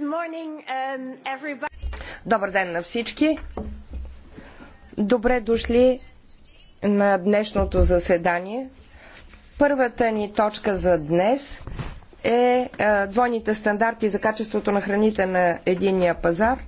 Morning, um, Добър ден на всички. Добре дошли на днешното заседание. Първата ни точка за днес е, е двойните стандарти за качеството на храните на единия пазар.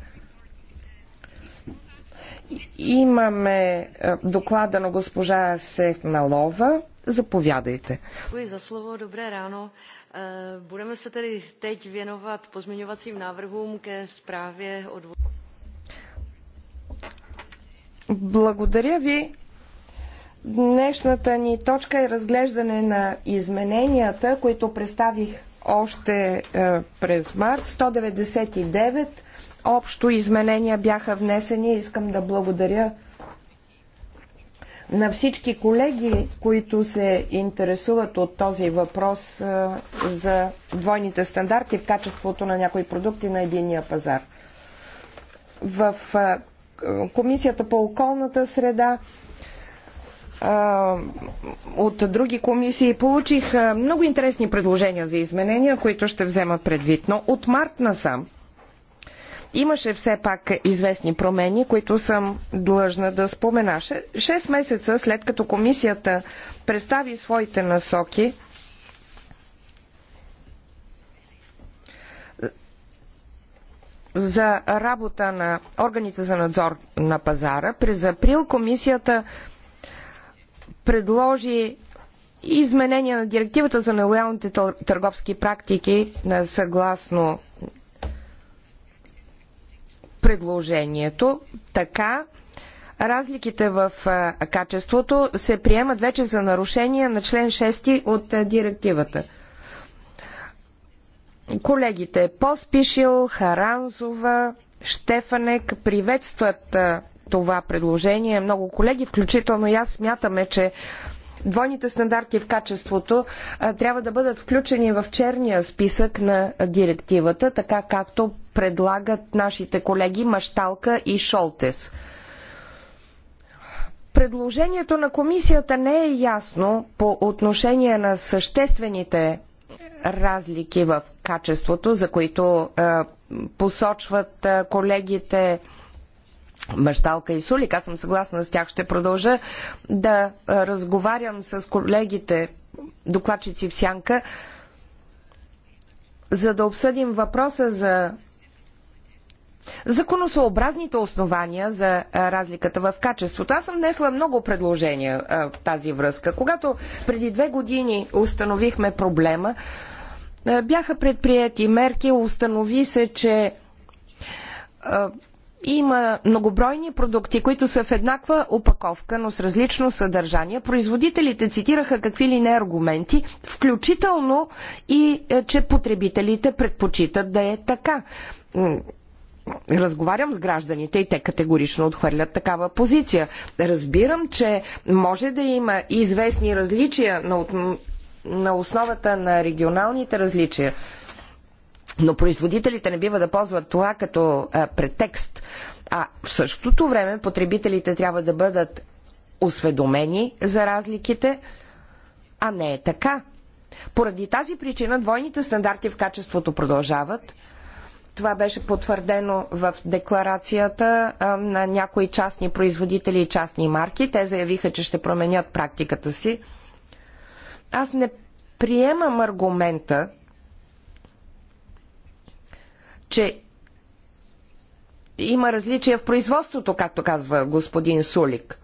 Имаме е, доклада на госпожа Сехналова Заповядайте. Děkuji за слово, добре ráno. Eh, budeme se tedy teď věnovat pozměňovacím návrhům ke zprávě o dvo... Благодаря ви. Днешната ни точка е разглеждане на измененията, които представих още е, през март. 199 общо изменения бяха внесени. Искам да благодаря на всички колеги, които се интересуват от този въпрос за двойните стандарти в качеството на някои продукти на единия пазар. В Комисията по околната среда от други комисии получих много интересни предложения за изменения, които ще взема предвид. Но от март насам имаше все пак известни промени, които съм длъжна да спомена. Шест месеца след като комисията представи своите насоки, за работа на органите за надзор на пазара. През април комисията предложи изменения на директивата за нелоялните търговски практики съгласно предложението. Така разликите в качеството се приемат вече за нарушение на член 6 от директивата. Колегите Поспишил, Харанзова, Штефанек приветстват това предложение. Много колеги, включително и аз, смятаме, че двойните стандарти в качеството трябва да бъдат включени в черния списък на директивата, така както предлагат нашите колеги Машталка и Шолтес. Предложението на комисията не е ясно по отношение на съществените разлики в качеството, за които е, посочват е, колегите Мащалка и Сулик. Аз съм съгласна с тях. Ще продължа да разговарям с колегите докладчици в Сянка, за да обсъдим въпроса за законосъобразните основания за разликата в качеството. Аз съм внесла много предложения в тази връзка. Когато преди две години установихме проблема, бяха предприяти мерки, установи се, че има многобройни продукти, които са в еднаква опаковка, но с различно съдържание. Производителите цитираха какви ли не аргументи, включително и е, че потребителите предпочитат да е така. Разговарям с гражданите и те категорично отхвърлят такава позиция. Разбирам, че може да има известни различия на, на основата на регионалните различия, но производителите не бива да ползват това като а, претекст. А в същото време потребителите трябва да бъдат осведомени за разликите, а не е така. Поради тази причина двойните стандарти в качеството продължават. Това беше потвърдено в декларацията на някои частни производители и частни марки. Те заявиха, че ще променят практиката си. Аз не приемам аргумента, че има различия в производството, както казва господин Сулик.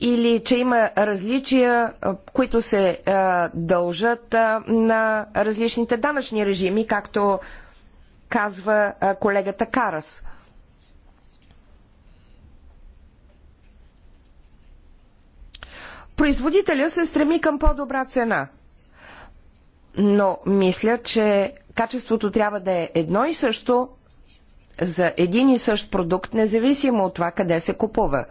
Или че има различия, които се а, дължат а, на различните данъчни режими, както казва а, колегата Карас. Производителя се стреми към по-добра цена. Но мисля, че качеството трябва да е едно и също за един и същ продукт, независимо от това къде се купува.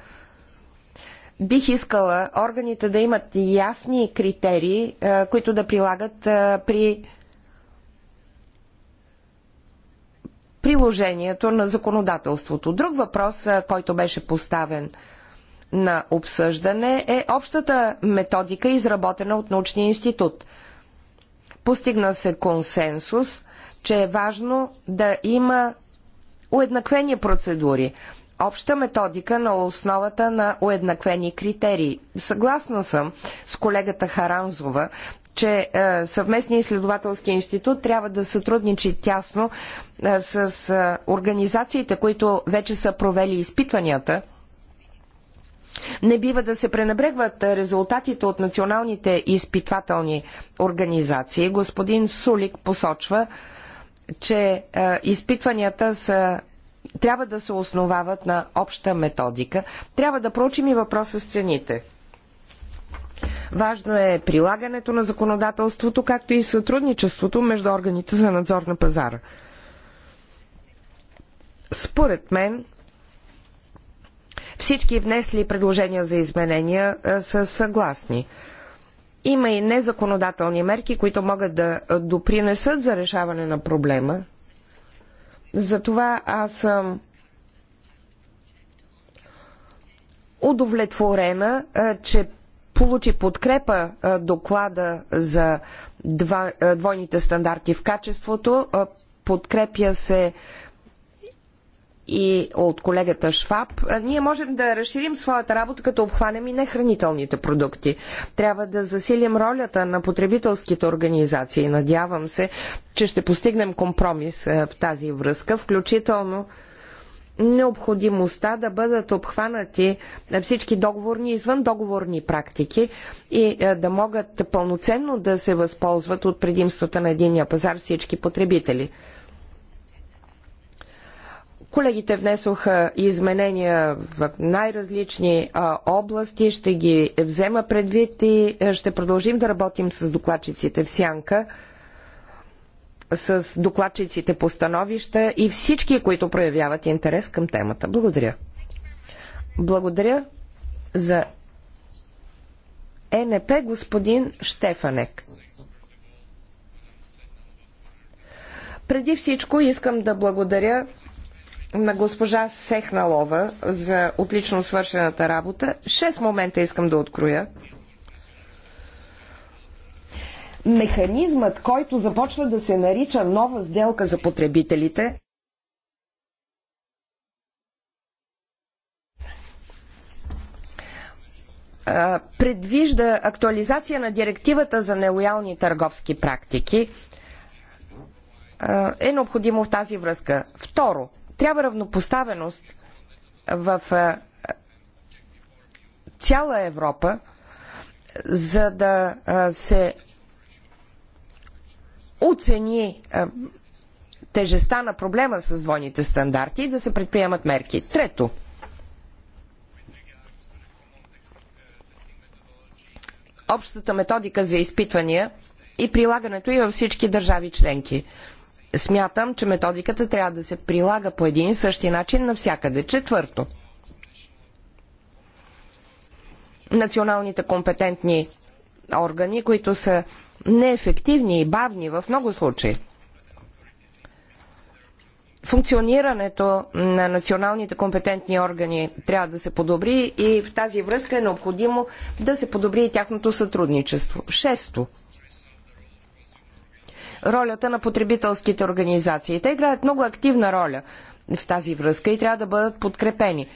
Бих искала органите да имат ясни критерии, които да прилагат при приложението на законодателството. Друг въпрос, който беше поставен на обсъждане е общата методика, изработена от научния институт – Постигна се консенсус, че е важно да има уеднаквени процедури, обща методика на основата на уеднаквени критерии. Съгласна съм с колегата Харанзова, че съвместния съвместният изследователски институт трябва да сътрудничи тясно е, с е, организациите, които вече са провели изпитванията – не бива да се пренебрегват резултатите от националните изпитвателни организации. Господин Сулик посочва, че е, изпитванията са трябва да се основават на обща методика. Трябва да проучим и въпроса с цените. Важно е прилагането на законодателството, както и сътрудничеството между органите за надзор на пазара. Според мен, всички внесли предложения за изменения е, са съгласни. Има и незаконодателни мерки, които могат да е, допринесат за решаване на проблема. Затова аз съм удовлетворена, е, че получи подкрепа доклада за двойните стандарти в качеството. Подкрепя се и от колегата Шваб, ние можем да разширим своята работа, като обхванем и нехранителните продукти. Трябва да засилим ролята на потребителските организации. Надявам се, че ще постигнем компромис в тази връзка, включително необходимостта да бъдат обхванати всички договорни и договорни практики и да могат пълноценно да се възползват от предимствата на единия пазар всички потребители. Колегите внесоха изменения в най-различни области, ще ги взема предвид и ще продължим да работим с докладчиците в Сянка, с докладчиците по становища и всички, които проявяват интерес към темата. Благодаря. Благодаря за НП господин Штефанек. Преди всичко искам да благодаря на госпожа Сехналова за отлично свършената работа. Шест момента искам да откроя. Механизмът, който започва да се нарича нова сделка за потребителите, предвижда актуализация на директивата за нелоялни търговски практики, е необходимо в тази връзка. Второ, трябва равнопоставеност в цяла Европа, за да се оцени тежестта на проблема с двойните стандарти и да се предприемат мерки. Трето, общата методика за изпитвания и прилагането й във всички държави членки. Смятам, че методиката трябва да се прилага по един и същи начин навсякъде. Четвърто. Националните компетентни органи, които са неефективни и бавни в много случаи. Функционирането на националните компетентни органи трябва да се подобри и в тази връзка е необходимо да се подобри и тяхното сътрудничество. Шесто – ролята на потребителските организации. Те играят много активна роля в тази връзка и трябва да бъдат подкрепени.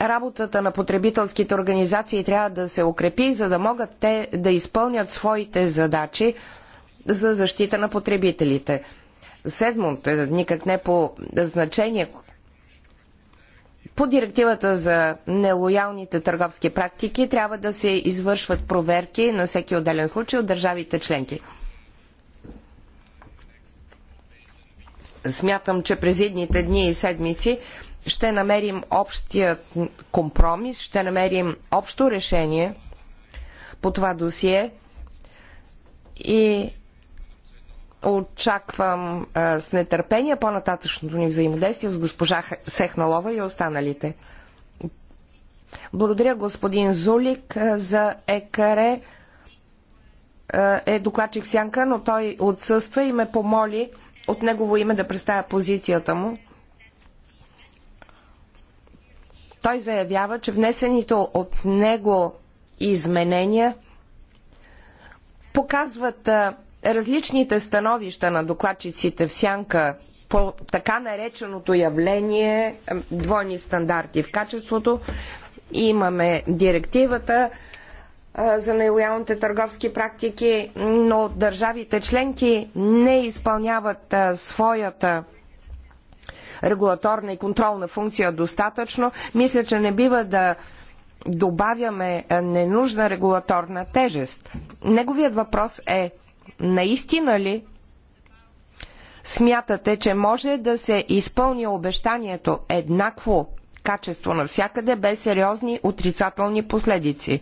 Работата на потребителските организации трябва да се укрепи, за да могат те да изпълнят своите задачи за защита на потребителите. Седмо, е никак не по значение, по директивата за нелоялните търговски практики трябва да се извършват проверки на всеки отделен случай от държавите членки. Смятам, че през едните дни и седмици ще намерим общият компромис, ще намерим общо решение по това досие и очаквам а, с нетърпение по-нататъчното ни взаимодействие с госпожа Сехналова и останалите. Благодаря господин Зулик за ЕКР. Е докладчик Сянка, но той отсъства и ме помоли от негово име да представя позицията му. Той заявява, че внесените от него изменения показват различните становища на докладчиците в сянка по така нареченото явление двойни стандарти в качеството. Имаме директивата, за нелоялните търговски практики, но държавите членки не изпълняват своята регулаторна и контролна функция достатъчно. Мисля, че не бива да добавяме ненужна регулаторна тежест. Неговият въпрос е наистина ли смятате, че може да се изпълни обещанието еднакво качество навсякъде без сериозни отрицателни последици?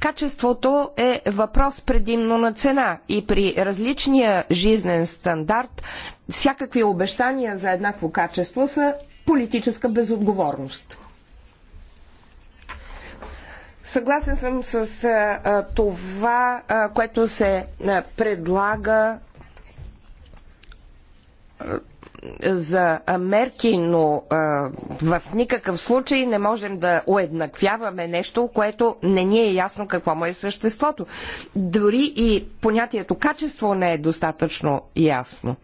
Качеството е въпрос предимно на цена и при различния жизнен стандарт всякакви обещания за еднакво качество са политическа безотговорност. Съгласен съм с а, това, а, което се а, предлага за мерки, но в никакъв случай не можем да уеднаквяваме нещо, което не ни е ясно какво му е съществото. Дори и понятието качество не е достатъчно ясно.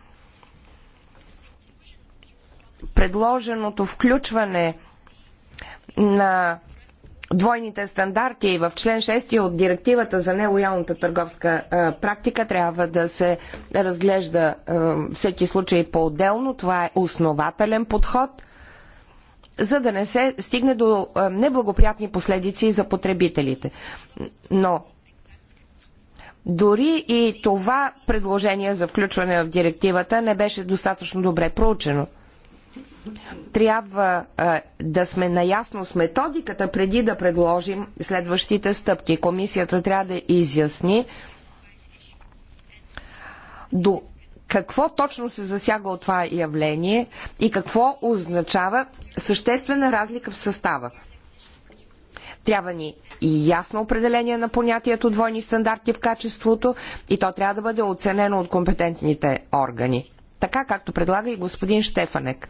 Предложеното включване на двойните стандарти в член 6 от директивата за нелоялната търговска практика трябва да се разглежда всеки случай по-отделно. Това е основателен подход, за да не се стигне до неблагоприятни последици за потребителите. Но дори и това предложение за включване в директивата не беше достатъчно добре проучено трябва а, да сме наясно с методиката преди да предложим следващите стъпки. Комисията трябва да изясни до какво точно се засяга от това явление и какво означава съществена разлика в състава. Трябва ни и ясно определение на понятието двойни стандарти в качеството и то трябва да бъде оценено от компетентните органи. Така както предлага и господин Штефанек.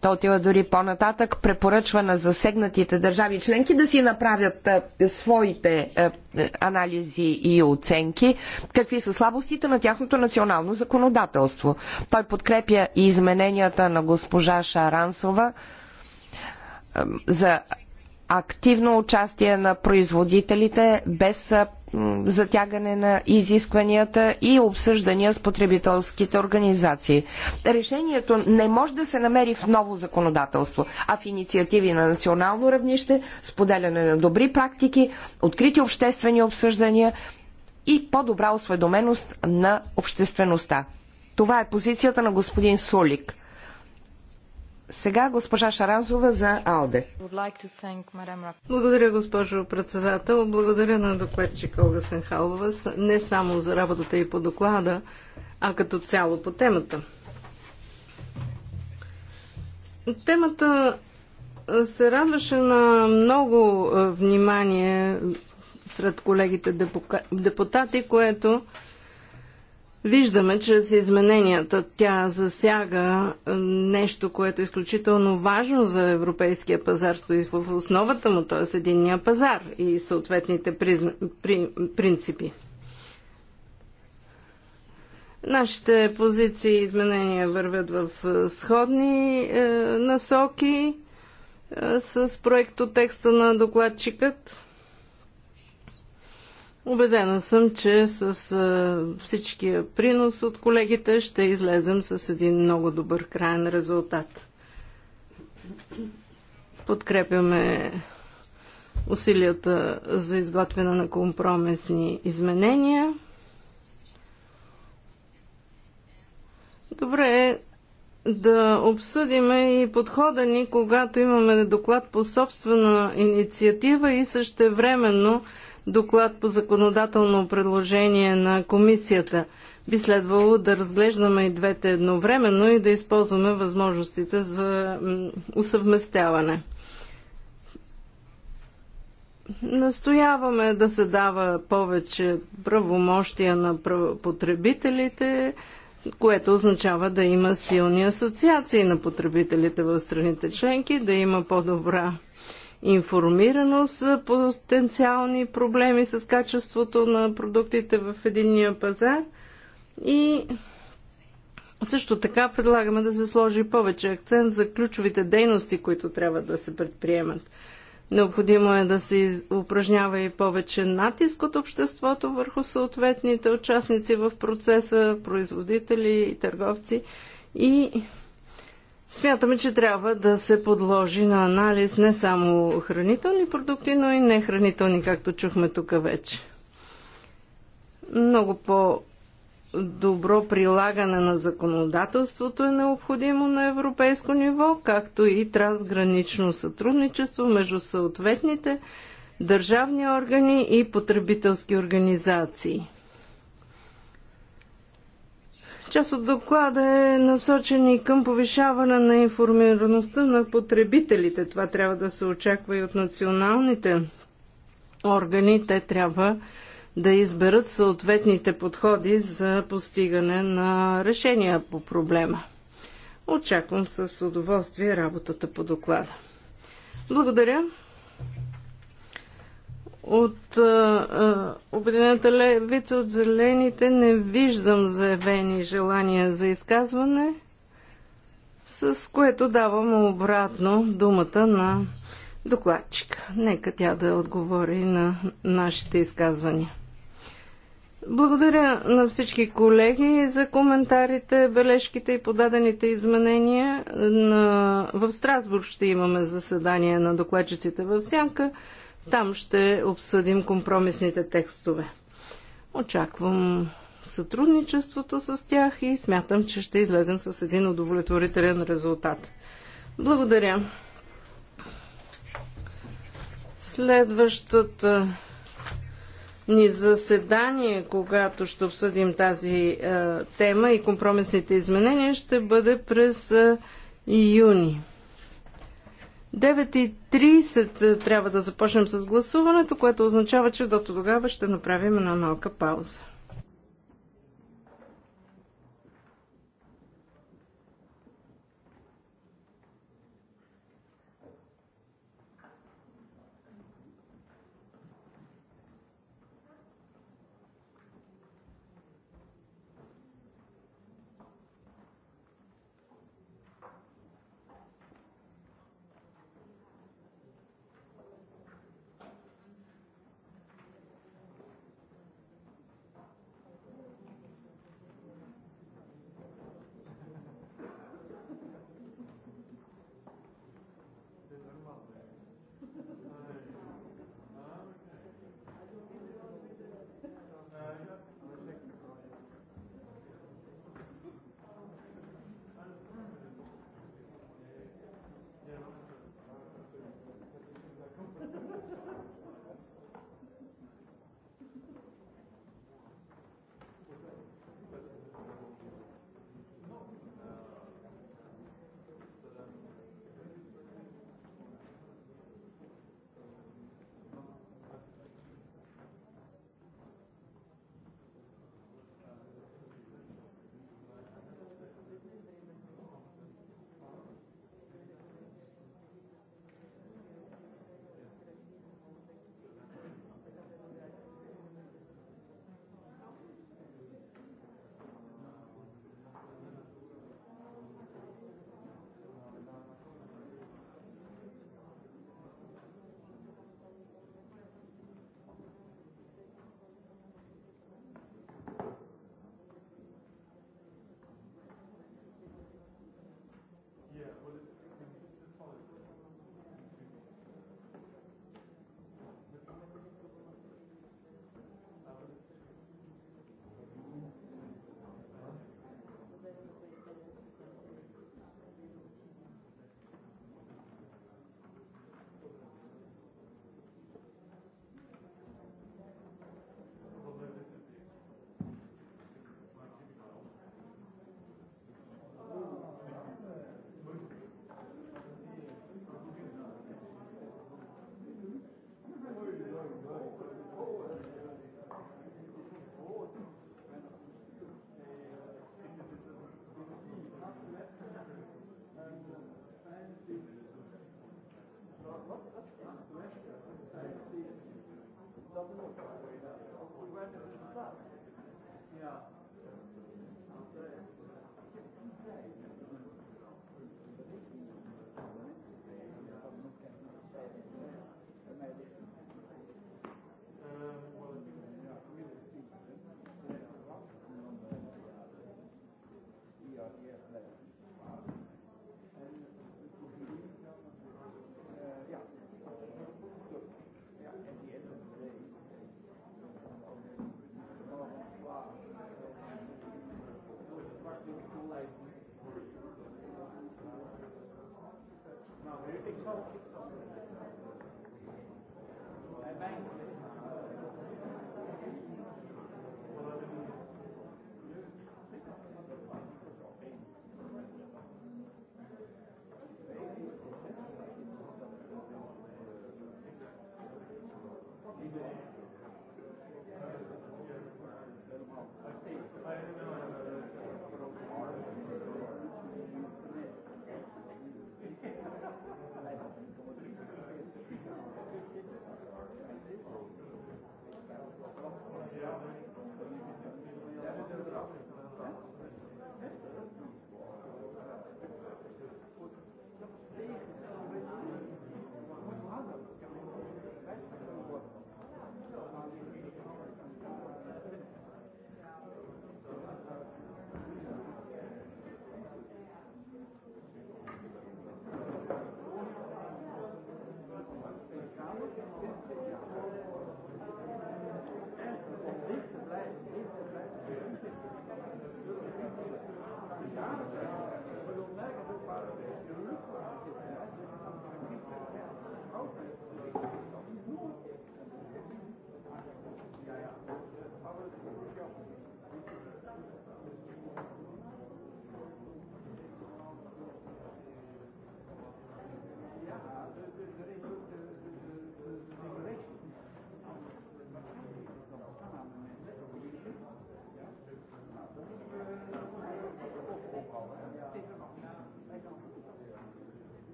Той отива дори по-нататък, препоръчва на засегнатите държави членки да си направят своите анализи и оценки, какви са слабостите на тяхното национално законодателство. Той подкрепя и измененията на госпожа Шарансова за активно участие на производителите без затягане на изискванията и обсъждания с потребителските организации. Решението не може да се намери в ново законодателство, а в инициативи на национално равнище, споделяне на добри практики, открити обществени обсъждания и по-добра осведоменост на обществеността. Това е позицията на господин Солик. Сега госпожа Шаразова за АЛДЕ. Благодаря, госпожо председател. Благодаря на докладчика Олга Сенхалова не само за работата и по доклада, а като цяло по темата. Темата се радваше на много внимание сред колегите депутати, което Виждаме чрез измененията тя засяга нещо, което е изключително важно за европейския пазар, стои в основата му, т.е. единния пазар и съответните призна... при... принципи. Нашите позиции и изменения вървят в е, сходни е, насоки е, с проекто текста на докладчикът. Обедена съм, че с всичкия принос от колегите ще излезем с един много добър крайен резултат. Подкрепяме усилията за изготвяне на компромисни изменения. Добре е да обсъдиме и подхода ни, когато имаме доклад по собствена инициатива и също времено доклад по законодателно предложение на комисията. Би следвало да разглеждаме и двете едновременно и да използваме възможностите за усъвместяване. Настояваме да се дава повече правомощия на потребителите, което означава да има силни асоциации на потребителите в страните членки, да има по-добра информираност за потенциални проблеми с качеството на продуктите в единния пазар и също така предлагаме да се сложи повече акцент за ключовите дейности, които трябва да се предприемат. Необходимо е да се упражнява и повече натиск от обществото върху съответните участници в процеса, производители и търговци и Смятаме, че трябва да се подложи на анализ не само хранителни продукти, но и нехранителни, както чухме тук вече. Много по- добро прилагане на законодателството е необходимо на европейско ниво, както и трансгранично сътрудничество между съответните държавни органи и потребителски организации. Част от доклада е насочен и към повишаване на информираността на потребителите. Това трябва да се очаква и от националните органи. Те трябва да изберат съответните подходи за постигане на решения по проблема. Очаквам с удоволствие работата по доклада. Благодаря. От а, Обединената левица от зелените не виждам заявени желания за изказване, с което давам обратно думата на докладчика. Нека тя да отговори на нашите изказвания. Благодаря на всички колеги за коментарите, бележките и подадените изменения. На... В Страсбург ще имаме заседание на докладчиците в Сянка. Там ще обсъдим компромисните текстове. Очаквам сътрудничеството с тях и смятам, че ще излезем с един удовлетворителен резултат. Благодаря. Следващата ни заседание, когато ще обсъдим тази е, тема и компромисните изменения, ще бъде през е, юни. 9.30 е, трябва да започнем с гласуването, което означава, че до тогава ще направим една малка пауза. Yeah.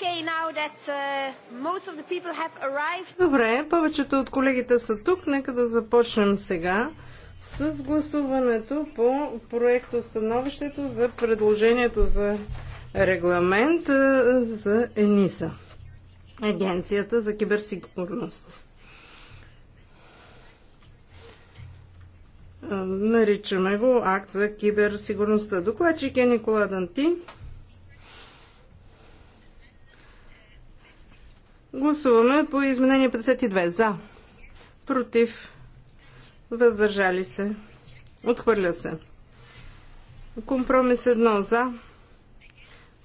Okay, that, uh, Добре, повечето от колегите са тук. Нека да започнем сега с гласуването по проекто становището за предложението за регламент е, за ЕНИСА, Агенцията за киберсигурност. Е, наричаме го акт за киберсигурността. Докладчик е Никола Данти. Гласуваме по изменение 52. За. Против. Въздържали се. Отхвърля се. Компромис 1 за.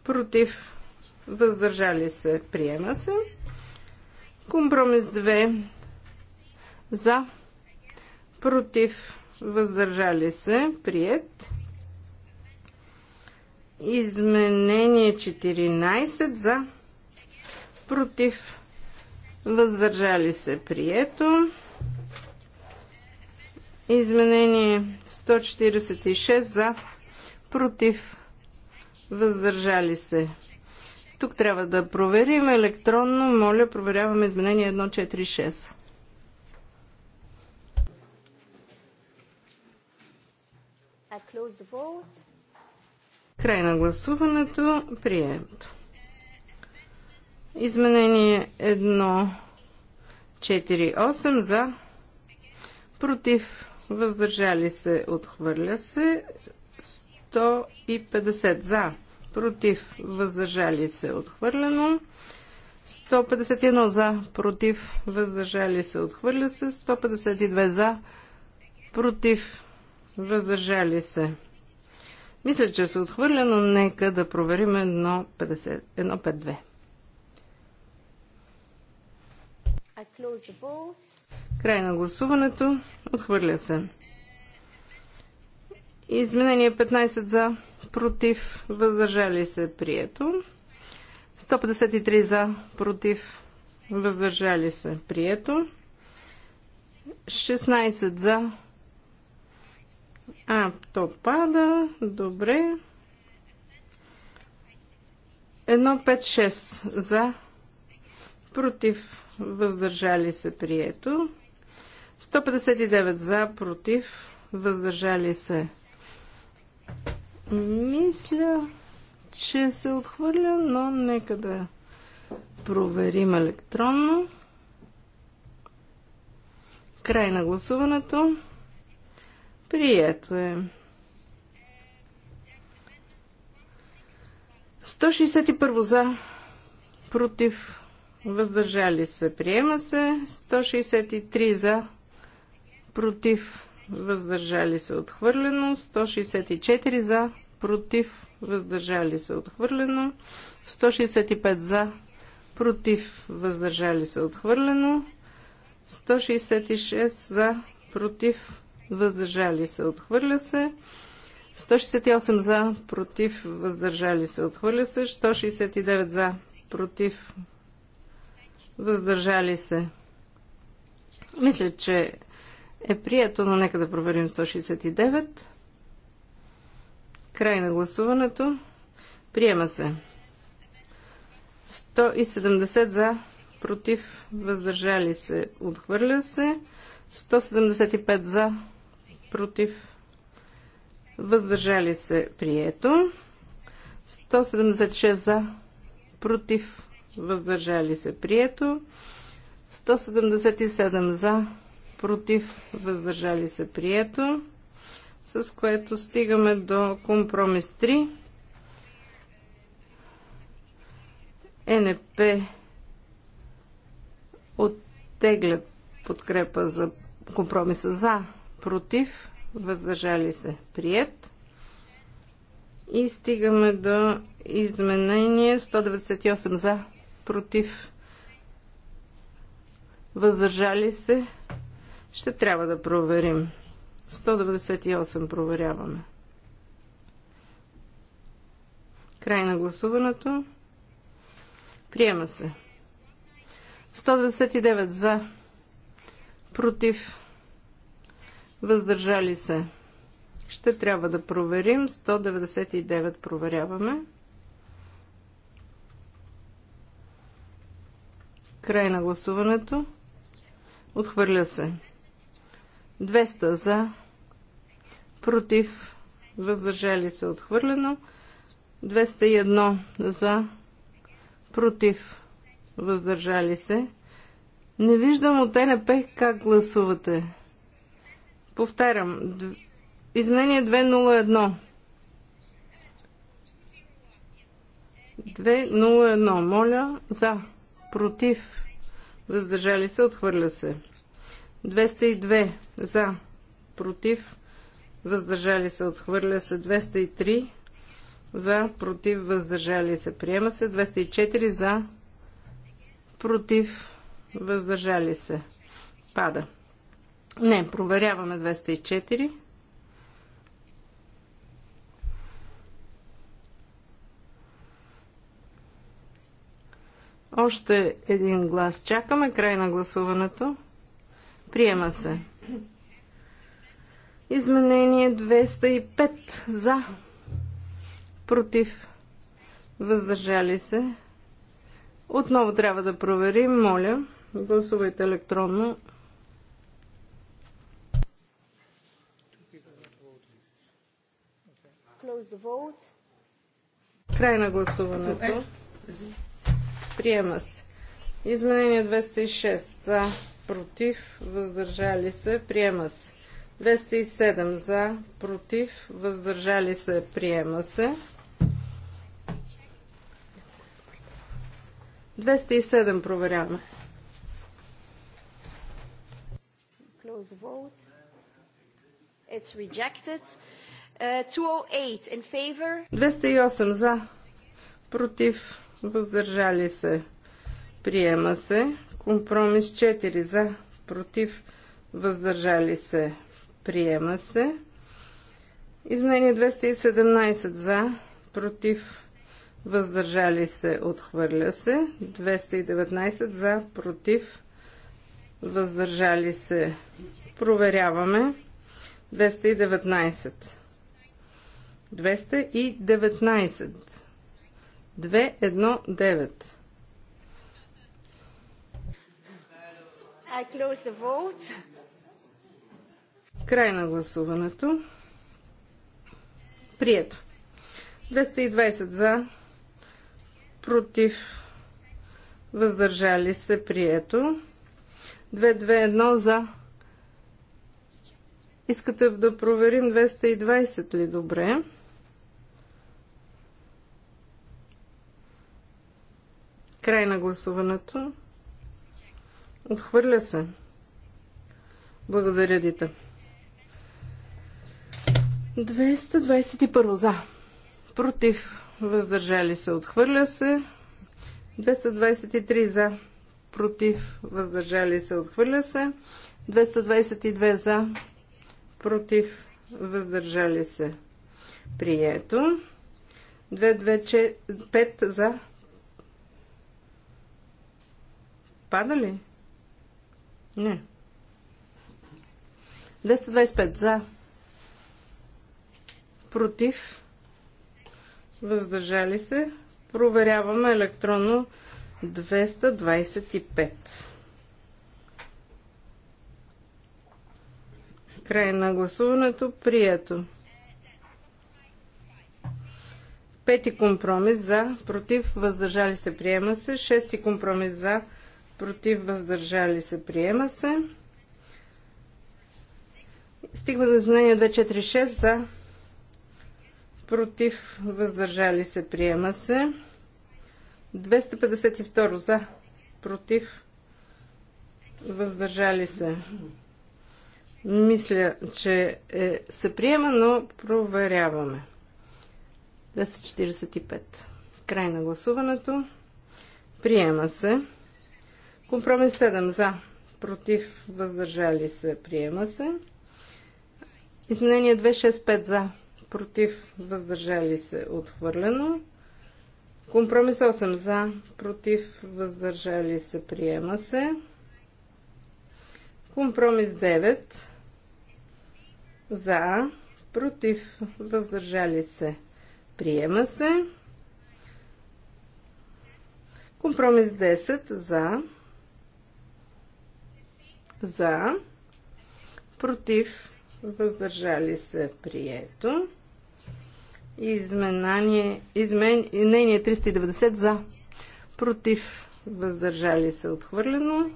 Против. Въздържали се. Приема се. Компромис 2 за. Против. Въздържали се. Прият. Изменение 14 за против, въздържали се, прието. Изменение 146 за, против, въздържали се. Тук трябва да проверим електронно. Моля, проверяваме изменение 146. Край на гласуването. Приемето. Изменение 1, 4, 8 за, против, въздържали се, отхвърля се, 150 за, против, въздържали се, отхвърлено, 151 за, против, въздържали се, отхвърля се, 152 за, против, въздържали се. Мисля, че се отхвърля, но нека да проверим 1.52. Край на гласуването. Отхвърля се. Изменение 15 за, против, въздържали се, прието. 153 за, против, въздържали се, прието. 16 за. А, то пада. Добре. 1, 5, 6 за, против, въздържали се, прието. 159 за, против, въздържали се. Мисля, че се отхвърля, но нека да проверим електронно. Край на гласуването. Прието е. 161 за, против, въздържали се, приема се. 163 за, против, въздържали се, отхвърлено. 164 за, против, въздържали се, отхвърлено. 165 за, против, въздържали се, отхвърлено. 166 за, против, въздържали се, отхвърля се. 168 за, против, въздържали се, отхвърля се. 169 за, против, въздържали се. Мисля, че е прието, но нека да проверим 169. Край на гласуването. Приема се. 170 за, против, въздържали се, отхвърля се. 175 за, против, въздържали се, прието. 176 за, против, въздържали се, прието. 177 за, против, въздържали се, прието. С което стигаме до компромис 3. НП оттеглят подкрепа за компромиса за, против, въздържали се, прият. И стигаме до изменение 198 за, против, въздържали се, ще трябва да проверим. 198 проверяваме. Край на гласуването. Приема се. 199 за. Против. Въздържали се. Ще трябва да проверим. 199 проверяваме. Край на гласуването. Отхвърля се. 200 за. Против. Въздържали се. Отхвърлено. 201 за. Против. Въздържали се. Не виждам от НП как гласувате. Повтарям. Изменение 201. 201. Моля за против, въздържали се, отхвърля се. 202 за, против, въздържали се, отхвърля се. 203 за, против, въздържали се, приема се. 204 за, против, въздържали се, пада. Не, проверяваме 204. Още един глас чакаме. Край на гласуването. Приема се. Изменение 205 за. Против. Въздържали се. Отново трябва да проверим. Моля, гласувайте електронно. Край на гласуването. Приема се. Изменение 206 за, против, въздържали се, приема се. 207 за, против, въздържали се, приема се. 207 проверяваме. Close vote. It's rejected. Uh, 208 in favor. 208 за, против, въздържали се, приема се. Компромис 4 за, против, въздържали се, приема се. Изменение 217 за, против, въздържали се, отхвърля се. 219 за, против, въздържали се, проверяваме. 219. 219. 2, 1, 9. Край на гласуването. Прието. 220 за, против, въздържали се, прието. 2, 2, 1 за. Искате да проверим 220 ли добре? Край на гласуването. Отхвърля се. Благодаря, Дита. 221 за. Против. Въздържали се. Отхвърля се. 223 за. Против. Въздържали се. Отхвърля се. 222 за. Против. Въздържали се. Прието. 225 за Отпада ли? Не. 225 за. Против. Въздържали се. Проверяваме електронно 225. Край на гласуването. Прието. Пети компромис за, против, въздържали се, приема се. Шести компромис за, против, въздържали се, приема се. Стигва до изменение 246 за против, въздържали се, приема се. 252 за против, въздържали се. Мисля, че е, се приема, но проверяваме. 245. Край на гласуването. Приема се. Компромис 7 за, против, въздържали се, приема се. Изменение 265 за, против, въздържали се, отхвърлено. Компромис 8 за, против, въздържали се, приема се. Компромис 9 за, против, въздържали се, приема се. Компромис 10 за, за, против, въздържали се, прието. Изменание изменение 390 за, против, въздържали се, отхвърлено.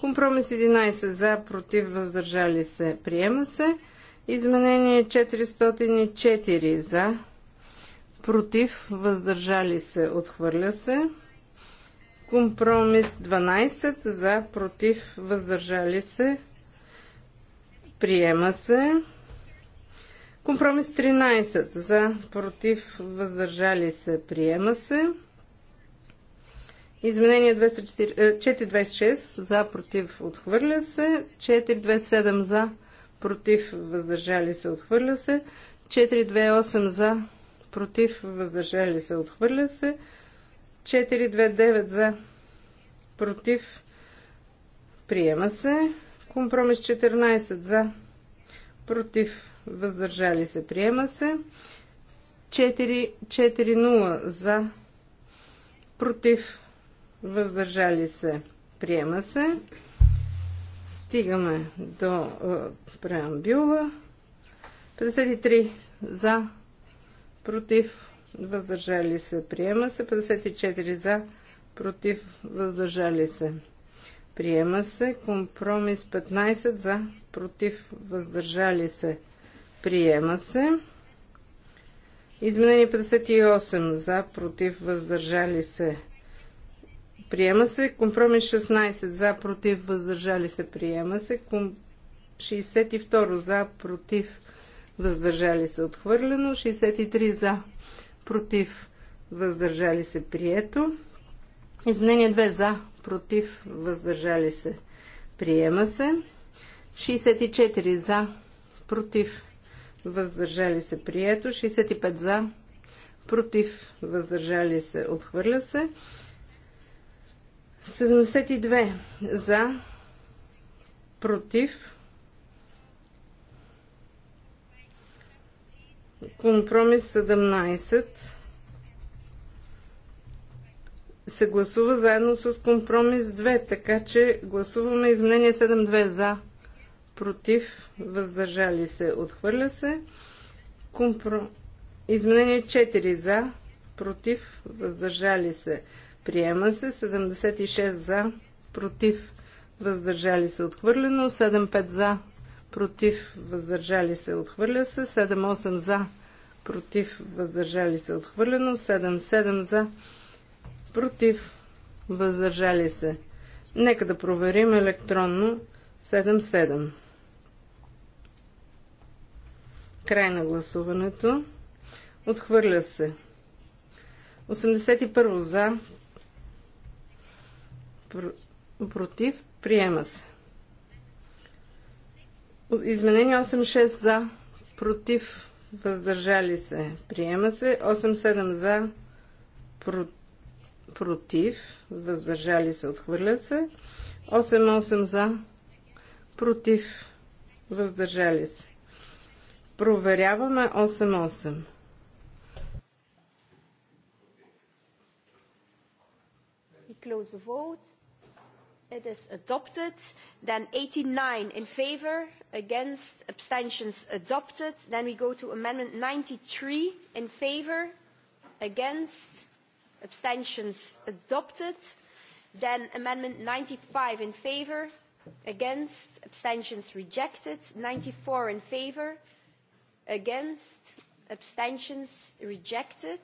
Компромис 11 за, против, въздържали се, приема се. Изменение 404 за, против, въздържали се, отхвърля се. Компромис 12 за против въздържали се. Приема се. Компромис 13 за против въздържали се. Приема се. Изменение 426 е, за против отхвърля се. 427 за против въздържали се. Отхвърля се. 428 за против въздържали се. Отхвърля се. 429 за против приема се. Компромис 14 за против въздържали се приема се. 440 за против въздържали се приема се. Стигаме до преамбюла. 53 за против въздържали се, приема се. 54 за, против, въздържали се, приема се. Компромис 15 за, против, въздържали се, приема се. Изменение 58 за, против, въздържали се, приема се. Компромис 16 за, против, въздържали се, приема се. 62 за, против, въздържали се, отхвърлено. 63 за, против, въздържали се, прието. Изменение 2 за, против, въздържали се, приема се. 64 за, против, въздържали се, прието. 65 за, против, въздържали се, отхвърля се. 72 за, против, Компромис 17 се гласува заедно с компромис 2, така че гласуваме изменение 7-2 за, против, въздържали се, отхвърля се. Компро... Изменение 4 за, против, въздържали се, приема се. 76 за, против, въздържали се, отхвърлено. 7-5 за, против, въздържали се, отхвърля се, 7-8 за, против, въздържали се, отхвърлено, 7-7 за, против, въздържали се. Нека да проверим електронно 7-7. Край на гласуването. Отхвърля се. 81 за. Против. Приема се. Изменение 8-6 за, против, въздържали се. Приема се 8-7 за, про, против, въздържали се, отхвърля се. 8-8 за, против, въздържали се. Проверяваме 8-8. close the votes. It is adopted. Then eighty nine in favour, against, abstentions adopted. Then we go to amendment ninety three in favour, against, abstentions adopted. Then amendment ninety five in favour, against, abstentions rejected. Ninety four in favour, against, abstentions rejected.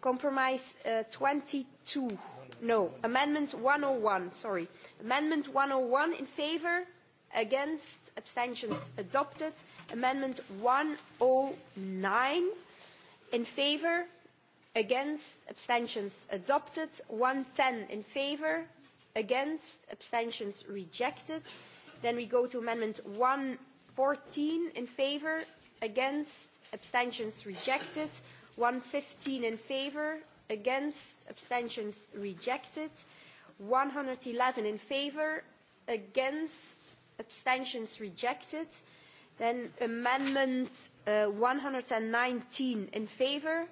Compromise twenty two No. Amendment one hundred and one. sorry. Amendment one hundred one in favour, against, abstentions adopted. Amendment one hundred and nine in favour, against, abstentions adopted. One hundred and ten in favour, against, abstentions rejected. Then we go to amendment one hundred and fourteen in favour, against, abstentions rejected. One hundred and fifteen in favour, against abstentions rejected One hundred eleven in favour? against abstentions rejected then amendment uh, nineteen in favour?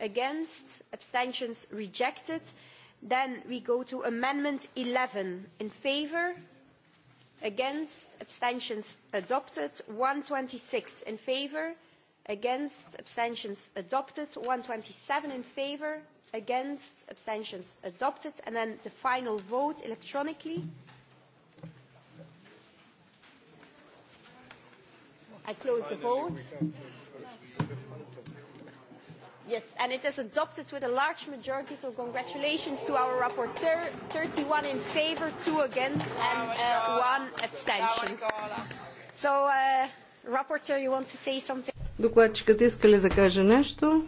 against abstentions rejected then we go to amendment eleven in favour? against abstentions adopted one hundred twenty six in favour? against abstentions adopted one twenty seven in favour, against abstentions adopted and then the final vote electronically I close the vote yes and it is adopted with a large majority so congratulations to our rapporteur 31 in favour, two against and uh, one abstention so uh, rapporteur you want to say something Докладчикът иска ли да каже нещо?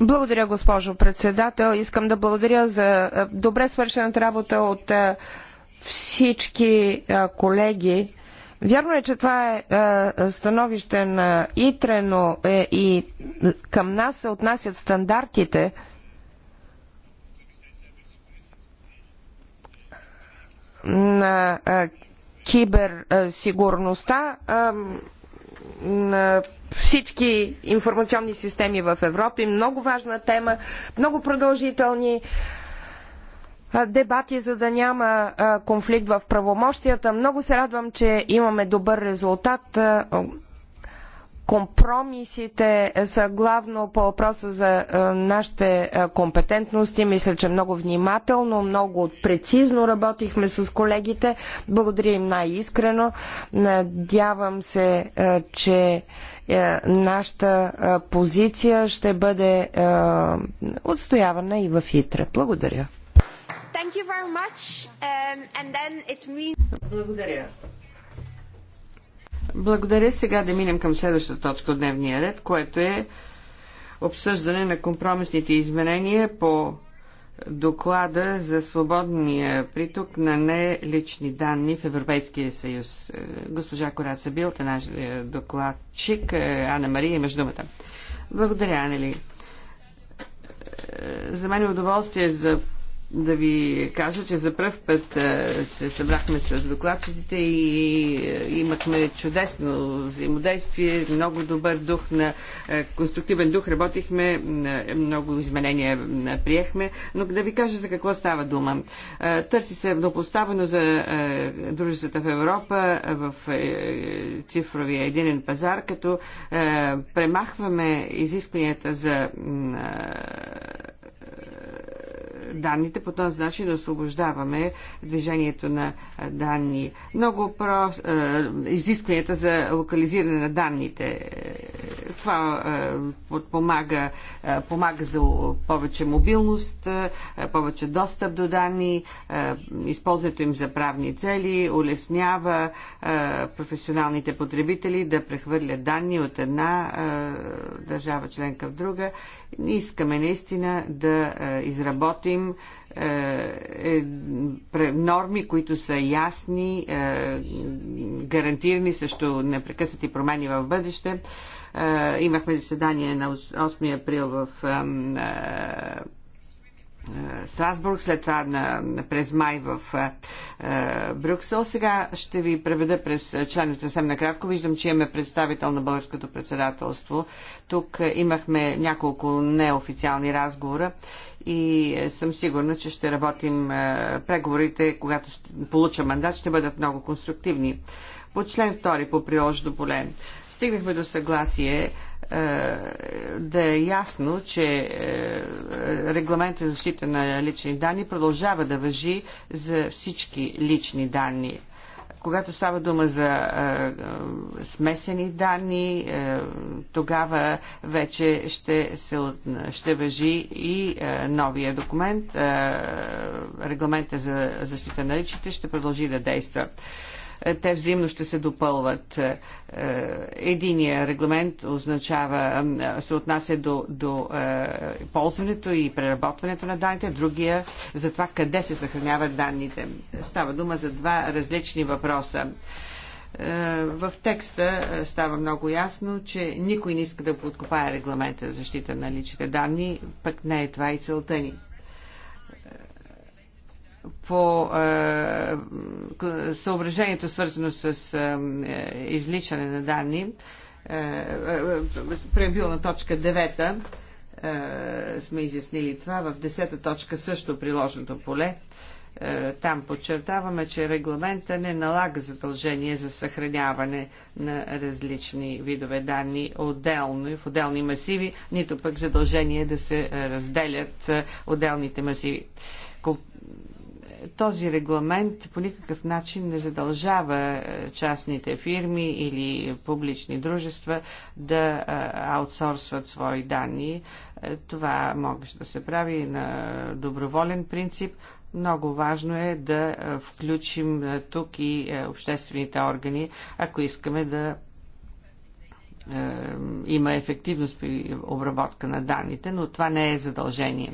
Благодаря, госпожо председател. Искам да благодаря за е, добре свършената работа от е, всички е, колеги. Вярно е, че това е становище на ИТРЕ, но е и към нас се отнасят стандартите. на киберсигурността на всички информационни системи в Европа. И много важна тема, много продължителни дебати, за да няма конфликт в правомощията. Много се радвам, че имаме добър резултат. Компромисите са главно по въпроса за е, нашите е, компетентности. Мисля, че много внимателно, много прецизно работихме с колегите. Благодаря им най-искрено. Надявам се, е, че нашата позиция ще бъде отстоявана и в ИТРЕ. Благодаря. Um, Благодаря. Благодаря. Сега да минем към следващата точка от дневния ред, което е обсъждане на компромисните изменения по доклада за свободния приток на нелични данни в Европейския съюз. Госпожа Кораца Билт е наш докладчик. Е, Ана Мария, имаш думата. Благодаря, Анели. Е, за мен е удоволствие за да ви кажа, че за първ път се събрахме с докладчиците и имахме чудесно взаимодействие, много добър дух на конструктивен дух работихме, много изменения приехме, но да ви кажа за какво става дума. Търси се допоставено за дружествата в Европа в цифровия единен пазар, като премахваме изискванията за данните. По този начин освобождаваме движението на данни. Много про изискванията за локализиране на данните. Е, това подпомага, помага за повече мобилност, повече достъп до данни, използването им за правни цели, улеснява професионалните потребители да прехвърлят данни от една държава членка в друга Искаме наистина да е, изработим е, е, норми, които са ясни, гарантирани също непрекъснати промени в бъдеще. Имахме заседание на 8 април в Страсбург, след това на, през май в а, е, е, Брюксел. Сега ще ви преведа през членовете съвсем накратко. Виждам, че имаме представител на българското председателство. Тук е, имахме няколко неофициални разговора и съм сигурна, че ще работим а, преговорите, когато получа мандат, ще бъдат много конструктивни. По член 2 по приложено поле. Стигнахме до съгласие е, да е ясно, че е, регламентът за защита на лични данни продължава да въжи за всички лични данни. Когато става дума за е, смесени данни, е, тогава вече ще, се, ще въжи и е, новия документ. Е, регламента за защита на личните ще продължи да действа. Е, е, те взаимно ще се допълват. Е, е, единия регламент означава, се отнася до, до ползването и преработването на данните, другия за това къде се съхраняват данните. Става дума за два различни въпроса. В текста става много ясно, че никой не иска да подкопае регламента за защита на личните данни, пък не е това и целта ни по е, съображението свързано с е, изличане на данни, е, на точка 9 сме изяснили това. В 10 точка също приложното поле. Там подчертаваме, че регламента не налага задължение за съхраняване на различни видове данни отделно и в отделни масиви, нито пък задължение да се разделят отделните масиви този регламент по никакъв начин не задължава е, частните фирми или публични дружества да е, аутсорсват свои данни. Е, това може да се прави на доброволен принцип. Много важно е да включим тук и обществените органи, ако искаме да е, има ефективност при обработка на данните, но това не е задължение.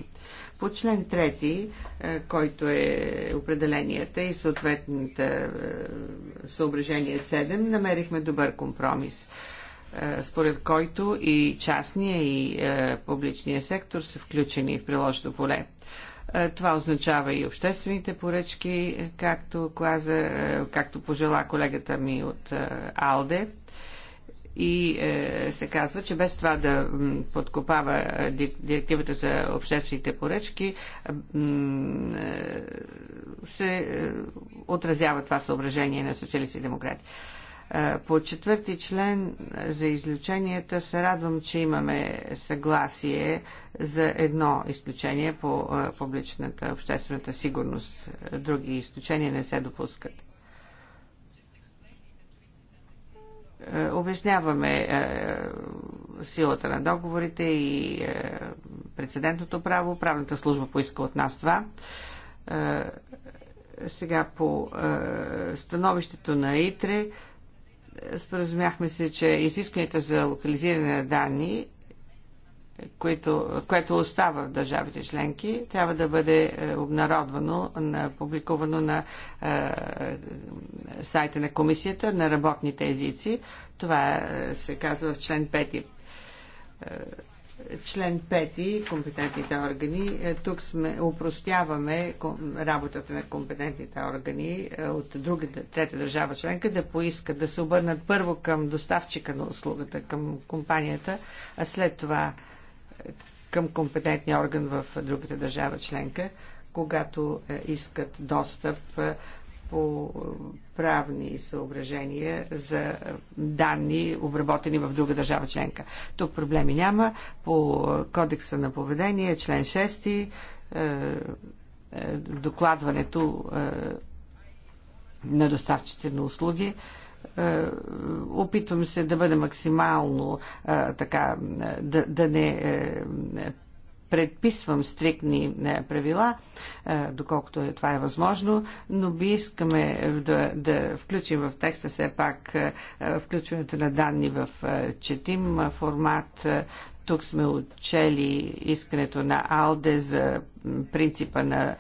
По член 3, е, който е определенията и съответните съображение 7, намерихме добър компромис е, според който и частния и публичния сектор са включени в приложено поле. Това означава и обществените поръчки, както, каза, както пожела колегата ми от АЛДЕ и е, се казва, че без това да подкопава е, директивата за обществените поръчки, е, се е, отразява това съображение на социалисти и демократи. По четвърти член за изключенията се радвам, че имаме съгласие за едно изключение по публичната обществената сигурност. Други изключения не се допускат. Е, обясняваме е, силата на договорите и е, прецедентното право. Правната служба поиска от нас това. Сега по становището на ИТРЕ споразумяхме се, че изискванията за локализиране на данни което, което остава в държавите членки, трябва да бъде е, обнародвано, на, публикувано на е, сайта на комисията на работните езици. Това е, се казва в член 5. Е, член 5, компетентните органи. Тук сме, упростяваме работата на компетентните органи от друга, трета държава членка да поискат да се обърнат първо към доставчика на услугата, към компанията, а след това към компетентния орган в другата държава членка, когато е, искат достъп е, по правни съображения за данни, обработени в друга държава членка. Тук проблеми няма. По е, кодекса на поведение, член 6, докладването на доставчите на услуги, е, опитвам се да бъда максимално е, така, да, да не е, предписвам стрикни правила, доколкото това е възможно, но би искаме да, да включим в текста все пак включването на данни в четим формат. Тук сме отчели искането на АЛДЕ за принципа на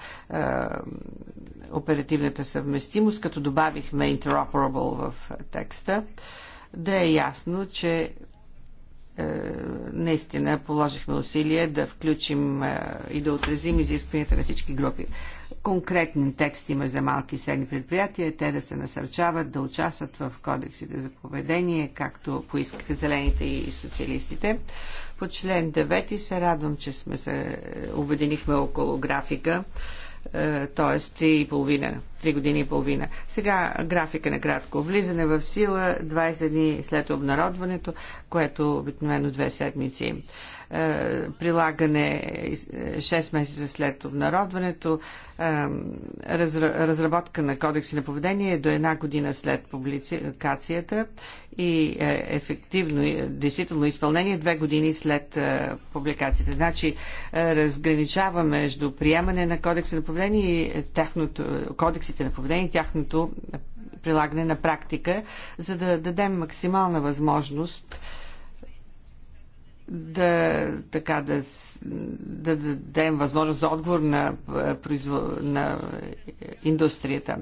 оперативната съвместимост, като добавихме interoperable в текста, да е ясно, че е, наистина положихме усилия да включим е, и да отразим изискванията на всички групи. Конкретен текст има за малки и средни предприятия, те да се насърчават, да участват в кодексите за поведение, както поискаха зелените и социалистите. По член 9 се радвам, че сме се е, обединихме около графика т.е. 3 години и половина. Сега графика е на кратко. Влизане в сила 20 дни след обнародването, което обикновено две седмици. Е, прилагане 6 е, месеца след обнародването, е, разработка на кодекси на поведение до една година след публикацията и ефективно, действително изпълнение две години след публикацията. Значи разграничава между приемане на кодекси на поведение и тяхното, кодексите на поведение и тяхното прилагане на практика, за да дадем максимална възможност да, така, да, да, да дадем възможност за отговор на, е, на индустрията.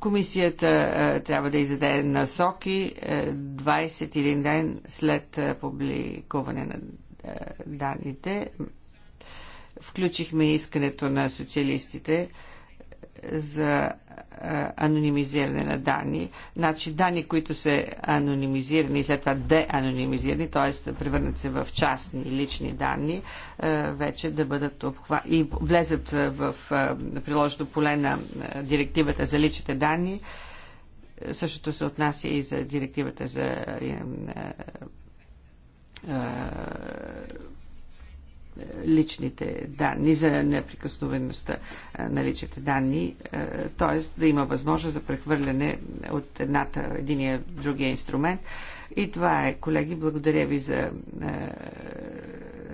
Комисията е, трябва да издаде насоки 21 е, ден след публикуване на данните. Включихме искането на социалистите за анонимизиране на данни, значи данни, които са анонимизирани и след това деанонимизирани, т.е. да превърнат се в частни лични данни, вече да бъдат обхва... и влезат в приложено поле на директивата за личните данни. Същото се отнася и за директивата за личните данни, за неприкосновеността на личните данни, т.е. да има възможност за прехвърляне от едната, единия, другия инструмент. И това е, колеги. Благодаря ви за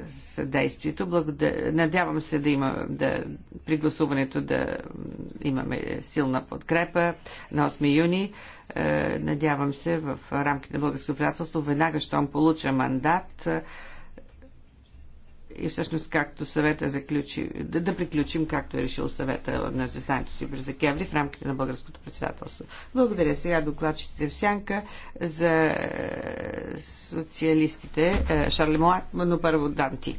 съдействието. Благодаря. Надявам се да има да, при гласуването да имаме силна подкрепа на 8 юни. Надявам се в рамките на българското приятелство веднага, щом получа мандат, и всъщност както съвета заключи, да, да приключим както е решил съвета на заседанието си през декември в рамките на българското председателство. Благодаря сега докладчите в Сянка за е, социалистите е, Шарлемоат, но първо Данти.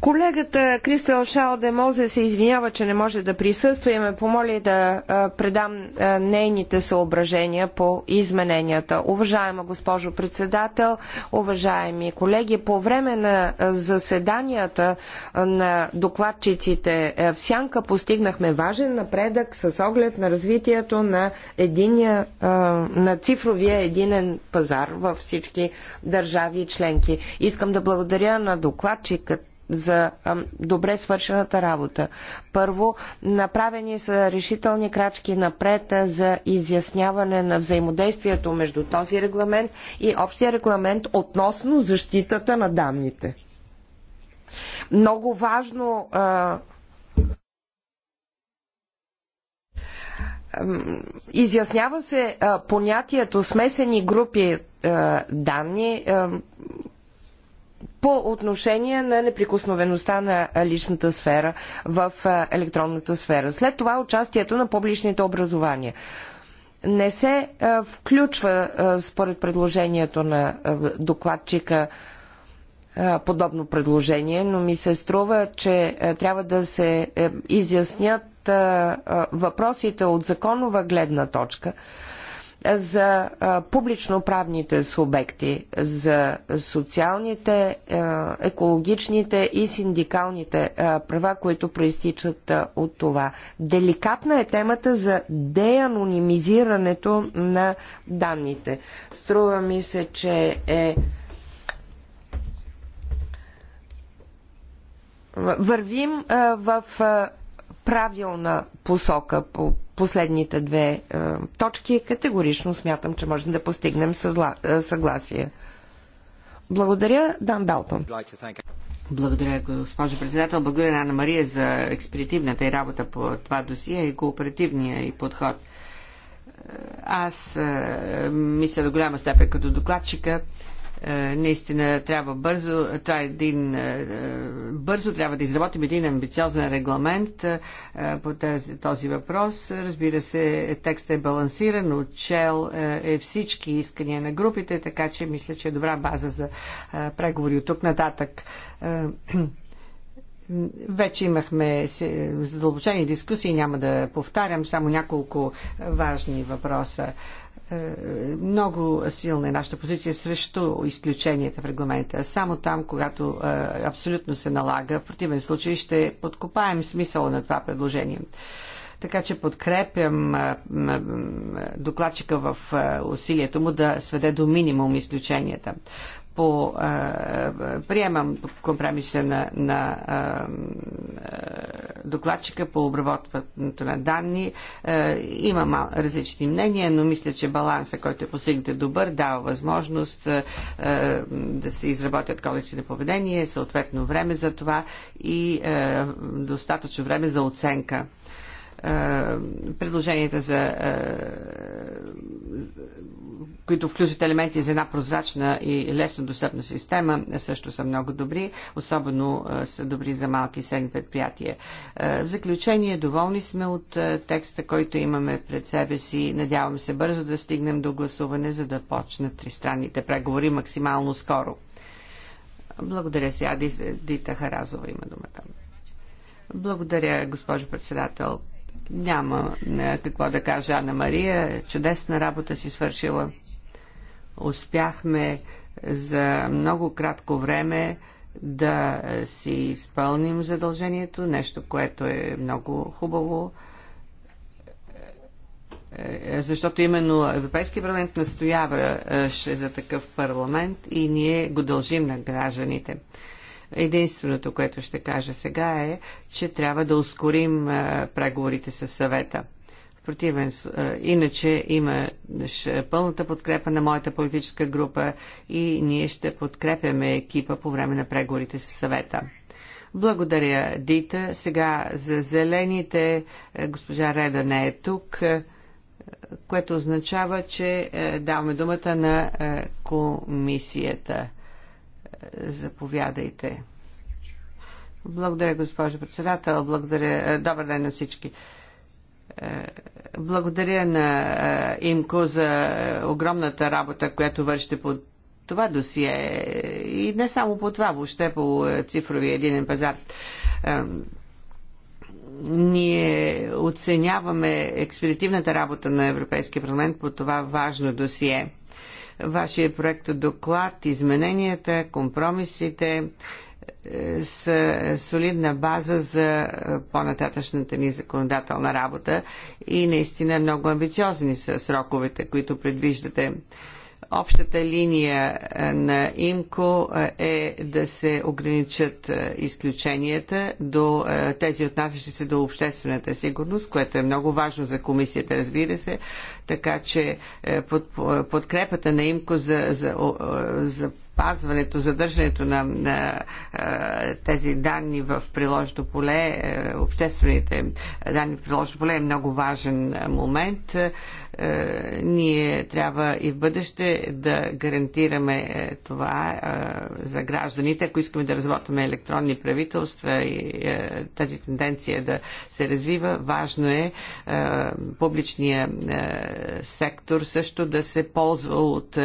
Колегата Кристал де Мозе се извинява, че не може да присъства и ме помоли да предам нейните съображения по измененията. Уважаема госпожо председател, уважаеми колеги, по време на заседанията на докладчиците в Сянка постигнахме важен напредък с оглед на развитието на, единия, на цифровия единен пазар във всички държави и членки. Искам да благодаря на докладчикът за добре свършената работа. Първо, направени са решителни крачки напред за изясняване на взаимодействието между този регламент и общия регламент относно защитата на данните. Много важно а, изяснява се понятието смесени групи данни по отношение на неприкосновеността на личната сфера в електронната сфера. След това участието на публичните образования. Не се включва според предложението на докладчика подобно предложение, но ми се струва, че трябва да се изяснят въпросите от законова гледна точка, за публично-правните субекти, за социалните, екологичните и синдикалните права, които проистичат от това. Деликатна е темата за деанонимизирането на данните. Струва ми се, че е вървим в правилна посока по последните две е, точки категорично смятам, че можем да постигнем е, съгласие. Благодаря, Дан Далтон. Благодаря, госпожо председател. Благодаря на Анна Мария за експедитивната и работа по това досие и кооперативния и подход. Е, аз мисля до голяма степен като докладчика е, наистина трябва бързо, това е един, е, бързо трябва да изработим един амбициозен регламент е, по тези, този въпрос. Разбира се, текстът е балансиран, отчел е всички искания на групите, така че мисля, че е добра база за преговори от тук нататък. Вече имахме задълбочени дискусии, няма да повтарям, само няколко важни въпроса. Е, много силна е нашата позиция срещу изключенията в регламента. Само там, когато е, абсолютно се налага, в противен случай ще подкопаем смисъла на това предложение. Така че подкрепям е, докладчика в усилието му да сведе до минимум изключенията по, а, приемам компромиса на, на а, докладчика по обработването на данни. А, има мал, различни мнения, но мисля, че баланса, който е постигнат е добър, дава възможност а, а, да се изработят кодекси на поведение, съответно време за това и а, достатъчно време за оценка предложенията за които включват елементи за една прозрачна и лесно достъпна система, също са много добри, особено са добри за малки и средни предприятия. В заключение, доволни сме от текста, който имаме пред себе си. Надявам се бързо да стигнем до гласуване, за да почнат тристранните преговори максимално скоро. Благодаря сега. Дита Харазова има думата. Благодаря, госпожо председател. Няма е, какво да кажа Анна Мария. Чудесна работа си свършила. Успяхме за много кратко време да си изпълним задължението, нещо, което е много хубаво, е, защото именно Европейски парламент настояваше за такъв парламент и ние го дължим на гражданите. Единственото, което ще кажа сега е, че трябва да ускорим е, преговорите с съвета противен. Иначе имаш пълната подкрепа на моята политическа група и ние ще подкрепяме екипа по време на преговорите с съвета. Благодаря, Дита. Сега за зелените е, госпожа Реда не е тук, е, което означава, че даваме думата на комисията. Заповядайте. Благодаря, госпожо председател. Благодаря. Е, добър ден на всички. Е, благодаря на е, Имко за огромната работа, която вършите по това досие и не само по това, въобще по цифровия единен пазар ние оценяваме експедитивната работа на Европейския парламент по това важно досие. Вашия проект доклад, измененията, компромисите е, с солидна база за е, по-нататъчната ни законодателна работа и наистина много амбициозни са сроковете, които предвиждате. Общата линия е, на ИМКО е да се ограничат изключенията до тези отнасящи се до обществената сигурност, което е много важно за комисията, разбира се, така че е, е, подкрепата на имко за, за, е, за запазването, задържането на, на тези данни в приложното поле, е, обществените данни в приложното поле е много важен момент. Е, ние трябва и в бъдеще да гарантираме е, това за гражданите, ако искаме да разработваме електронни правителства и тази тенденция да се развива. Важно е публичния сектор също да се ползва от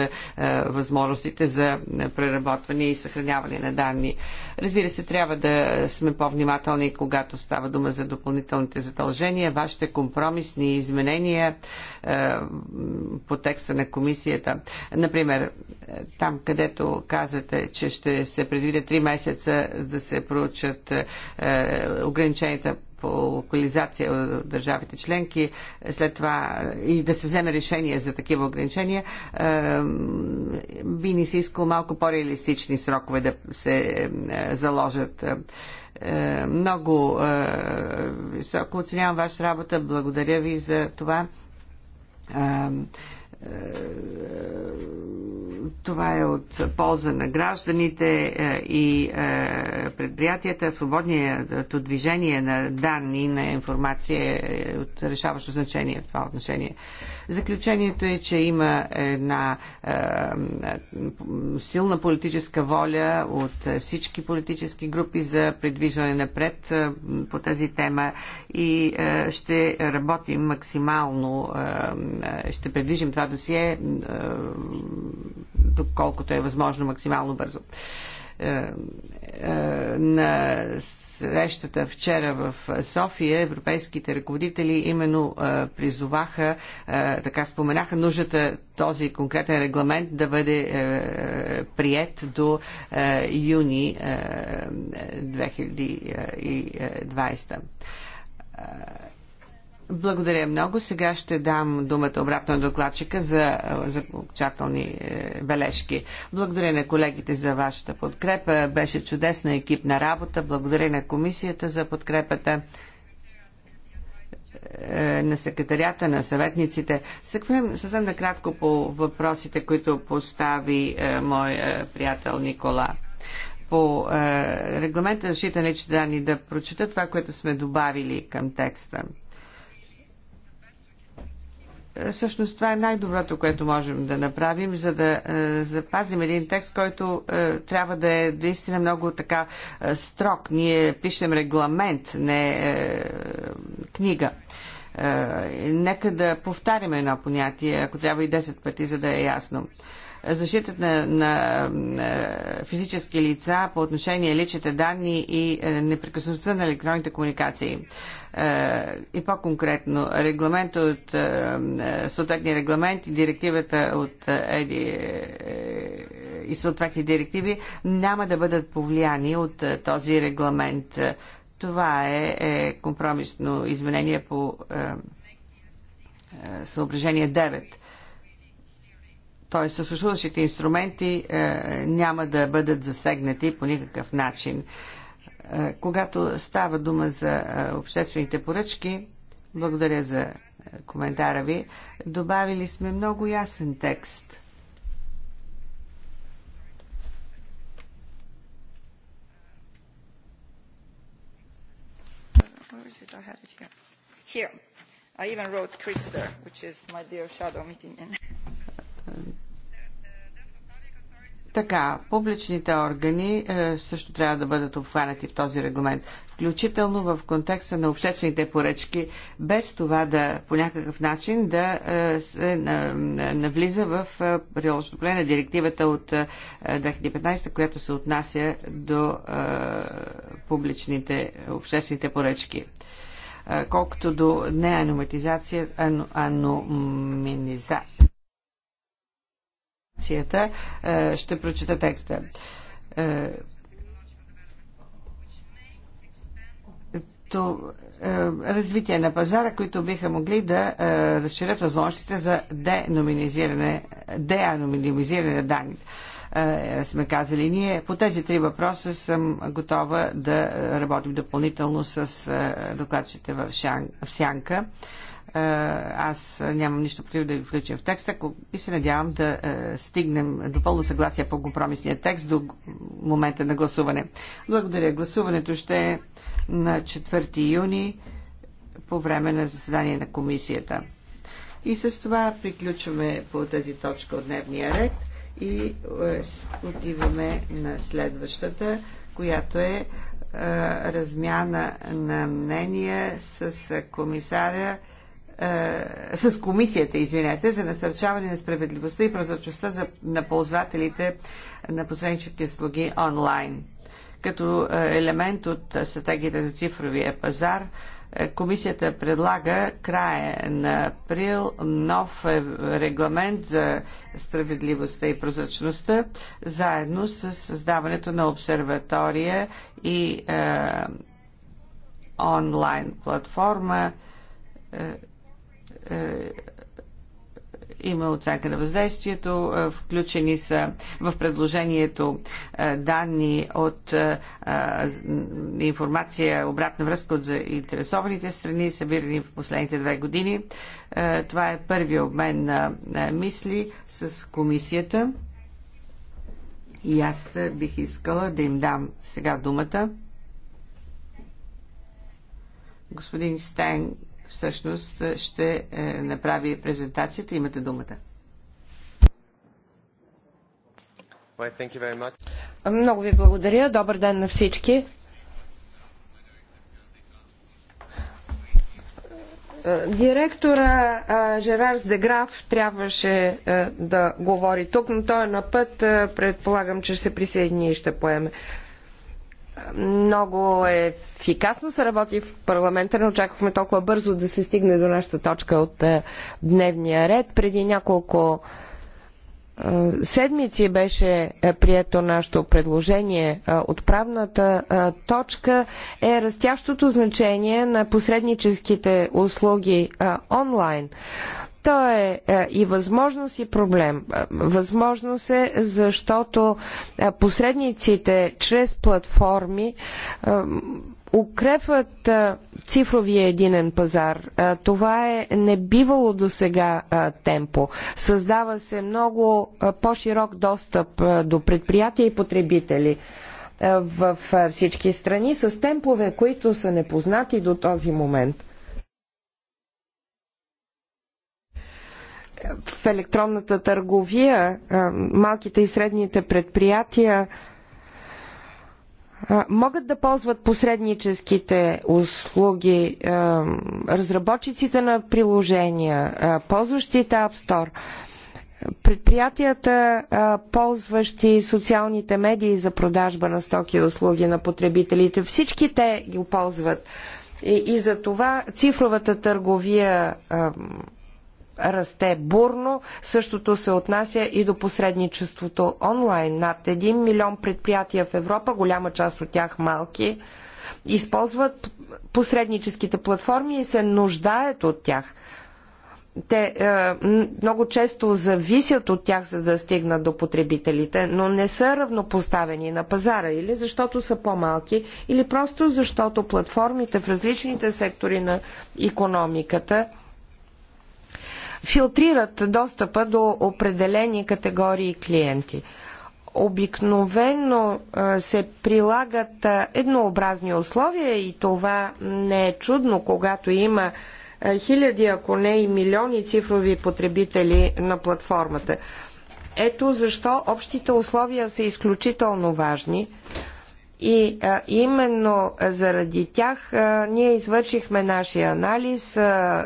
възможностите за на преработване и съхраняване на данни. Разбира се, трябва да сме по-внимателни, когато става дума за допълнителните задължения. Вашите компромисни изменения е, по текста на комисията. Например, там, където казвате, че ще се предвидят 3 месеца да се проучат е, ограниченията по локализация от държавите членки, след това и да се вземе решение за такива ограничения, би ни се искал малко по-реалистични срокове да се заложат много високо оценявам ваша работа. Благодаря ви за това това е от полза на гражданите е, и е, предприятията. свободният движение на данни, на информация е от решаващо значение в това отношение. Заключението е, че има една е, силна политическа воля от всички политически групи за придвижване напред по тази тема и ще работим максимално, ще предвижим това досие, е, доколкото е възможно максимално бързо. Е, е, на срещата вчера в София, европейските ръководители именно призоваха, така споменаха нуждата този конкретен регламент да бъде прият до юни 2020. Благодаря много. Сега ще дам думата обратно на докладчика за заключателни е, бележки. Благодаря на колегите за вашата подкрепа. Беше чудесна екипна работа. Благодаря на комисията за подкрепата е, на секретарята, на съветниците. Съквам съвсем накратко по въпросите, които постави е, мой приятел Никола. По регламента за защита на лични данни да прочета това, което сме добавили към текста всъщност това е най-доброто, което можем да направим, за да е, запазим един текст, който е, трябва да е наистина много така е, строг. Ние пишем регламент, не е, книга. Е, нека да повтаряме едно понятие, ако трябва и 10 пъти, за да е ясно защитата на, на, на физически лица по отношение личните данни и е, непрекъснатостта на електронните комуникации. Е, и по-конкретно е, регламент от съответни регламенти, директивата от е, ЕДИ и съответни директиви няма да бъдат повлияни от този регламент. Това е компромисно изменение по съображение 9 т.е. съществуващите инструменти е, няма да бъдат засегнати по никакъв начин. Е, когато става дума за е, обществените поръчки, благодаря за е, коментара ви, добавили сме много ясен текст. Here. I even wrote Chris which is my dear shadow meeting. Така, публичните органи е, също трябва да бъдат обхванати в този регламент, включително в контекста на обществените поръчки, без това да по някакъв начин да е, се е, навлиза в е, поле на директивата от е, 2015, която се отнася до е, публичните обществените поръчки. Е, колкото до неаноматизация, аноменизация, редакцията. Е, ще прочета текста. Е, то, е, развитие на пазара, които биха могли да разширят възможностите за деаноминизиране, деанонимизиране на данните сме казали ние. По тези три въпроса съм готова да работим допълнително с докладчите в Сянка. Е, аз нямам нищо против да ви включа в текста и се надявам да е, стигнем до пълно съгласие по компромисния текст до момента на гласуване. Благодаря. Гласуването ще е на 4 юни по време на заседание на комисията. И с това приключваме по тази точка от дневния ред и е, отиваме на следващата, която е размяна на мнения с комисаря е, с комисията, извинете, за насърчаване на справедливостта и прозрачността за, на ползвателите на посредничните услуги онлайн. Като е, елемент от стратегията за цифровия пазар, е, Комисията предлага края на април нов регламент за справедливостта и прозрачността, заедно с създаването на обсерватория и е, онлайн платформа е, е, има оценка на въздействието. Е, включени са в предложението е, данни от информация, обратна връзка от заинтересованите страни, събирани в последните две години. Това е първи обмен на мисли с комисията. И аз бих искала да им дам сега думата. Господин Стенк всъщност е, ще е, направи презентацията. Имате думата. Много ви благодаря. Добър ден на всички. Е, директора Жерарс Деграф трябваше да говори тук, но той е на път. Предполагам, че ще се присъедини и ще поеме. Много ефикасно се работи в парламента. Не очаквахме толкова бързо да се стигне до нашата точка от е, дневния ред. Преди няколко е, седмици беше е, прието нашето предложение. Отправната точка е растящото значение на посредническите услуги онлайн. То е, е и възможност и проблем. Е, възможност е, защото е, посредниците чрез платформи укрепват цифровия единен пазар. Това е небивало до сега темпо. Създава се много по-широк достъп до предприятия и потребители в всички страни с темпове, които са непознати до този момент. в електронната търговия, малките и средните предприятия могат да ползват посредническите услуги, разработчиците на приложения, ползващите App Store, предприятията, ползващи социалните медии за продажба на стоки и услуги на потребителите. Всички те ги ползват. И, и за това цифровата търговия расте бурно. Същото се отнася и до посредничеството онлайн. Над 1 милион предприятия в Европа, голяма част от тях малки, използват посредническите платформи и се нуждаят от тях. Те е, много често зависят от тях, за да стигнат до потребителите, но не са равнопоставени на пазара или защото са по-малки, или просто защото платформите в различните сектори на економиката – филтрират достъпа до определени категории клиенти. Обикновено се прилагат еднообразни условия и това не е чудно, когато има хиляди, ако не и милиони цифрови потребители на платформата. Ето защо общите условия са изключително важни и а, именно заради тях а, ние извършихме нашия анализ. А,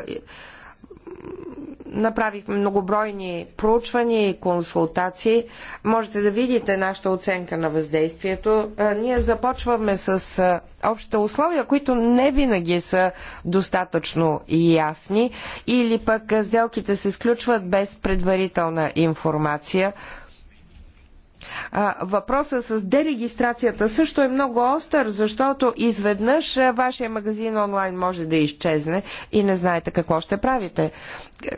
Направихме многобройни проучвания и консултации. Можете да видите нашата оценка на въздействието. Ние започваме с общите условия, които не винаги са достатъчно ясни или пък сделките се сключват без предварителна информация. Въпросът с дерегистрацията също е много остър, защото изведнъж вашия магазин онлайн може да изчезне и не знаете какво ще правите. Е,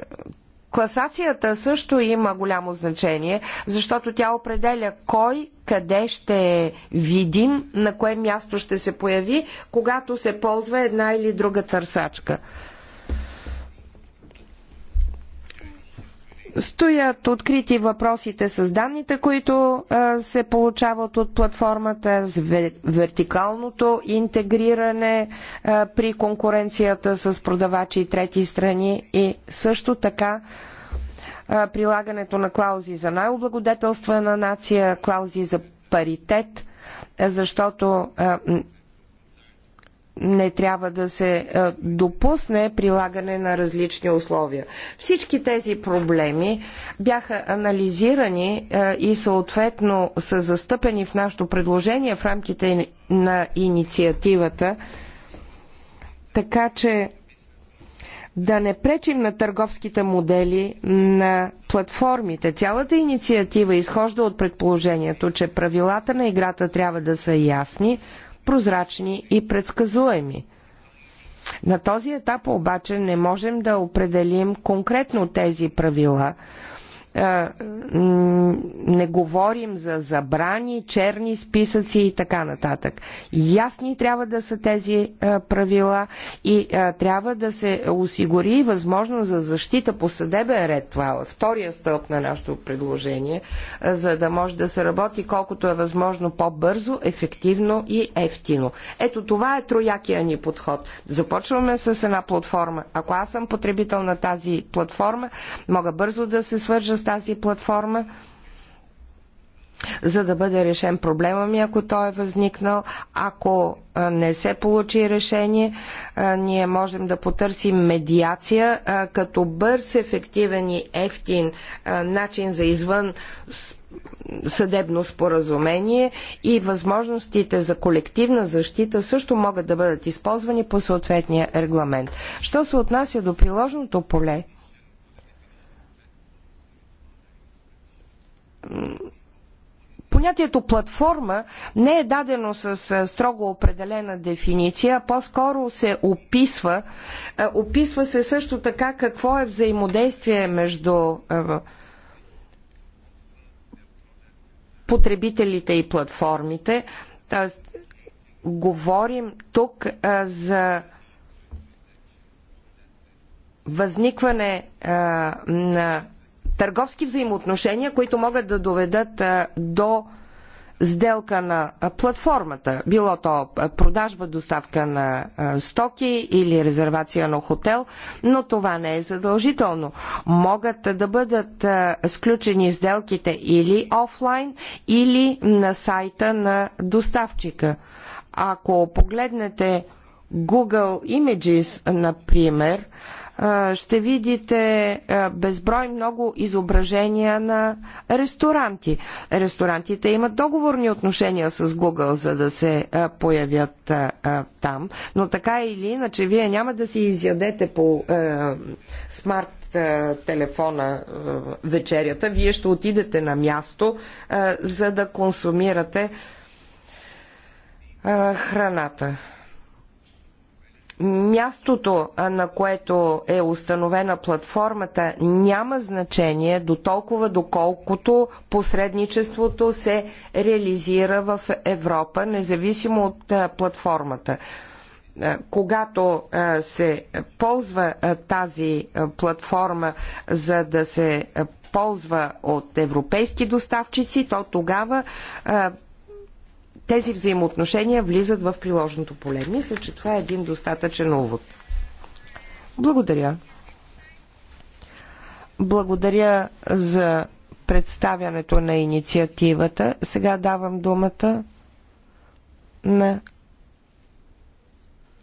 класацията също има голямо значение, защото тя определя кой къде ще видим, на кое място ще се появи, когато се ползва една или друга търсачка. стоят открити въпросите с данните, които се получават от платформата, с вертикалното интегриране при конкуренцията с продавачи и трети страни и също така прилагането на клаузи за най-облагодетелствена нация, клаузи за паритет, защото не трябва да се е, допусне прилагане на различни условия. Всички тези проблеми бяха анализирани е, и съответно са застъпени в нашето предложение в рамките на инициативата, така че да не пречим на търговските модели на платформите. Цялата инициатива изхожда от предположението, че правилата на играта трябва да са ясни, прозрачни и предсказуеми. На този етап обаче не можем да определим конкретно тези правила, е, не говорим за забрани, черни списъци и така нататък. Ясни трябва да са тези е, правила и е, трябва да се осигури възможност за защита по съдебен ред. Това е втория стълб на нашето предложение, за да може да се работи колкото е възможно по-бързо, ефективно и ефтино. Ето това е троякия ни подход. Започваме с една платформа. Ако аз съм потребител на тази платформа, мога бързо да се свържа с тази платформа, за да бъде решен проблема ми, ако той е възникнал. Ако не се получи решение, ние можем да потърсим медиация като бърз, ефективен и ефтин начин за извън съдебно споразумение и възможностите за колективна защита също могат да бъдат използвани по съответния регламент. Що се отнася до приложното поле, понятието платформа не е дадено с строго определена дефиниция, а по-скоро се описва. Описва се също така какво е взаимодействие между потребителите и платформите. Тоест, говорим тук за възникване на търговски взаимоотношения, които могат да доведат до сделка на платформата, било то продажба, доставка на стоки или резервация на хотел, но това не е задължително. Могат да бъдат сключени сделките или офлайн, или на сайта на доставчика. Ако погледнете Google Images, например, ще видите безброй много изображения на ресторанти. Ресторантите имат договорни отношения с Google, за да се появят там, но така или иначе вие няма да си изядете по смарт телефона вечерята, вие ще отидете на място, за да консумирате храната мястото, на което е установена платформата, няма значение до толкова доколкото посредничеството се реализира в Европа, независимо от платформата. Когато се ползва тази платформа, за да се ползва от европейски доставчици, то тогава тези взаимоотношения влизат в приложното поле. Мисля, че това е един достатъчен увод. Благодаря. Благодаря за представянето на инициативата. Сега давам думата на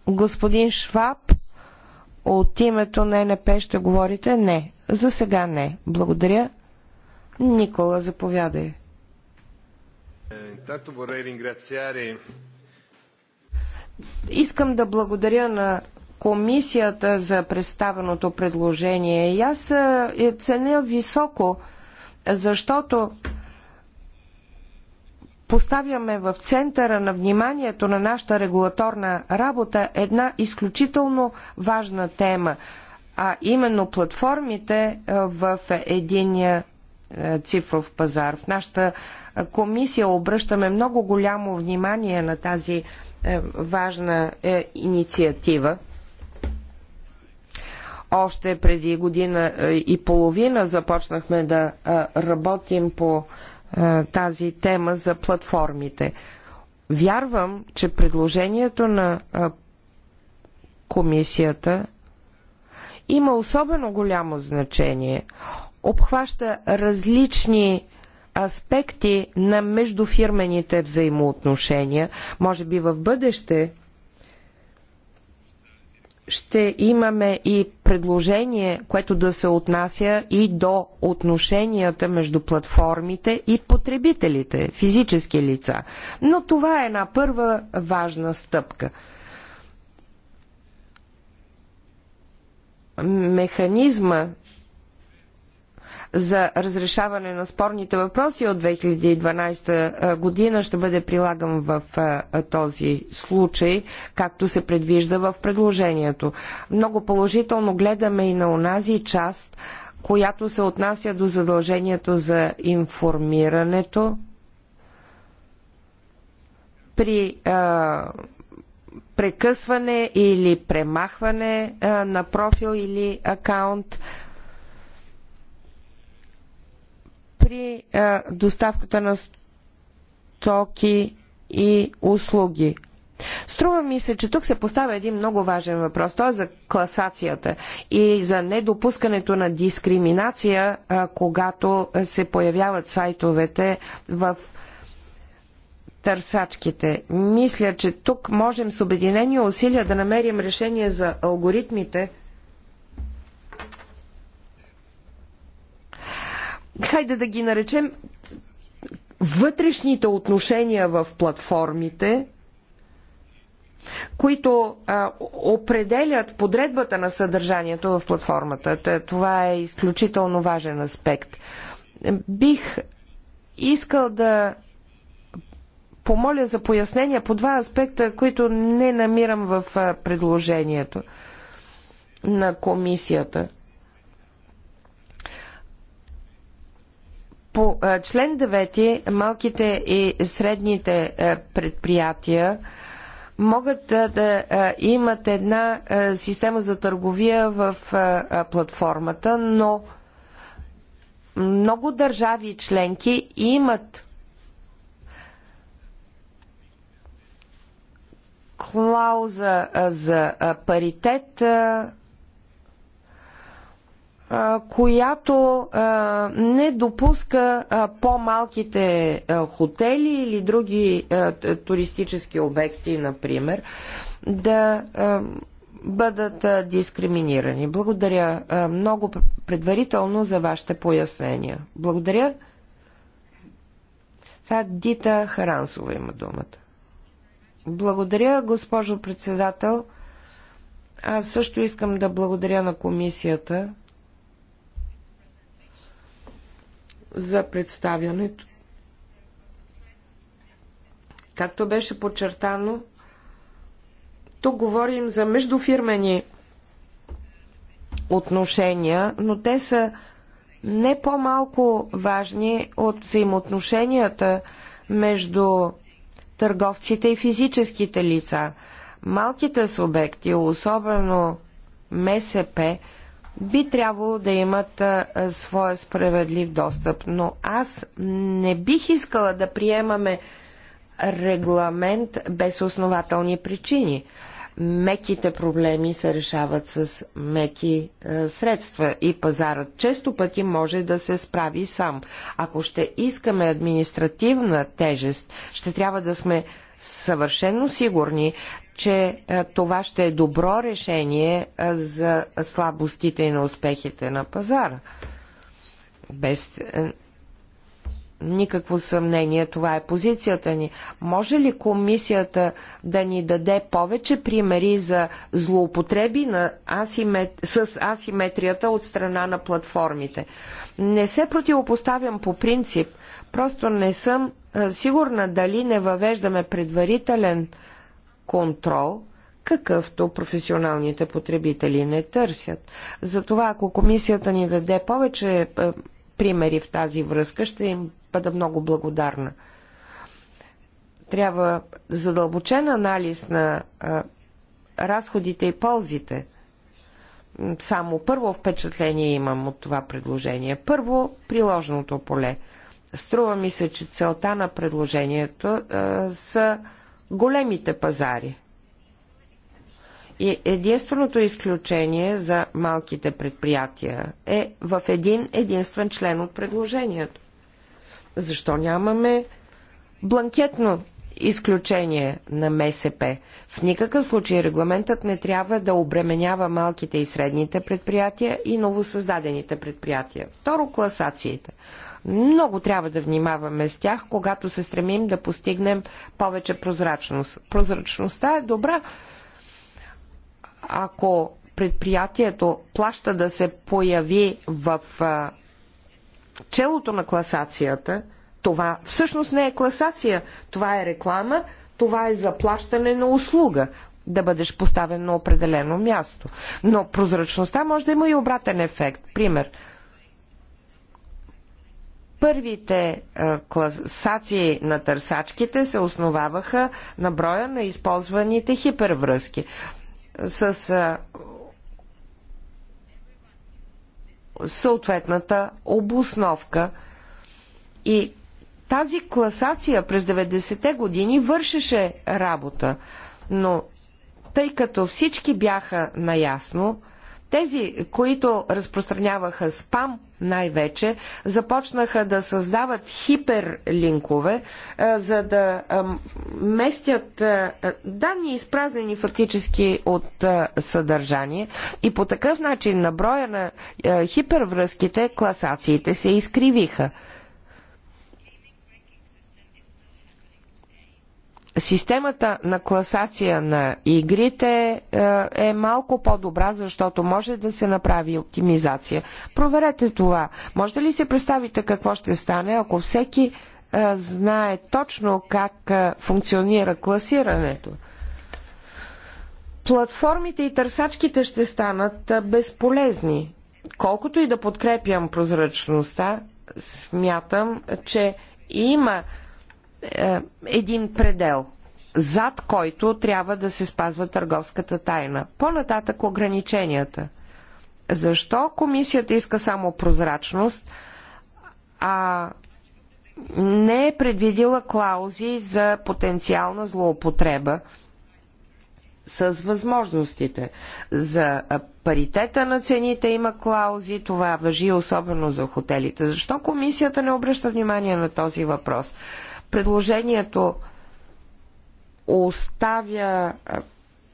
господин Шваб. От името на НП ще говорите? Не. За сега не. Благодаря. Никола, заповядай. Искам да благодаря на комисията за представеното предложение. И аз е, я ценя високо, защото поставяме в центъра на вниманието на нашата регулаторна работа една изключително важна тема, а именно платформите е, в един е, цифров пазар. В нашата комисия обръщаме много голямо внимание на тази е, важна е, инициатива. Още преди година е, и половина започнахме да работим по тази тема за платформите. Вярвам, че предложението на комисията има особено голямо значение. Обхваща различни аспекти на междуфирмените взаимоотношения. Може би в бъдеще ще имаме и предложение, което да се отнася и до отношенията между платформите и потребителите, физически лица. Но това е една първа важна стъпка. Механизма за разрешаване на спорните въпроси от 2012 година ще бъде прилаган в този случай, както се предвижда в предложението. Много положително гледаме и на онази част, която се отнася до задължението за информирането при а, прекъсване или премахване а, на профил или акаунт. А, при е, доставката на стоки и услуги. Струва ми се, че тук се поставя един много важен въпрос. Той е за класацията и за недопускането на дискриминация, е, когато се появяват сайтовете в търсачките. Мисля, че тук можем с обединени усилия да намерим решение за алгоритмите, хайде да ги наречем вътрешните отношения в платформите, които а, определят подредбата на съдържанието в платформата. Това е изключително важен аспект. Бих искал да помоля за пояснения по два аспекта, които не намирам в предложението на комисията. По член 9 малките и средните предприятия могат да имат една система за търговия в платформата, но много държави и членки имат клауза за паритет която не допуска по-малките хотели или други туристически обекти, например, да бъдат дискриминирани. Благодаря много предварително за вашите пояснения. Благодаря. Сега Дита Харансова има думата. Благодаря, госпожо председател. Аз също искам да благодаря на комисията. за представянето. Както беше подчертано, тук говорим за междуфирмени отношения, но те са не по-малко важни от взаимоотношенията между търговците и физическите лица. Малките субекти, особено МСП, би трябвало да имат а, своя справедлив достъп. Но аз не бих искала да приемаме регламент без основателни причини. Меките проблеми се решават с меки а, средства и пазарът често пъти може да се справи сам. Ако ще искаме административна тежест, ще трябва да сме съвършенно сигурни, че е, това ще е добро решение е, за слабостите и на успехите на пазара. Без е, никакво съмнение, това е позицията ни. Може ли комисията да ни даде повече примери за злоупотреби на асимет... с асиметрията от страна на платформите? Не се противопоставям по принцип, просто не съм сигурна дали не въвеждаме предварителен контрол, какъвто професионалните потребители не търсят. Затова, ако комисията ни даде повече е, примери в тази връзка, ще им бъда много благодарна. Трябва задълбочен анализ на разходите и ползите. Само първо впечатление имам от това предложение. Първо, приложното поле. Струва ми се, че целта на предложението са големите пазари. И единственото изключение за малките предприятия е в един единствен член от предложението. Защо нямаме бланкетно изключение на МСП? В никакъв случай регламентът не трябва да обременява малките и средните предприятия и новосъздадените предприятия. Второ, класациите. Много трябва да внимаваме с тях, когато се стремим да постигнем повече прозрачност. Прозрачността е добра, ако предприятието плаща да се появи в а, челото на класацията, това всъщност не е класация, това е реклама, това е заплащане на услуга да бъдеш поставен на определено място. Но прозрачността може да има и обратен ефект. Пример – Първите е, класации на търсачките се основаваха на броя на използваните хипервръзки. С е, съответната обосновка. И тази класация през 90-те години вършеше работа, но тъй като всички бяха наясно, тези, които разпространяваха спам най-вече, започнаха да създават хиперлинкове, е, за да е, местят е, данни, изпразнени фактически от съдържание. И по такъв начин на броя на хипервръзките класациите се изкривиха. Системата на класация на игрите е, е малко по-добра, защото може да се направи оптимизация. Проверете това. Може ли се представите какво ще стане, ако всеки е, знае точно как е, функционира класирането? Платформите и търсачките ще станат безполезни. Колкото и да подкрепям прозрачността, смятам, че има е, един предел, зад който трябва да се спазва търговската тайна. По-нататък ограниченията. Защо комисията иска само прозрачност, а не е предвидила клаузи за потенциална злоупотреба с възможностите. За паритета на цените има клаузи, това въжи особено за хотелите. Защо комисията не обръща внимание на този въпрос? Предложението оставя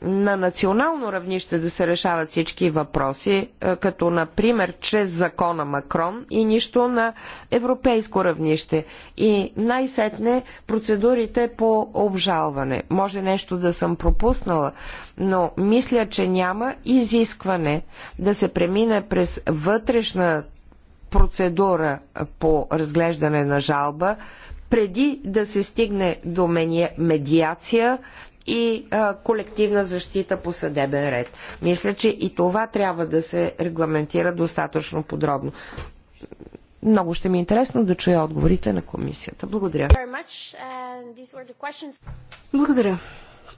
на национално равнище да се решават всички въпроси, като например чрез закона Макрон и нищо на европейско равнище. И най-сетне процедурите по обжалване. Може нещо да съм пропуснала, но мисля, че няма изискване да се премине през вътрешна процедура по разглеждане на жалба преди да се стигне до медиация и а, колективна защита по съдебен ред. Мисля, че и това трябва да се регламентира достатъчно подробно. Много ще ми е интересно да чуя отговорите на комисията. Благодаря. Благодаря.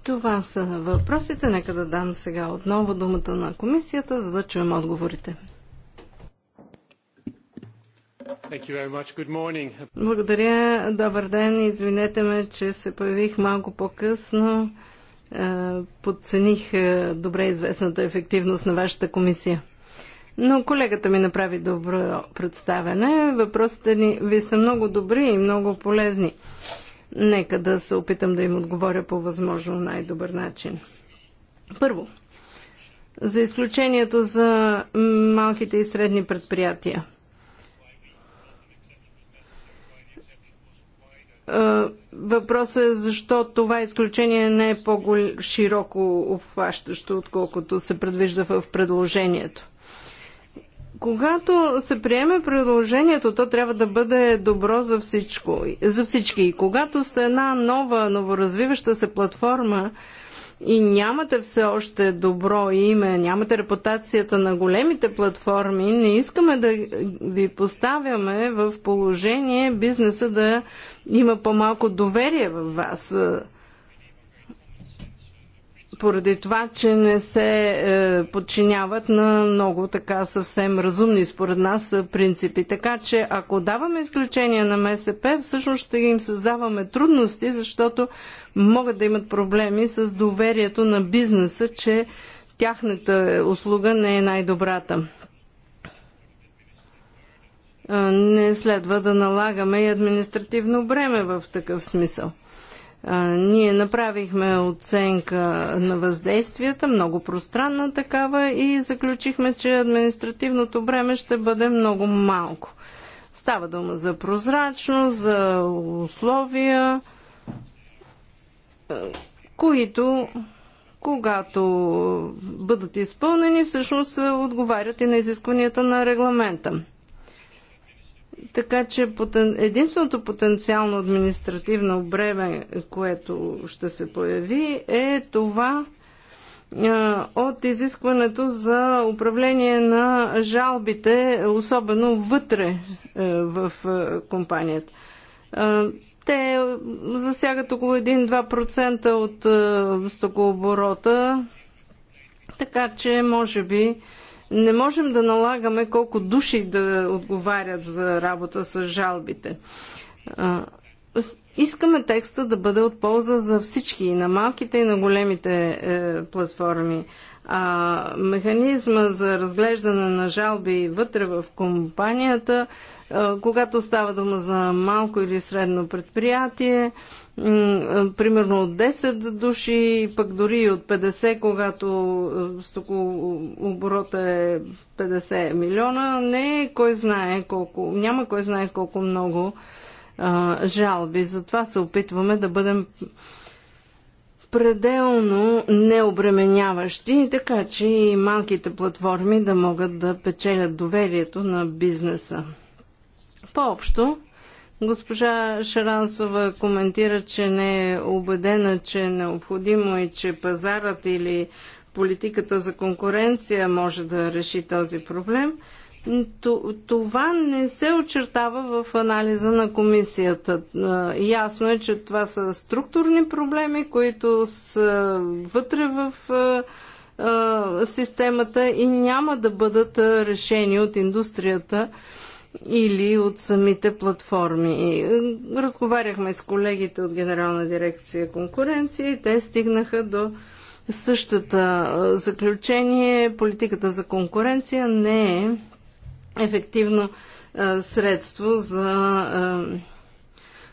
Това са въпросите. Нека да дам сега отново думата на комисията, за да чуем отговорите. Благодаря. Добър ден. Извинете ме, че се появих малко по-късно. Е, подцених е, добре известната ефективност на вашата комисия. Но колегата ми направи добро представене. Въпросите ни ви са много добри и много полезни. Нека да се опитам да им отговоря по възможно най-добър начин. Първо, за изключението за малките и средни предприятия – Е, въпросът е защо това изключение не е по-широко обхващащо, отколкото се предвижда в предложението. Когато се приеме предложението, то трябва да бъде добро за, всичко, за всички. И когато сте една нова, новоразвиваща се платформа, и нямате все още добро име, нямате репутацията на големите платформи, не искаме да ви поставяме в положение бизнеса да има по-малко доверие в вас поради това, че не се е, подчиняват на много така съвсем разумни според нас е, принципи. Така че ако даваме изключение на МСП, всъщност ще им създаваме трудности, защото могат да имат проблеми с доверието на бизнеса, че тяхната услуга не е най-добрата. Е, не следва да налагаме и административно бреме в такъв смисъл. Ние направихме оценка на въздействията, много пространна такава и заключихме, че административното бреме ще бъде много малко. Става дума за прозрачност, за условия, които, когато бъдат изпълнени, всъщност отговарят и на изискванията на регламента. Така че потен... единственото потенциално административно бреме, което ще се появи, е това от изискването за управление на жалбите, особено вътре е, в е, компанията. Те засягат около 1-2% от е, стокооборота, така че може би не можем да налагаме колко души да отговарят за работа с жалбите. Искаме текста да бъде от полза за всички, и на малките, и на големите е, платформи. А механизма за разглеждане на жалби вътре в компанията, е, когато става дума за малко или средно предприятие, е, примерно от 10 души, пък дори и от 50, когато оборота е 50 милиона, не е кой знае колко, няма кой знае колко много а, жалби. Затова се опитваме да бъдем пределно необременяващи, така че и малките платформи да могат да печелят доверието на бизнеса. По-общо, Госпожа Шаранцова коментира, че не е убедена, че е необходимо и че пазарът или политиката за конкуренция може да реши този проблем. Това не се очертава в анализа на комисията. Ясно е, че това са структурни проблеми, които са вътре в системата и няма да бъдат решени от индустрията или от самите платформи. Е, разговаряхме с колегите от Генерална дирекция конкуренция и те стигнаха до същата е, заключение. Политиката за конкуренция не е ефективно е, средство за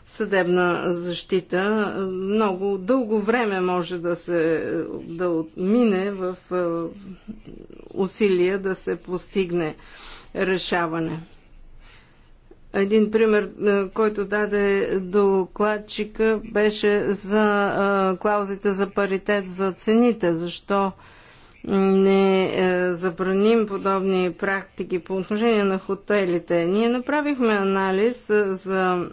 съдебна защита. Много дълго време може да се да отмине в усилия да се постигне решаване. Един пример, който даде докладчика, беше за клаузите за паритет за цените. Защо не забраним подобни практики по отношение на хотелите? Ние направихме анализ за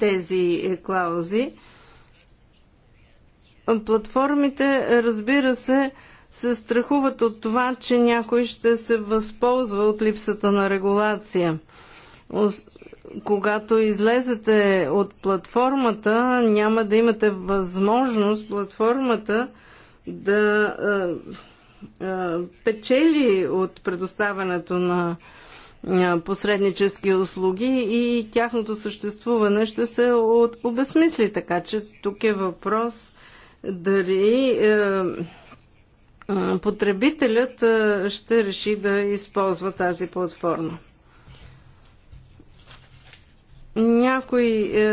тези клаузи. Платформите, разбира се, се страхуват от това, че някой ще се възползва от липсата на регулация – когато излезете от платформата, няма да имате възможност платформата да а, а, печели от предоставянето на посреднически услуги и тяхното съществуване ще се от, обесмисли. Така че тук е въпрос дали е, потребителят е, ще реши да използва тази платформа. Някои е,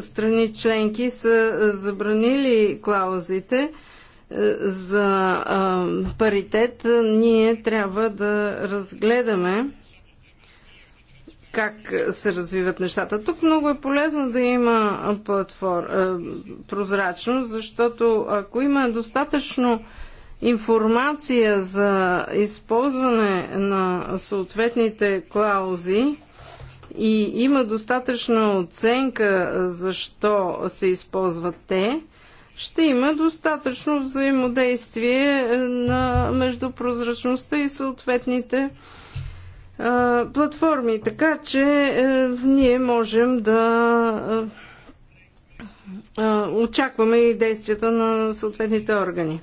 страни членки са е, забранили клаузите е, за е, паритет. Ние трябва да разгледаме как се развиват нещата. Тук много е полезно да има платформа е, прозрачност, защото ако има достатъчно информация за използване на съответните клаузи, и има достатъчна оценка защо се използват те, ще има достатъчно взаимодействие на, между прозрачността и съответните а, платформи. Така че а, ние можем да а, очакваме и действията на съответните органи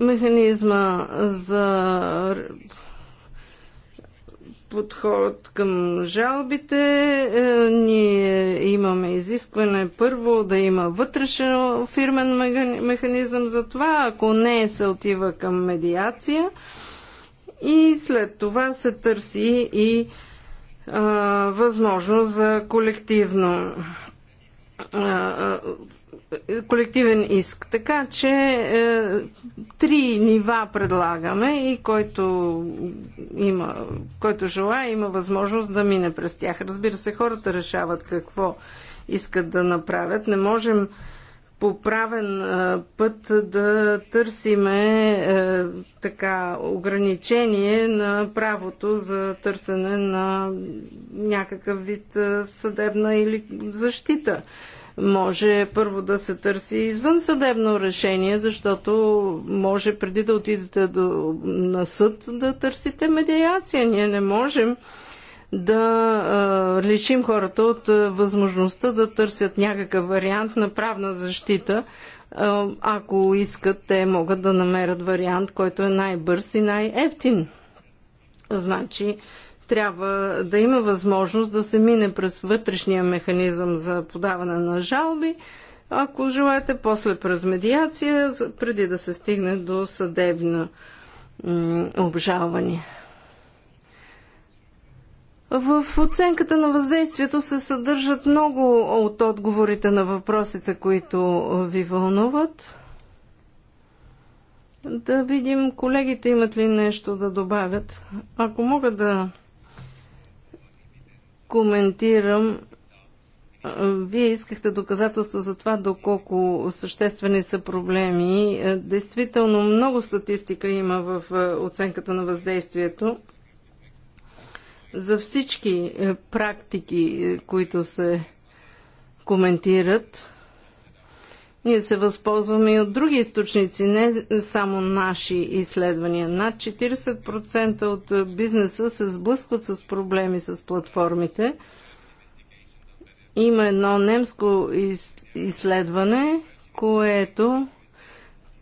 механизма за подход към жалбите. Е, ние имаме изискване първо да има вътрешен фирмен механизъм за това, ако не се отива към медиация и след това се търси и а, възможност за колективно а, а, колективен иск. Така че е, три нива предлагаме и който, има, който желая има възможност да мине през тях. Разбира се, хората решават какво искат да направят. Не можем по правен е, път да търсиме е, така ограничение на правото за търсене на някакъв вид е, съдебна или защита. Може първо да се търси извън съдебно решение, защото може преди да отидете до, на съд да търсите медиация. Ние не можем да а, лишим хората от а, възможността да търсят някакъв вариант на правна защита. А, ако искат, те могат да намерят вариант, който е най-бърз и най-ефтин. Значи, трябва да има възможност да се мине през вътрешния механизъм за подаване на жалби, ако желаете, после през медиация, преди да се стигне до съдебно обжалване. В оценката на въздействието се съдържат много от отговорите на въпросите, които ви вълнуват. Да видим колегите имат ли нещо да добавят. Ако мога да коментирам. Вие искахте доказателство за това доколко съществени са проблеми. Действително много статистика има в оценката на въздействието за всички практики, които се коментират. Ние се възползваме и от други източници, не само наши изследвания. Над 40% от бизнеса се сблъскват с проблеми с платформите. Има едно немско из изследване, което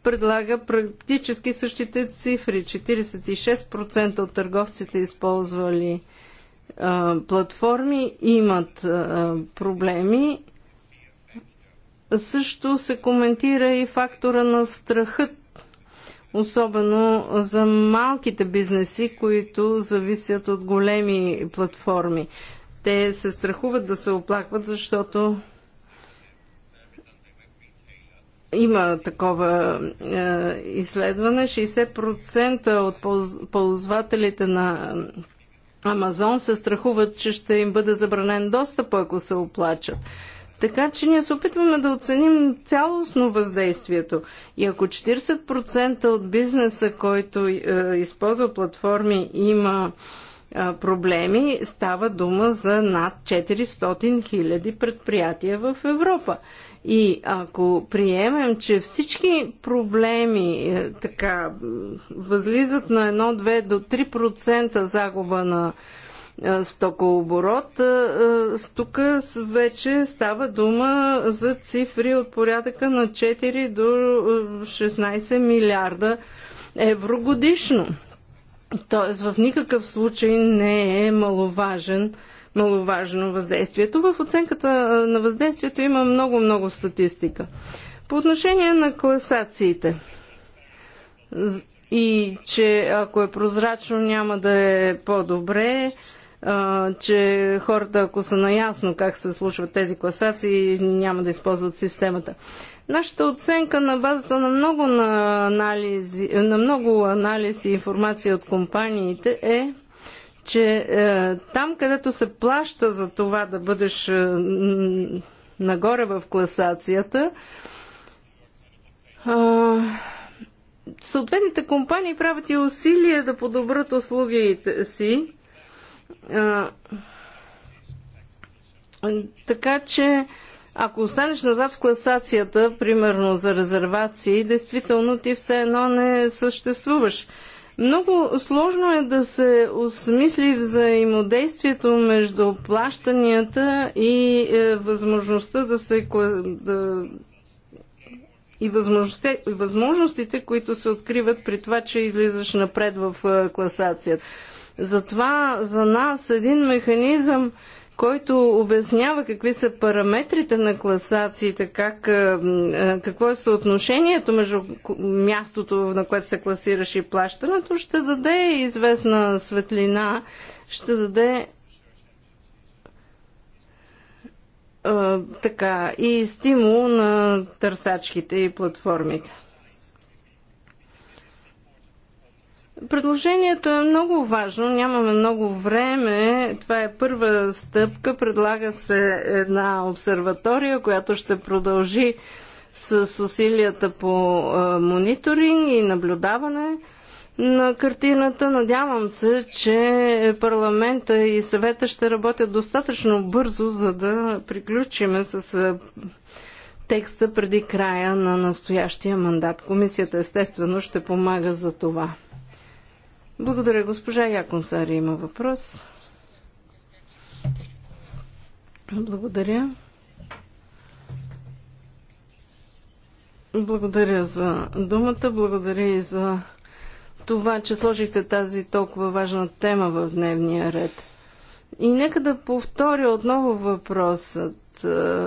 предлага практически същите цифри. 46% от търговците използвали а, платформи имат а, проблеми също се коментира и фактора на страхът, особено за малките бизнеси, които зависят от големи платформи. Те се страхуват да се оплакват, защото има такова е, изследване. 60% от полз, ползвателите на Амазон се страхуват, че ще им бъде забранен достъп, ако се оплачат. Така че ние се опитваме да оценим цялостно въздействието. И ако 40% от бизнеса, който е, използва платформи, има е, проблеми, става дума за над 400 000 предприятия в Европа. И ако приемем, че всички проблеми е, така възлизат на 1, 2 до 3% загуба на стокооборот. Тук вече става дума за цифри от порядъка на 4 до 16 милиарда евро годишно. Тоест в никакъв случай не е маловажен, маловажно въздействието. В оценката на въздействието има много-много статистика. По отношение на класациите и че ако е прозрачно няма да е по-добре, че хората, ако са наясно как се случват тези класации, няма да използват системата. Нашата оценка на базата на много, на анализи, на много анализи и информация от компаниите е, че е, там, където се плаща за това да бъдеш е, нагоре в класацията, е, съответните компании правят и усилия да подобрат услугите си, така че, ако останеш назад в класацията, примерно за резервации, действително ти все едно не съществуваш. Много сложно е да се осмисли взаимодействието между плащанията и е, възможността да се да, и, възможностите, и възможностите, които се откриват при това, че излизаш напред в е, класацията. Затова за нас един механизъм, който обяснява какви са параметрите на класациите, как, е, е, какво е съотношението между мястото, на което се класираш и плащането, ще даде известна светлина, ще даде е, така и стимул на търсачките и платформите. Предложението е много важно, нямаме много време. Това е първа стъпка. Предлага се една обсерватория, която ще продължи с усилията по мониторинг и наблюдаване на картината. Надявам се, че парламента и съвета ще работят достатъчно бързо, за да приключиме с текста преди края на настоящия мандат. Комисията естествено ще помага за това. Благодаря, госпожа Яконсари има въпрос. Благодаря. Благодаря за думата, благодаря и за това, че сложихте тази толкова важна тема в дневния ред. И нека да повторя отново въпросът е,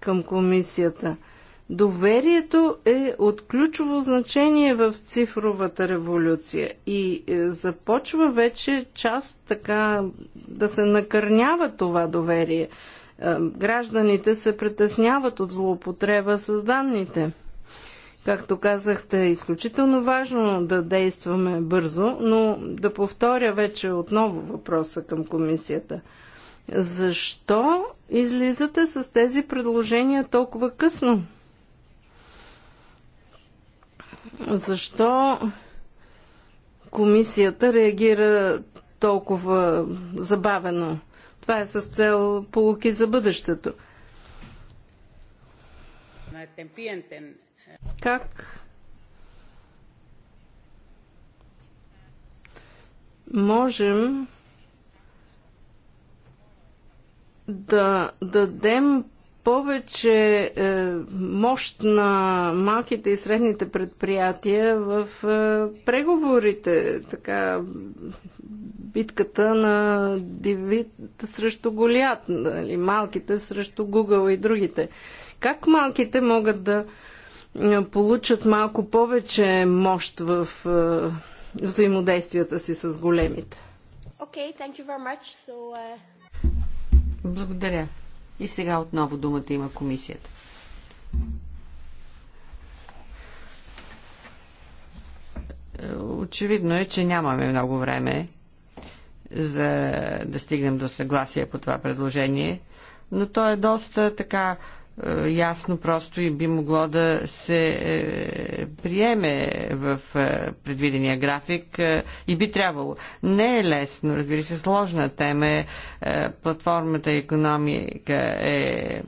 към комисията – Доверието е от ключово значение в цифровата революция и е, започва вече част така да се накърнява това доверие. Е, гражданите се притесняват от злоупотреба с данните. Както казахте, е изключително важно да действаме бързо, но да повторя вече отново въпроса към комисията. Защо излизате с тези предложения толкова късно? защо комисията реагира толкова забавено. Това е с цел полуки за бъдещето. Как можем да дадем повече е, мощ на малките и средните предприятия в е, преговорите, така битката на Дивит срещу Голят, нали, малките срещу Google и другите. Как малките могат да е, получат малко повече мощ в взаимодействията си с големите? Okay, thank you very much. So, uh... Благодаря. И сега отново думата има комисията. Очевидно е, че нямаме много време за да стигнем до съгласие по това предложение, но то е доста така е, ясно просто и би могло да се е, приеме в е, предвидения график и би трябвало. Не е лесно, разбира се, сложна тема е. Платформата економика е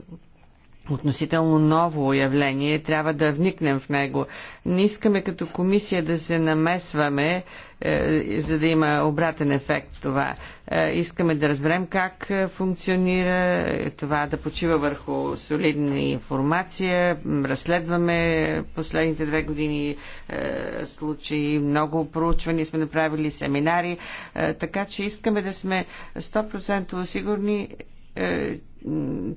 относително ново явление, трябва да вникнем в него. Не искаме като комисия да се намесваме, е, за да има обратен ефект това. Е, искаме да разберем как е, функционира е, това, да почива върху солидна информация. Разследваме последните две години е, случаи, много проучвания сме направили, семинари, е, така че искаме да сме 100% сигурни,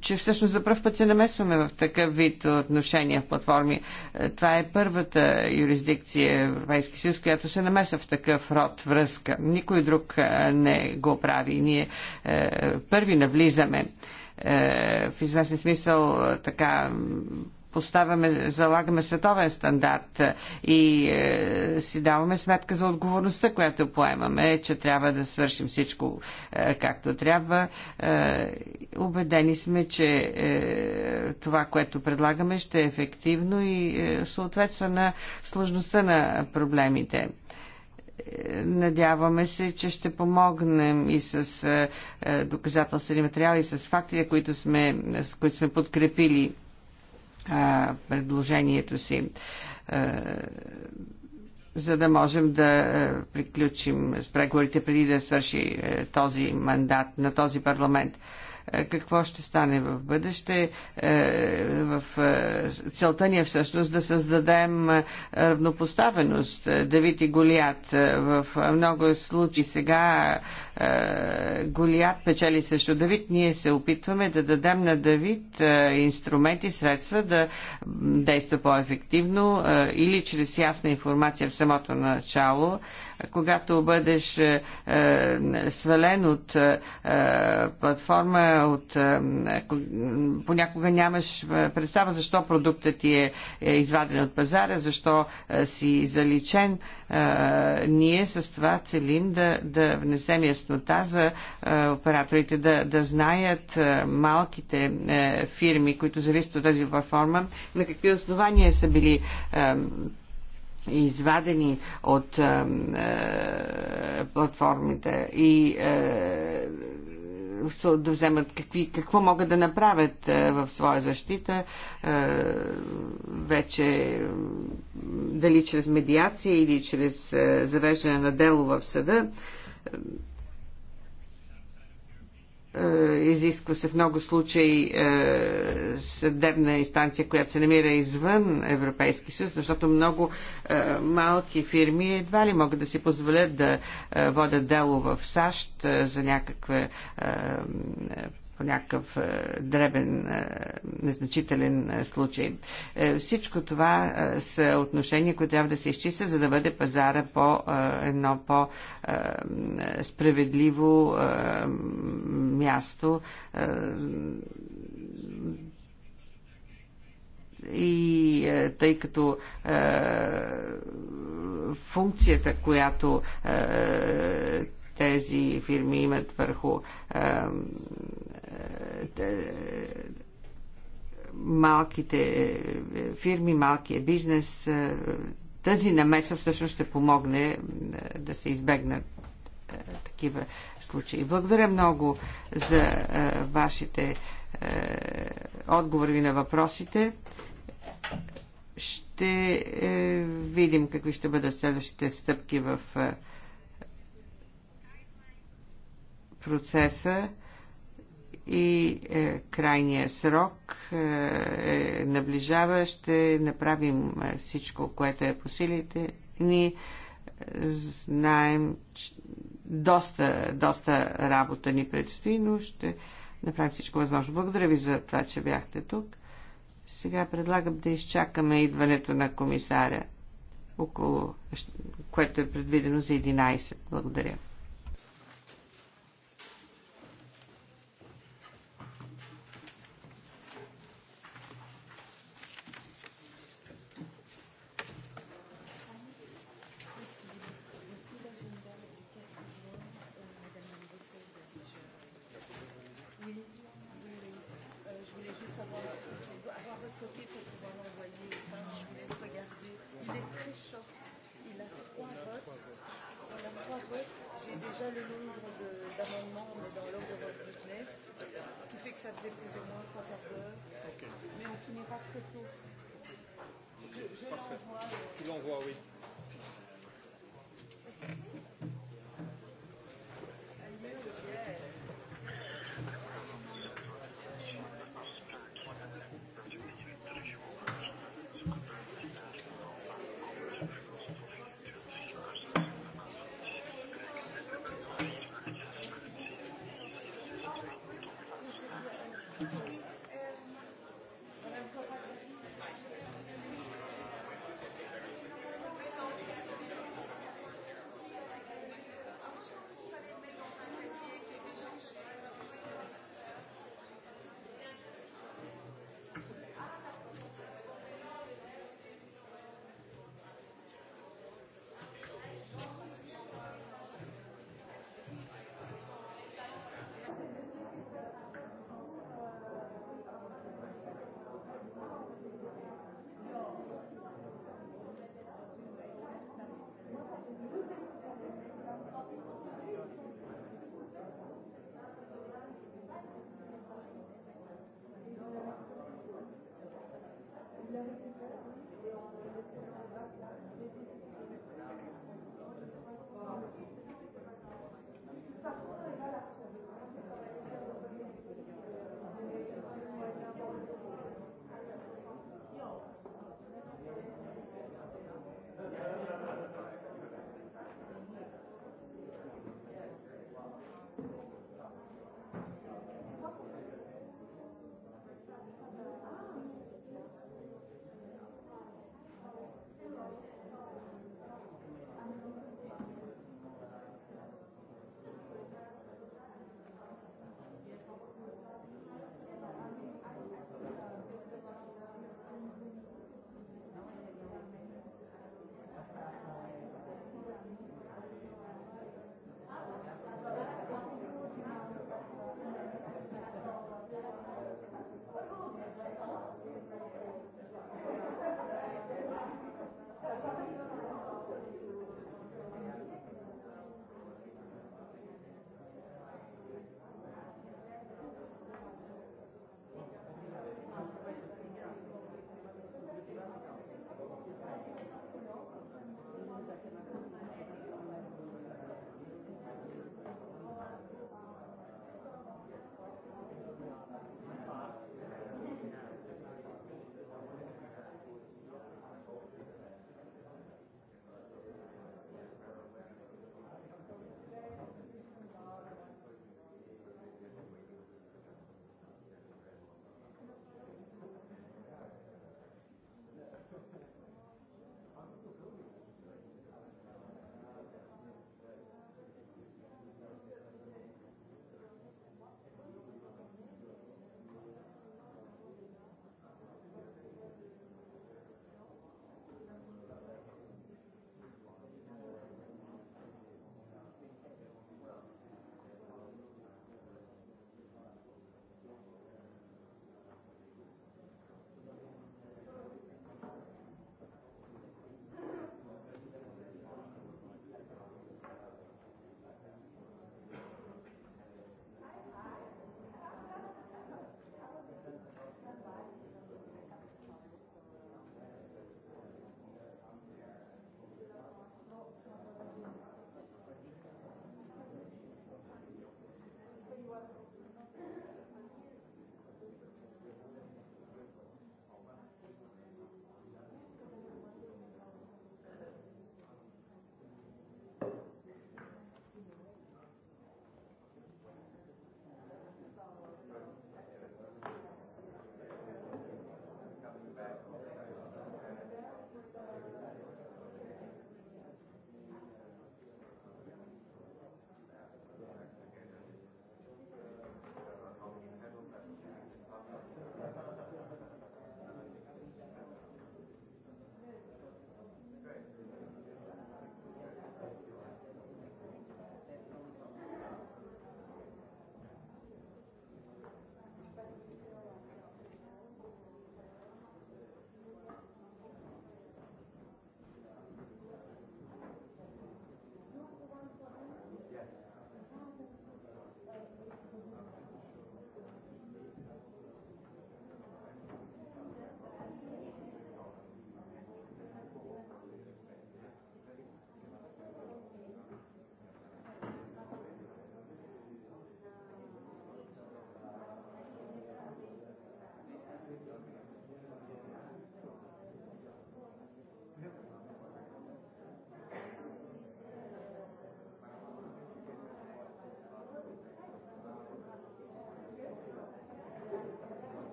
че всъщност за първ път се намесваме в такъв вид отношения в платформи. Е, това е първата юрисдикция Европейски съюз, която се намесва в такъв род връзка. Никой друг е, не го прави. Ние е, първи навлизаме в известен смисъл така поставяме, залагаме световен стандарт и е, си даваме сметка за отговорността, която поемаме, че трябва да свършим всичко е, както трябва. Е, убедени сме, че е, това, което предлагаме, ще е ефективно и е, съответства на сложността на проблемите. Е, надяваме се, че ще помогнем и с е, е, доказателствени материали, и с фактите, които сме, с които сме подкрепили а, предложението си, а, за да можем да приключим с преговорите преди да свърши този мандат на този парламент. Е, какво ще стане в бъдеще. Е, в е, целта ни е всъщност да създадем равнопоставеност. Давид и Голият в много случаи сега Голият печели също Давид. Ние се опитваме да дадем на Давид инструменти, средства да действа по-ефективно или чрез ясна информация в самото начало когато бъдеш е, е, свален от е, е платформа, от, е, е понякога нямаш представа защо продуктът ти е, е изваден от пазара, защо е, си заличен. Е, ние с това целим да, да внесем яснота за е, операторите, да, да знаят е, малките е, фирми, които зависят от тази платформа, на какви основания са били е, извадени от е, е, платформите и е, да вземат какви, какво могат да направят е, в своя защита, е, вече е, дали чрез медиация или чрез е, завеждане на дело в съда. Е, е, изисква се в много случаи е, съдебна инстанция, която се намира извън Европейски съюз, защото много е, малки фирми едва ли могат да си позволят да водят дело в САЩ за някаква по някакъв е, дребен, е, незначителен е, случай. Всичко това са отношения, които трябва да се изчистят, за да бъде пазара по едно по-справедливо място и е, тъй като е, функцията, която е, тези фирми имат върху е, е, малките фирми, малкия бизнес, е, тази намеса всъщност ще помогне е, да се избегнат такива случаи. Благодаря много за вашите отговори на въпросите. Ще видим какви ще бъдат следващите стъпки в процеса и е, крайния срок е, е наближава. Ще направим е, всичко, което е по силите ни. Знаем, че доста, доста работа ни предстои, но ще направим всичко възможно. Благодаря ви за това, че бяхте тук. Сега предлагам да изчакаме идването на комисаря, около, което е предвидено за 11. Благодаря.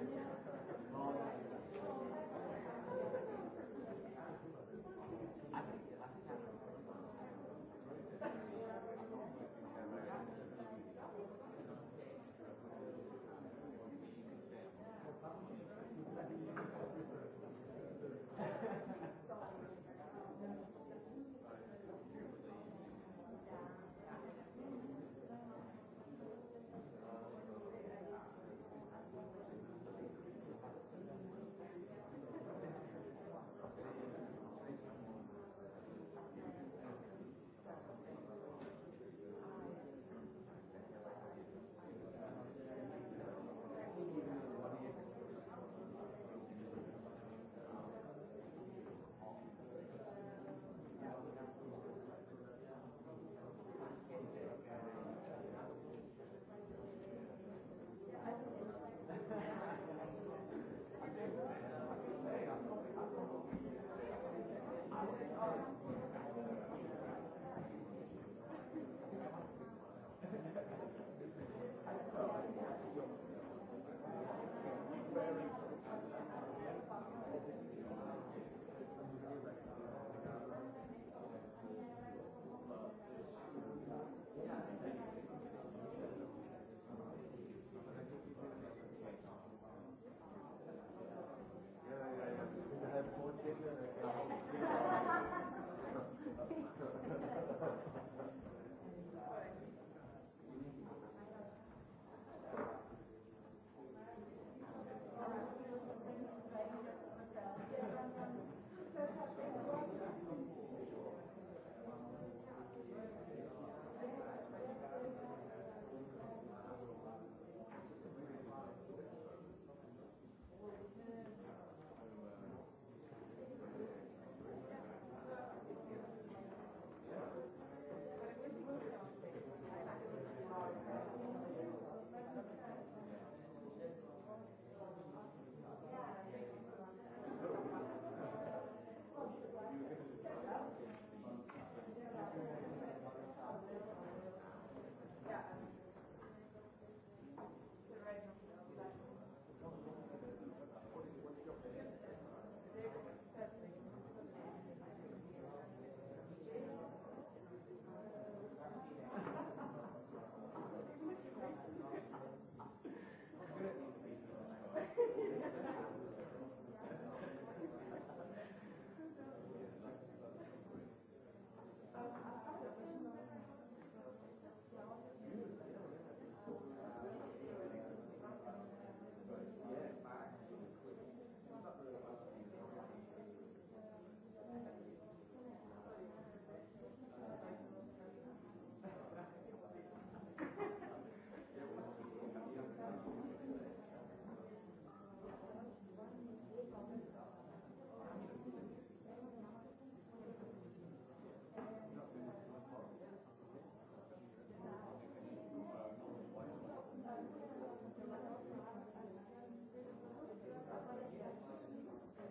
Yeah.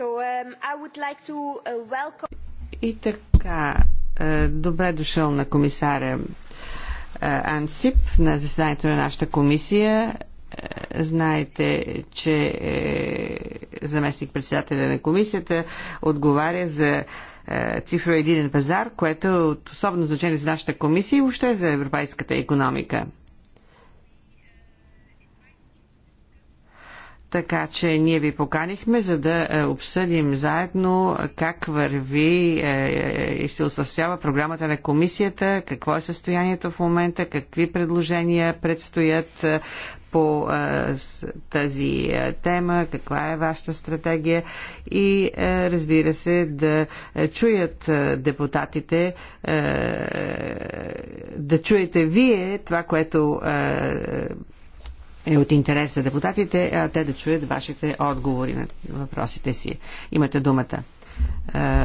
Um, uh, и така, е, добре дошъл на комисаря е, Ансип на заседанието на нашата комисия. Е, знаете, че заместник председателя на комисията отговаря за цифро единен пазар, което е от особено значение за нашата комисия и въобще за европейската економика. Така че ние ви поканихме, за да е, обсъдим заедно как върви е, е, и се осъществява програмата на комисията, какво е състоянието в момента, какви предложения предстоят по тази тема, каква е вашата стратегия и разбира се да чуят депутатите, да чуете вие това, което е от интерес за депутатите, а те да чуят вашите отговори на въпросите си. Имате думата. Е,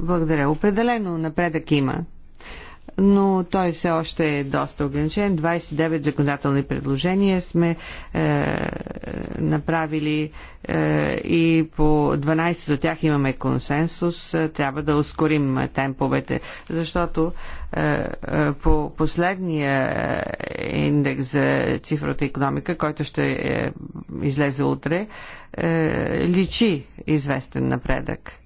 благодаря. Определено напредък има но той все още е доста ограничен. 29 законодателни предложения сме е, направили е, и по 12 от тях имаме консенсус. Е, трябва да ускорим темповете, защото е, е, по последния индекс за цифрата економика, който ще е, излезе утре, е, личи известен напредък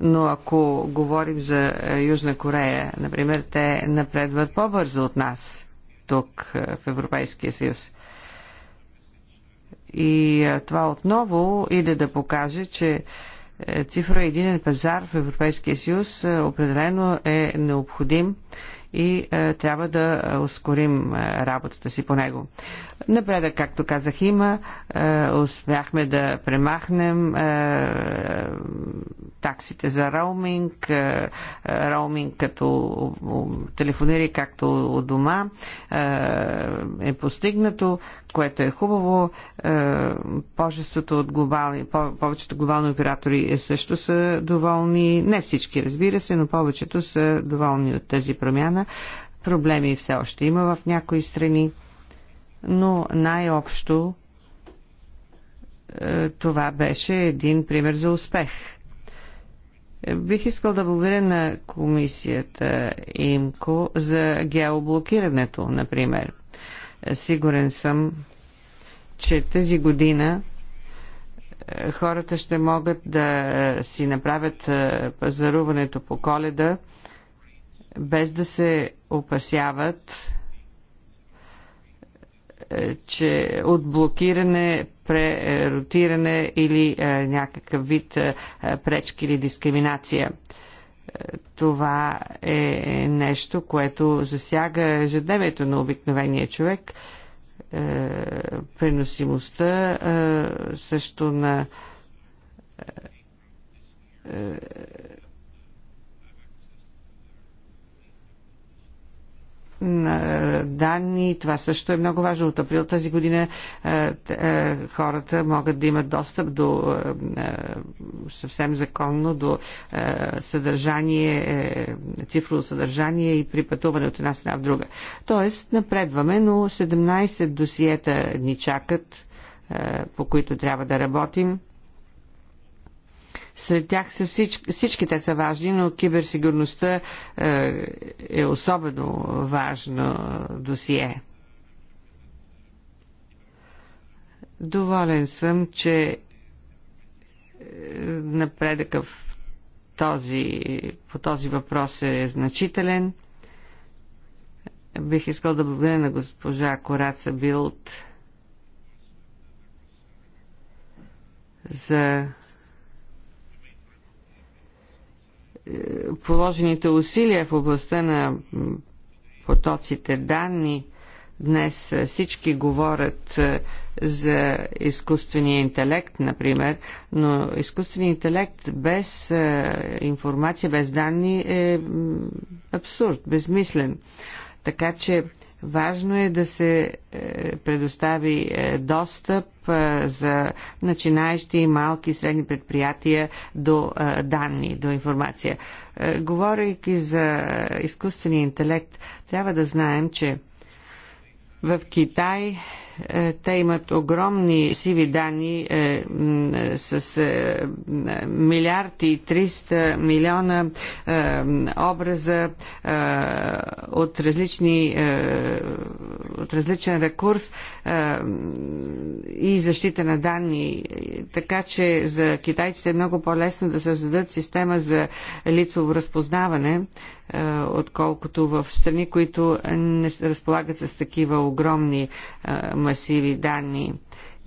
но ако говорим за е, Южна Корея, например, те напредват по-бързо от нас тук е, в Европейския съюз. И е, това отново иде да покаже, че цифра единен пазар в Европейския съюз определено е необходим и трябва да ускорим работата си по него. Напредък, както казах, има. успяхме да премахнем таксите за роуминг, е, е, роуминг като телефонери както от дома е, е постигнато, което е хубаво. Повечето от глобални, повечето глобални оператори също са доволни. Не всички, разбира се, но повечето са доволни от тази промяна. Проблеми все още има в някои страни, но най-общо това беше един пример за успех Бих искал да благодаря на комисията ИМКО за геоблокирането, например. Сигурен съм, че тази година е, хората ще могат да е, си направят е, пазаруването по коледа, без да се опасяват че от блокиране, преротиране или е, някакъв вид е, пречки или дискриминация. Е, това е нещо, което засяга ежедневието на обикновения човек, преносимостта също на данни. Това също е много важно. От април тази година е, е, хората могат да имат достъп до е, съвсем законно до съдържание, цифрово съдържание и при пътуване от една страна в друга. Тоест, напредваме, но 17 досиета ни чакат, по които трябва да работим сред тях са всички, всички те са важни, но киберсигурността е, е особено важно е, досие. Доволен съм, че е, напредъка в този, по този въпрос е значителен. Бих искал да благодаря на госпожа Кораца Билт за положените усилия в областта на потоците данни. Днес всички говорят е, за изкуствения интелект, например, но изкуственият интелект без е, информация, без данни е абсурд, безмислен. Така че Важно е да се е, предостави е, достъп е, за начинаещи и малки и средни предприятия до данни, до информация. Говорейки за изкуствения интелект, трябва да знаем, че в Китай е, те имат огромни сиви данни е, е, с милиарди и 300 милиона образа от, различни, от различен е, и защита на данни. Така че за китайците е много по-лесно да създадат система за лицово разпознаване, е, отколкото в страни, които не разполагат с такива огромни е, масиви данни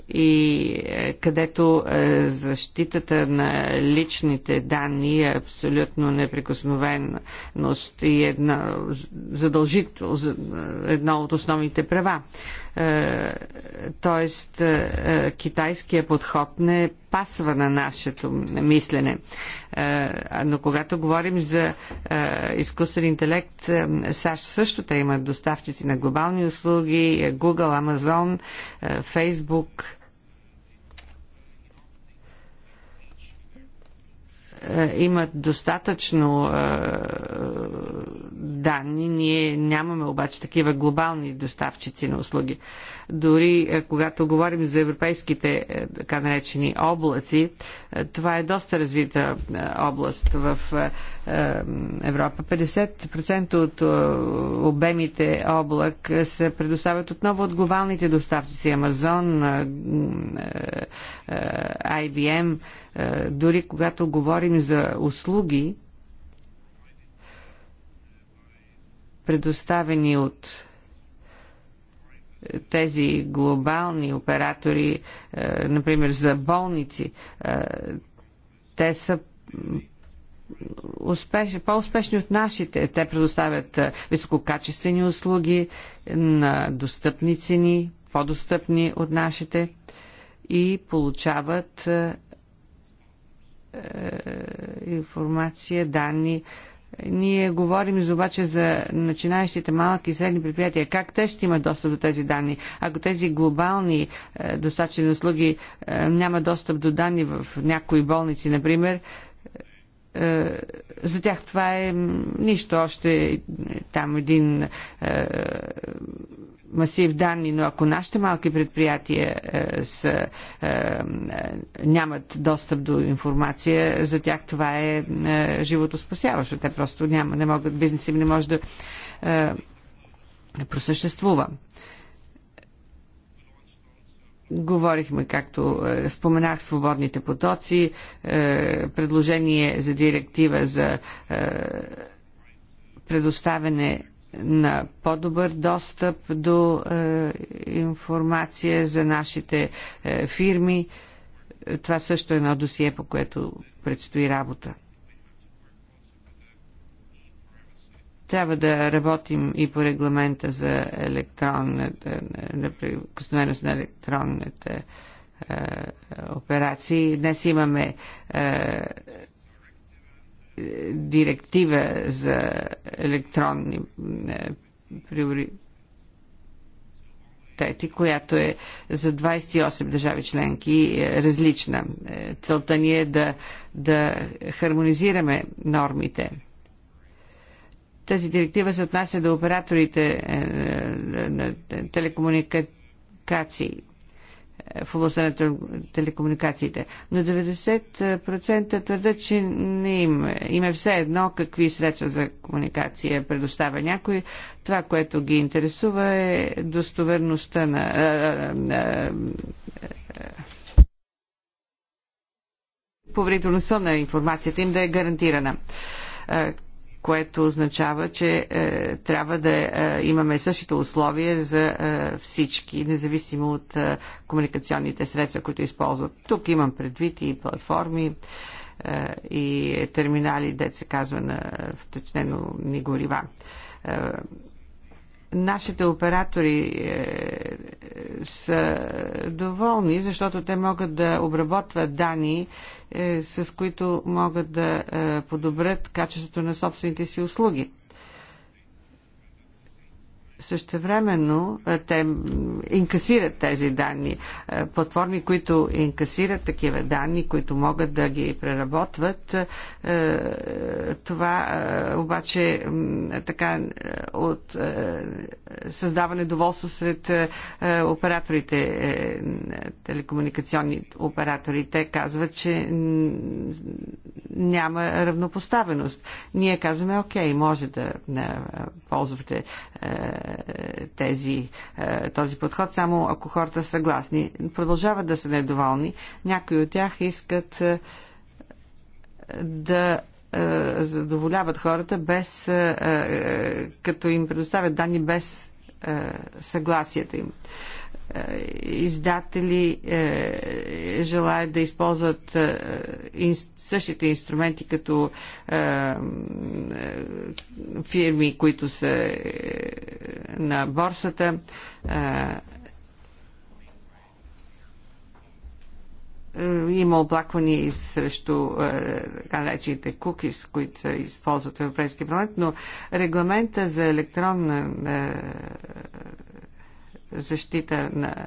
и е, където защитата на личните данни е абсолютно неприкосновеност и една задължително е, едно от основните права. Е, тоест, е, китайския подход не пасва на нашето мислене. Но когато говорим за изкуствен интелект, САЩ също те имат доставчици на глобални услуги, Google, Amazon, Facebook. имат достатъчно данни. Ние нямаме обаче такива глобални доставчици на услуги. Дори е, когато говорим за европейските е, така наречени облаци, е, това е доста развита област в Европа. 50% от обемите облак се предоставят отново от глобалните доставчици Амазон, IBM. Дори когато говорим за услуги, предоставени от тези глобални оператори, е, например за болници, е, те са по-успешни от нашите. Те предоставят е, висококачествени услуги на достъпни цени, по-достъпни от нашите и получават информация, данни ние говорим за обаче за начинаещите малки и средни предприятия. Как те ще имат достъп до тези данни? Ако тези глобални е, услуги е, няма достъп до данни в някои болници, например, е, за тях това е нищо. Още там един е, масив данни, но ако нашите малки предприятия е, са, е, е, нямат достъп до информация, за тях това е, е животоспасяващо. Те просто няма, не могат, бизнес им не може да е, просъществува. Говорихме, както е, споменах, свободните потоци, е, предложение за директива за е, предоставяне на по-добър достъп до е, информация за нашите е, фирми. Това също е едно досие, по което предстои работа. Трябва да работим и по регламента за електронната, непрекъсновеност на електронните е, операции. Днес имаме е, директива за електронни е, приоритети, която е за 28 държави членки е, различна. Е, целта ни е да, да хармонизираме нормите. Тази директива се отнася до операторите на телекомуникации в областта на телекомуникациите. Но 90% твърдят, че не им, им е все едно какви средства за комуникация предоставя някой. Това, което ги интересува е достоверността на. поверителността на информацията им да е гарантирана което означава, че е, трябва да е, имаме същите условия за е, всички, независимо от е, комуникационните средства, които използват. Тук имам предвид и платформи е, и терминали, дет се казва, на втечнено ни горива. Е, нашите оператори е, са доволни, защото те могат да обработват данни, е, с които могат да е, подобрят качеството на собствените си услуги. Същевременно те инкасират тези данни. Платформи, които инкасират такива данни, които могат да ги преработват, това обаче така от, създава недоволство сред операторите, е, телекомуникационни оператори. Те казват, че няма равнопоставеност. Ние казваме, окей, може да ползвате е, тези, е, този подход, само ако хората са съгласни. Продължават да са недоволни. Някои от тях искат е, да е, задоволяват хората без, като им предоставят данни без съгласието им. Е, издатели е, желаят да използват е, същите инструменти като фирми, които са на борсата. Има оплаквания и срещу така наречените кукис, които се използват в Европейския парламент, но регламента за електронна защита на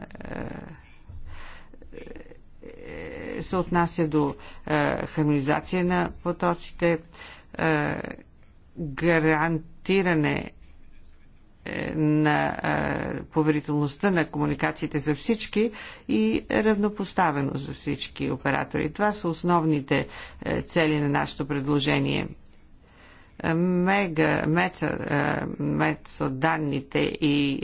е, се отнася до е, хармонизация на потоците, е, гарантиране на поверителността на комуникациите за всички и равнопоставено за всички оператори. Това са основните цели на нашето предложение. Мега, меца, меца данните и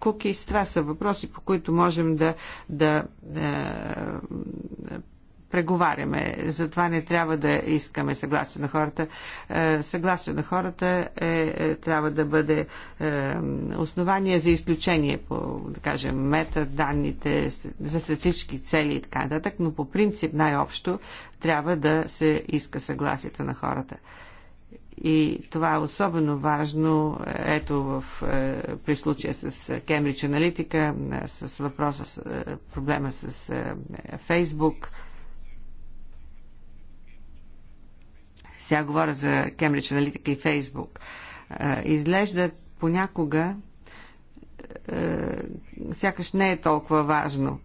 кукис, това са въпроси, по които можем да, да е, преговаряме. Затова не трябва да искаме съгласие на хората. Е, съгласие на хората е, е, трябва да бъде е, основание за изключение по, да кажем, данните, за всички цели и така нататък, но по принцип най-общо трябва да се иска съгласието на хората. И това е особено важно, ето в, е, при случая с Кембридж Аналитика, е, с въпроса, с, е, проблема с Фейсбук. Сега говоря за Кембридж Аналитика и Фейсбук. Изглежда понякога сякаш не е толкова важно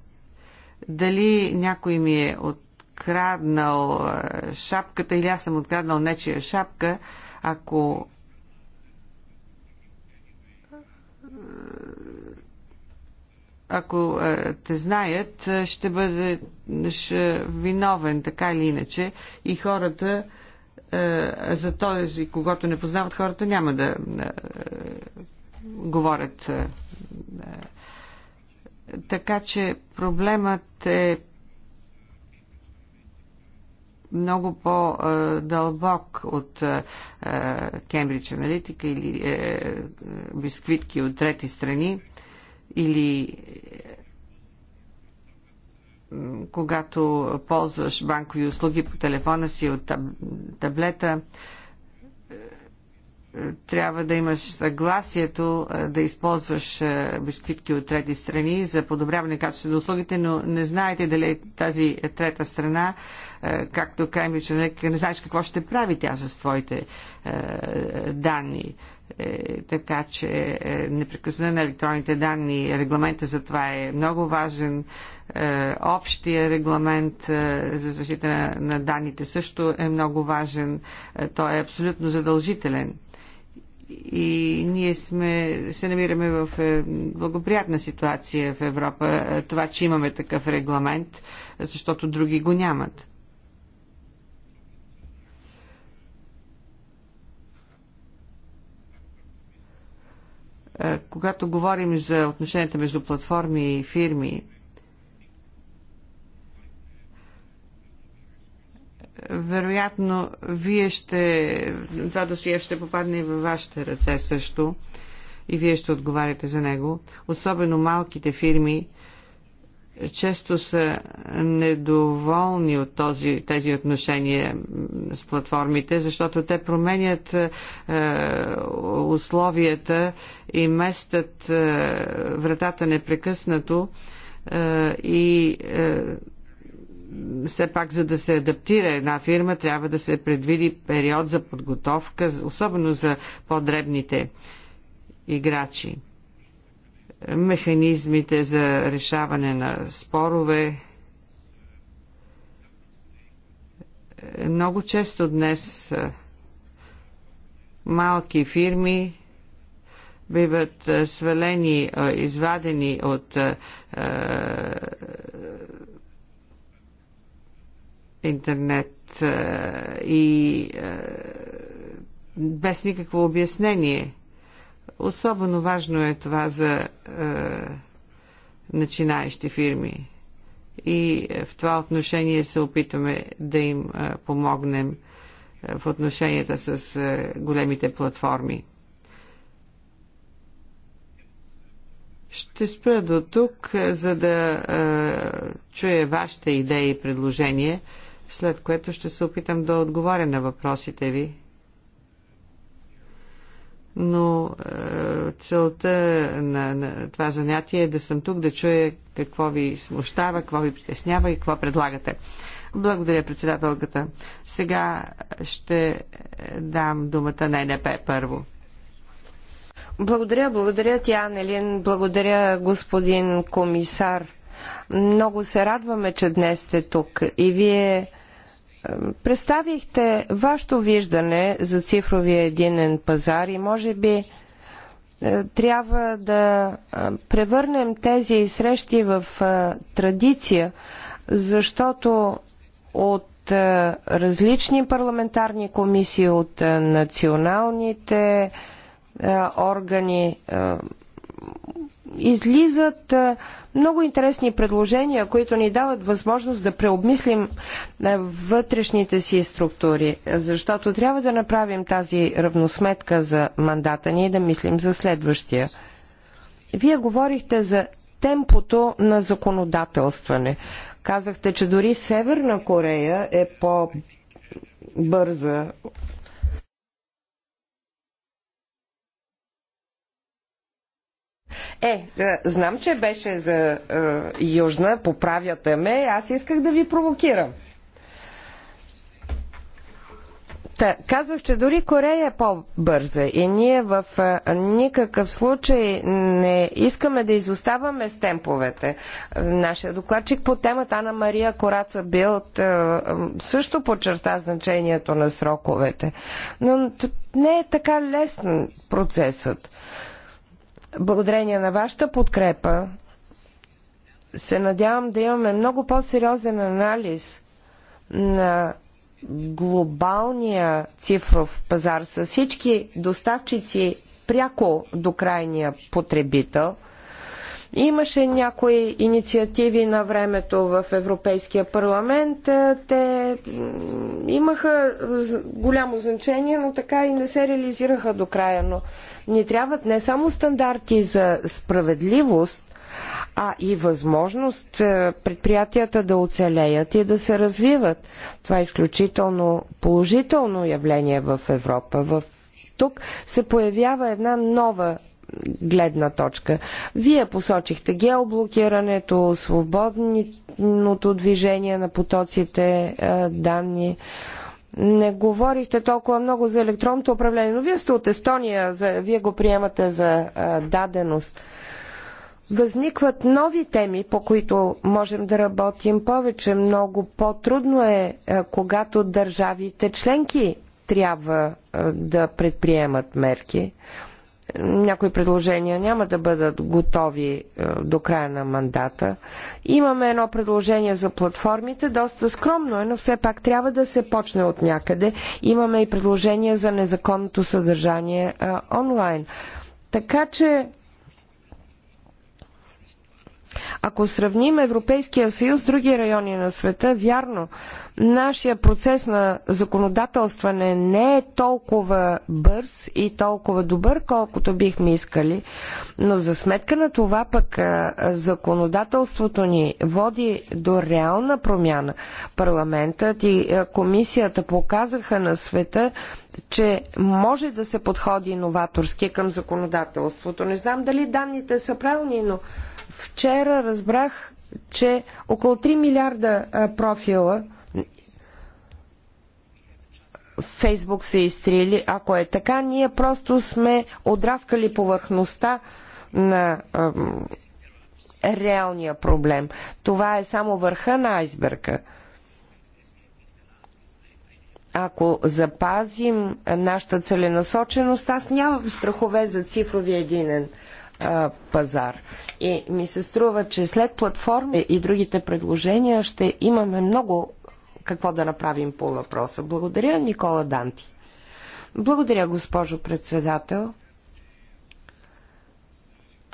дали някой ми е от откраднал шапката или аз съм откраднал нечия шапка, ако ако те знаят, ще бъдеш виновен, така или иначе. И хората, за този, когато не познават хората, няма да говорят. Така че проблемът е много по-дълбок от Кембридж аналитика е, или е, е, бисквитки от трети страни или когато ползваш банкови услуги по телефона си от таблета, трябва да имаш съгласието да използваш бисквитки от трети страни за подобряване качеството на услугите, но не знаете дали тази трета страна, както Кембридж не знаеш какво ще прави тя за твоите данни. Е, така че е, непрекъсна на електронните данни, регламента за това е много важен. Е, общия регламент за защита на данните също е много важен. Той е абсолютно задължителен и ние сме, се намираме в е, благоприятна ситуация в Европа, е, това, че имаме такъв регламент, защото други го нямат. Е, когато говорим за отношенията между платформи и фирми, вероятно вие ще, това досие ще попадне и във вашите ръце също и вие ще отговаряте за него. Особено малките фирми често са недоволни от този, тези отношения с платформите, защото те променят е, условията и местят е, вратата непрекъснато е, и е, все пак, за да се адаптира една фирма, трябва да се предвиди период за подготовка, особено за по-дребните играчи. Механизмите за решаване на спорове. Много често днес малки фирми биват свалени, извадени от интернет и без никакво обяснение. Особено важно е това за начинаещи фирми. И в това отношение се опитваме да им помогнем в отношенията с големите платформи. Ще спра до тук, за да а, чуя вашите идеи и предложения след което ще се опитам да отговаря на въпросите ви. Но е, целта на, на това занятие е да съм тук, да чуя какво ви смущава, какво ви притеснява и какво предлагате. Благодаря, председателката. Сега ще е, дам думата на НП първо. Благодаря, благодаря ти, Анелин. Благодаря, господин комисар. Много се радваме, че днес сте тук и вие представихте вашето виждане за цифровия единен пазар и може би е, трябва да е, превърнем тези срещи в е, традиция, защото от различни парламентарни комисии, от националните органи, излизат много интересни предложения, които ни дават възможност да преобмислим вътрешните си структури, защото трябва да направим тази равносметка за мандата ни и да мислим за следващия. Вие говорихте за темпото на законодателстване. Казахте, че дори Северна Корея е по бърза Е, е, знам, че беше за е, Южна, поправяте ме, аз исках да ви провокирам. Та, казвах, че дори Корея е по-бърза и ние в е, никакъв случай не искаме да изоставаме с темповете. Нашия докладчик по темата Ана Мария Кораца Билт е, също подчерта значението на сроковете. Но не е така лесен процесът благодарение на вашата подкрепа, се надявам да имаме много по-сериозен анализ на глобалния цифров пазар с всички доставчици пряко до крайния потребител – Имаше някои инициативи на времето в Европейския парламент. Е, те имаха голямо значение, но така и не се реализираха до края. Но ни трябват не само стандарти за справедливост, а и възможност е, предприятията да оцелеят и да се развиват. Това е изключително положително явление в Европа. В тук се появява една нова гледна точка. Вие посочихте геоблокирането, свободното движение на потоците е, данни. Не говорихте толкова много за електронното управление, но вие сте от Естония, за, вие го приемате за а, е, даденост. Възникват нови теми, по които можем да работим повече. Много по-трудно е, а, е, когато държавите членки трябва а, да предприемат мерки някои предложения няма да бъдат готови е, до края на мандата. Имаме едно предложение за платформите, доста скромно е, но все пак трябва да се почне от някъде. Имаме и предложение за незаконното съдържание е, онлайн. Така че ако сравним Европейския съюз с други райони на света, вярно, нашия процес на законодателстване не е толкова бърз и толкова добър, колкото бихме искали, но за сметка на това пък законодателството ни води до реална промяна. Парламентът и комисията показаха на света, че може да се подходи иноваторски към законодателството. Не знам дали данните са правилни, но Вчера разбрах, че около 3 милиарда профила Фейсбук са изстрели. Ако е така, ние просто сме отраскали повърхността на реалния проблем. Това е само върха на айсберга. Ако запазим нашата целенасоченост, аз нямам страхове за цифровия единен пазар. И ми се струва, че след платформи и другите предложения ще имаме много какво да направим по въпроса. Благодаря, Никола Данти. Благодаря, госпожо председател.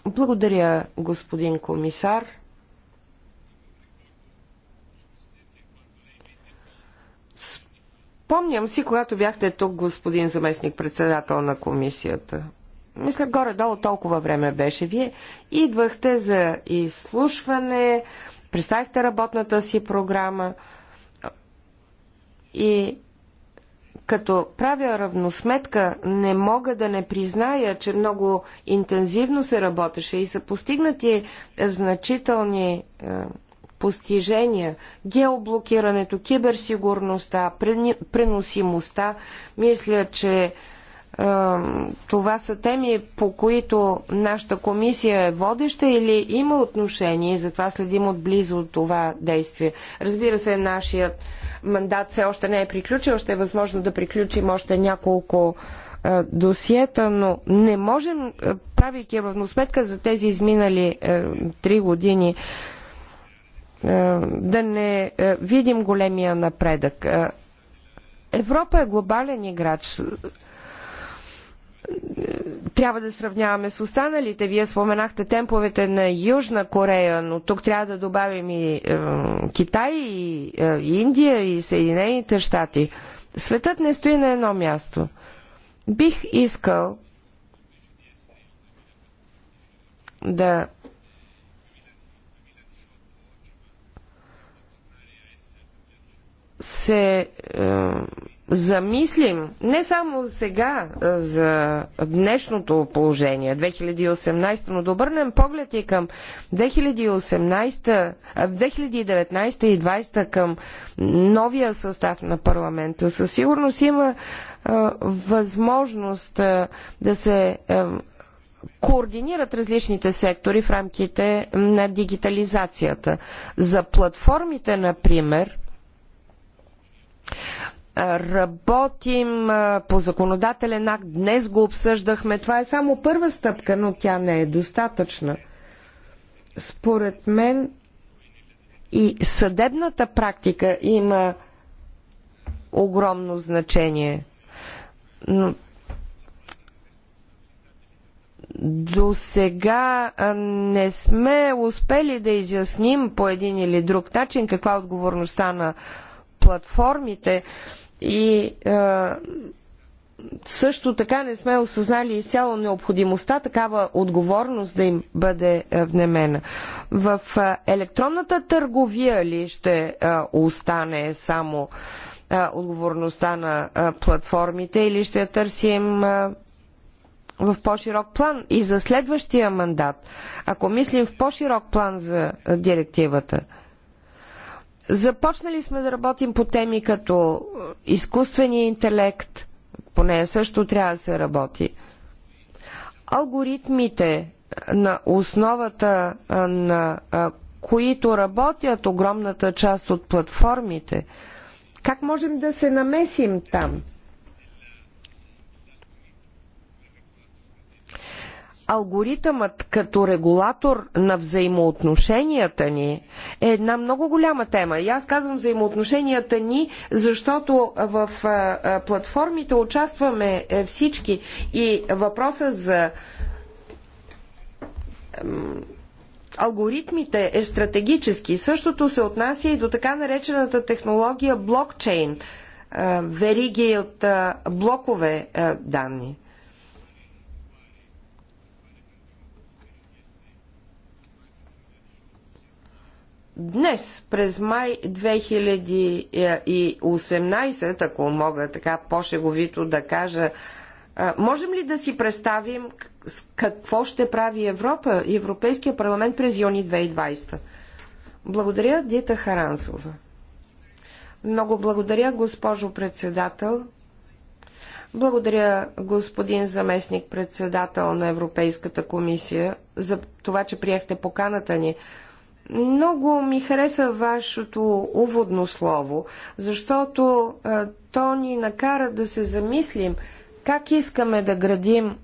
Благодаря, господин комисар. Спомням си, когато бяхте тук, господин заместник председател на комисията мисля, горе-долу толкова време беше. Вие идвахте за изслушване, представихте работната си програма и като правя равносметка, не мога да не призная, че много интензивно се работеше и са постигнати значителни е, постижения, геоблокирането, киберсигурността, преносимостта. Мисля, че това са теми, по които нашата комисия е водеща или има отношение и затова следим отблизо това действие. Разбира се, нашият мандат все още не е приключил, ще е възможно да приключим още няколко досиета, но не можем, правейки равносметка за тези изминали три години, да не видим големия напредък. Европа е глобален играч трябва да сравняваме с останалите. Вие споменахте темповете на Южна Корея, но тук трябва да добавим и е, Китай, и е, Индия, и Съединените щати. Светът не стои на едно място. Бих искал да се е, замислим не само сега е, за днешното положение 2018, но да обърнем поглед и към 2018, 2019 и 2020 към новия състав на парламента, със сигурност има е, възможност е, да се е, координират различните сектори в рамките на дигитализацията. За платформите, например, Работим по законодателен акт. Днес го обсъждахме. Това е само първа стъпка, но тя не е достатъчна. Според мен и съдебната практика има огромно значение. Но до сега не сме успели да изясним по един или друг начин каква е отговорността на платформите и е, също така не сме осъзнали изцяло необходимостта такава отговорност да им бъде е, внемена. В е, електронната търговия ли ще остане само отговорността на платформите или ще търсим. търсим в по-широк план и за следващия мандат, ако мислим в по-широк план за директивата – Започнали сме да работим по теми като е, изкуствения интелект, поне също трябва да се работи. Алгоритмите е, на основата е, на които работят огромната част от платформите, как можем да се намесим там? алгоритъмът като регулатор на взаимоотношенията ни е една много голяма тема. И аз казвам взаимоотношенията ни, защото в платформите участваме е, всички и въпроса за алгоритмите е стратегически. Същото се отнася и до така наречената технология блокчейн, вериги от блокове данни. Днес, през май 2018, ако мога така по-шеговито да кажа, можем ли да си представим какво ще прави Европа, и Европейския парламент през юни 2020? Благодаря, Дита Харанзова. Много благодаря, госпожо председател. Благодаря, господин заместник председател на Европейската комисия, за това, че приехте поканата ни. Много ми хареса вашето уводно слово, защото а, е, то ни накара да се замислим как искаме да градим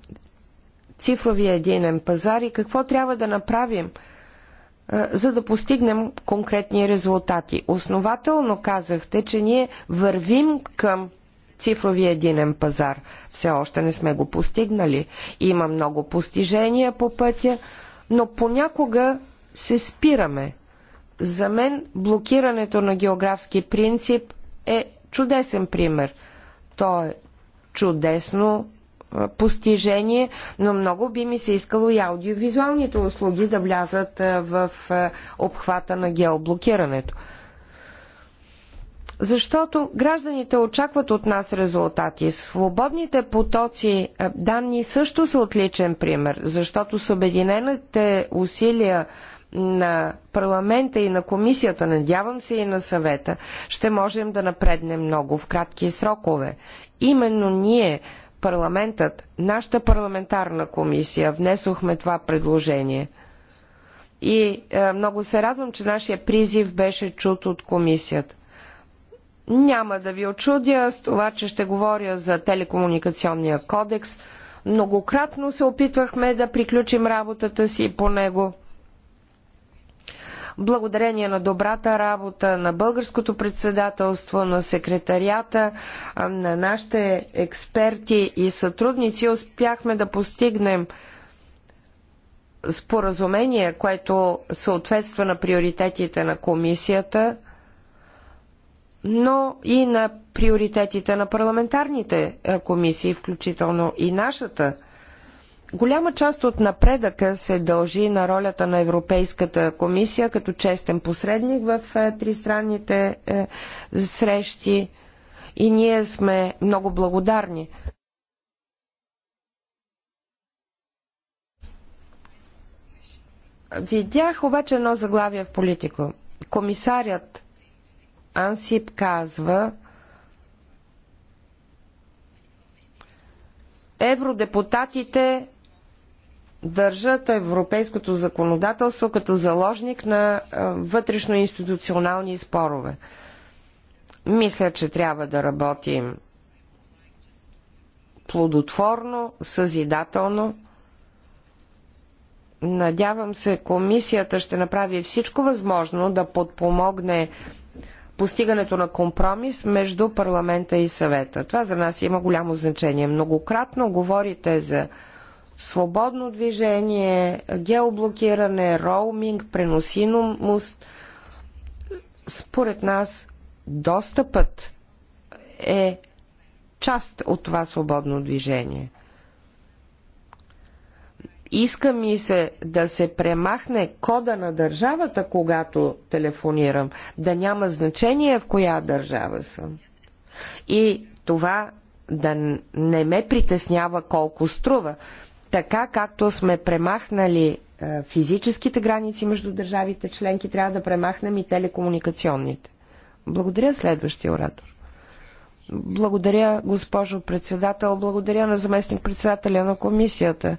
цифровия единен пазар и какво трябва да направим, а, е, за да постигнем конкретни резултати. Основателно казахте, че ние вървим към цифровия единен пазар. Все още не сме го постигнали. Има много постижения по пътя, но понякога се спираме. За мен блокирането на географски принцип е чудесен пример. То е чудесно постижение, но много би ми се искало и аудиовизуалните услуги да влязат в обхвата на геоблокирането. Защото гражданите очакват от нас резултати. Свободните потоци данни също са отличен пример, защото с обединените усилия на парламента и на комисията, надявам се и на съвета, ще можем да напреднем много в кратки срокове. Именно ние, парламентът, нашата парламентарна комисия, внесохме това предложение. И е, много се радвам, че нашия призив беше чут от комисията. Няма да ви очудя с това, че ще говоря за телекомуникационния кодекс. Многократно се опитвахме да приключим работата си по него – благодарение на добрата работа на българското председателство, на секретарията, на нашите експерти и сътрудници успяхме да постигнем споразумение, което съответства на приоритетите на комисията, но и на приоритетите на парламентарните комисии, включително и нашата. Голяма част от напредъка се дължи на ролята на Европейската комисия като честен посредник в е, тристранните е, срещи и ние сме много благодарни. Видях обаче едно заглавие в политико. Комисарят Ансип казва, евродепутатите държат европейското законодателство като заложник на е, вътрешно институционални спорове. Мисля, че трябва да работим плодотворно, съзидателно. Надявам се, комисията ще направи всичко възможно да подпомогне постигането на компромис между парламента и съвета. Това за нас има голямо значение. Многократно говорите за свободно движение, геоблокиране, роуминг, преносимост. Според нас достъпът е част от това свободно движение. Иска ми се да се премахне кода на държавата, когато телефонирам, да няма значение в коя държава съм. И това да не ме притеснява колко струва така както сме премахнали е, физическите граници между държавите членки, трябва да премахнем и телекомуникационните. Благодаря следващия оратор. Благодаря, госпожо председател. Благодаря на заместник председателя на комисията.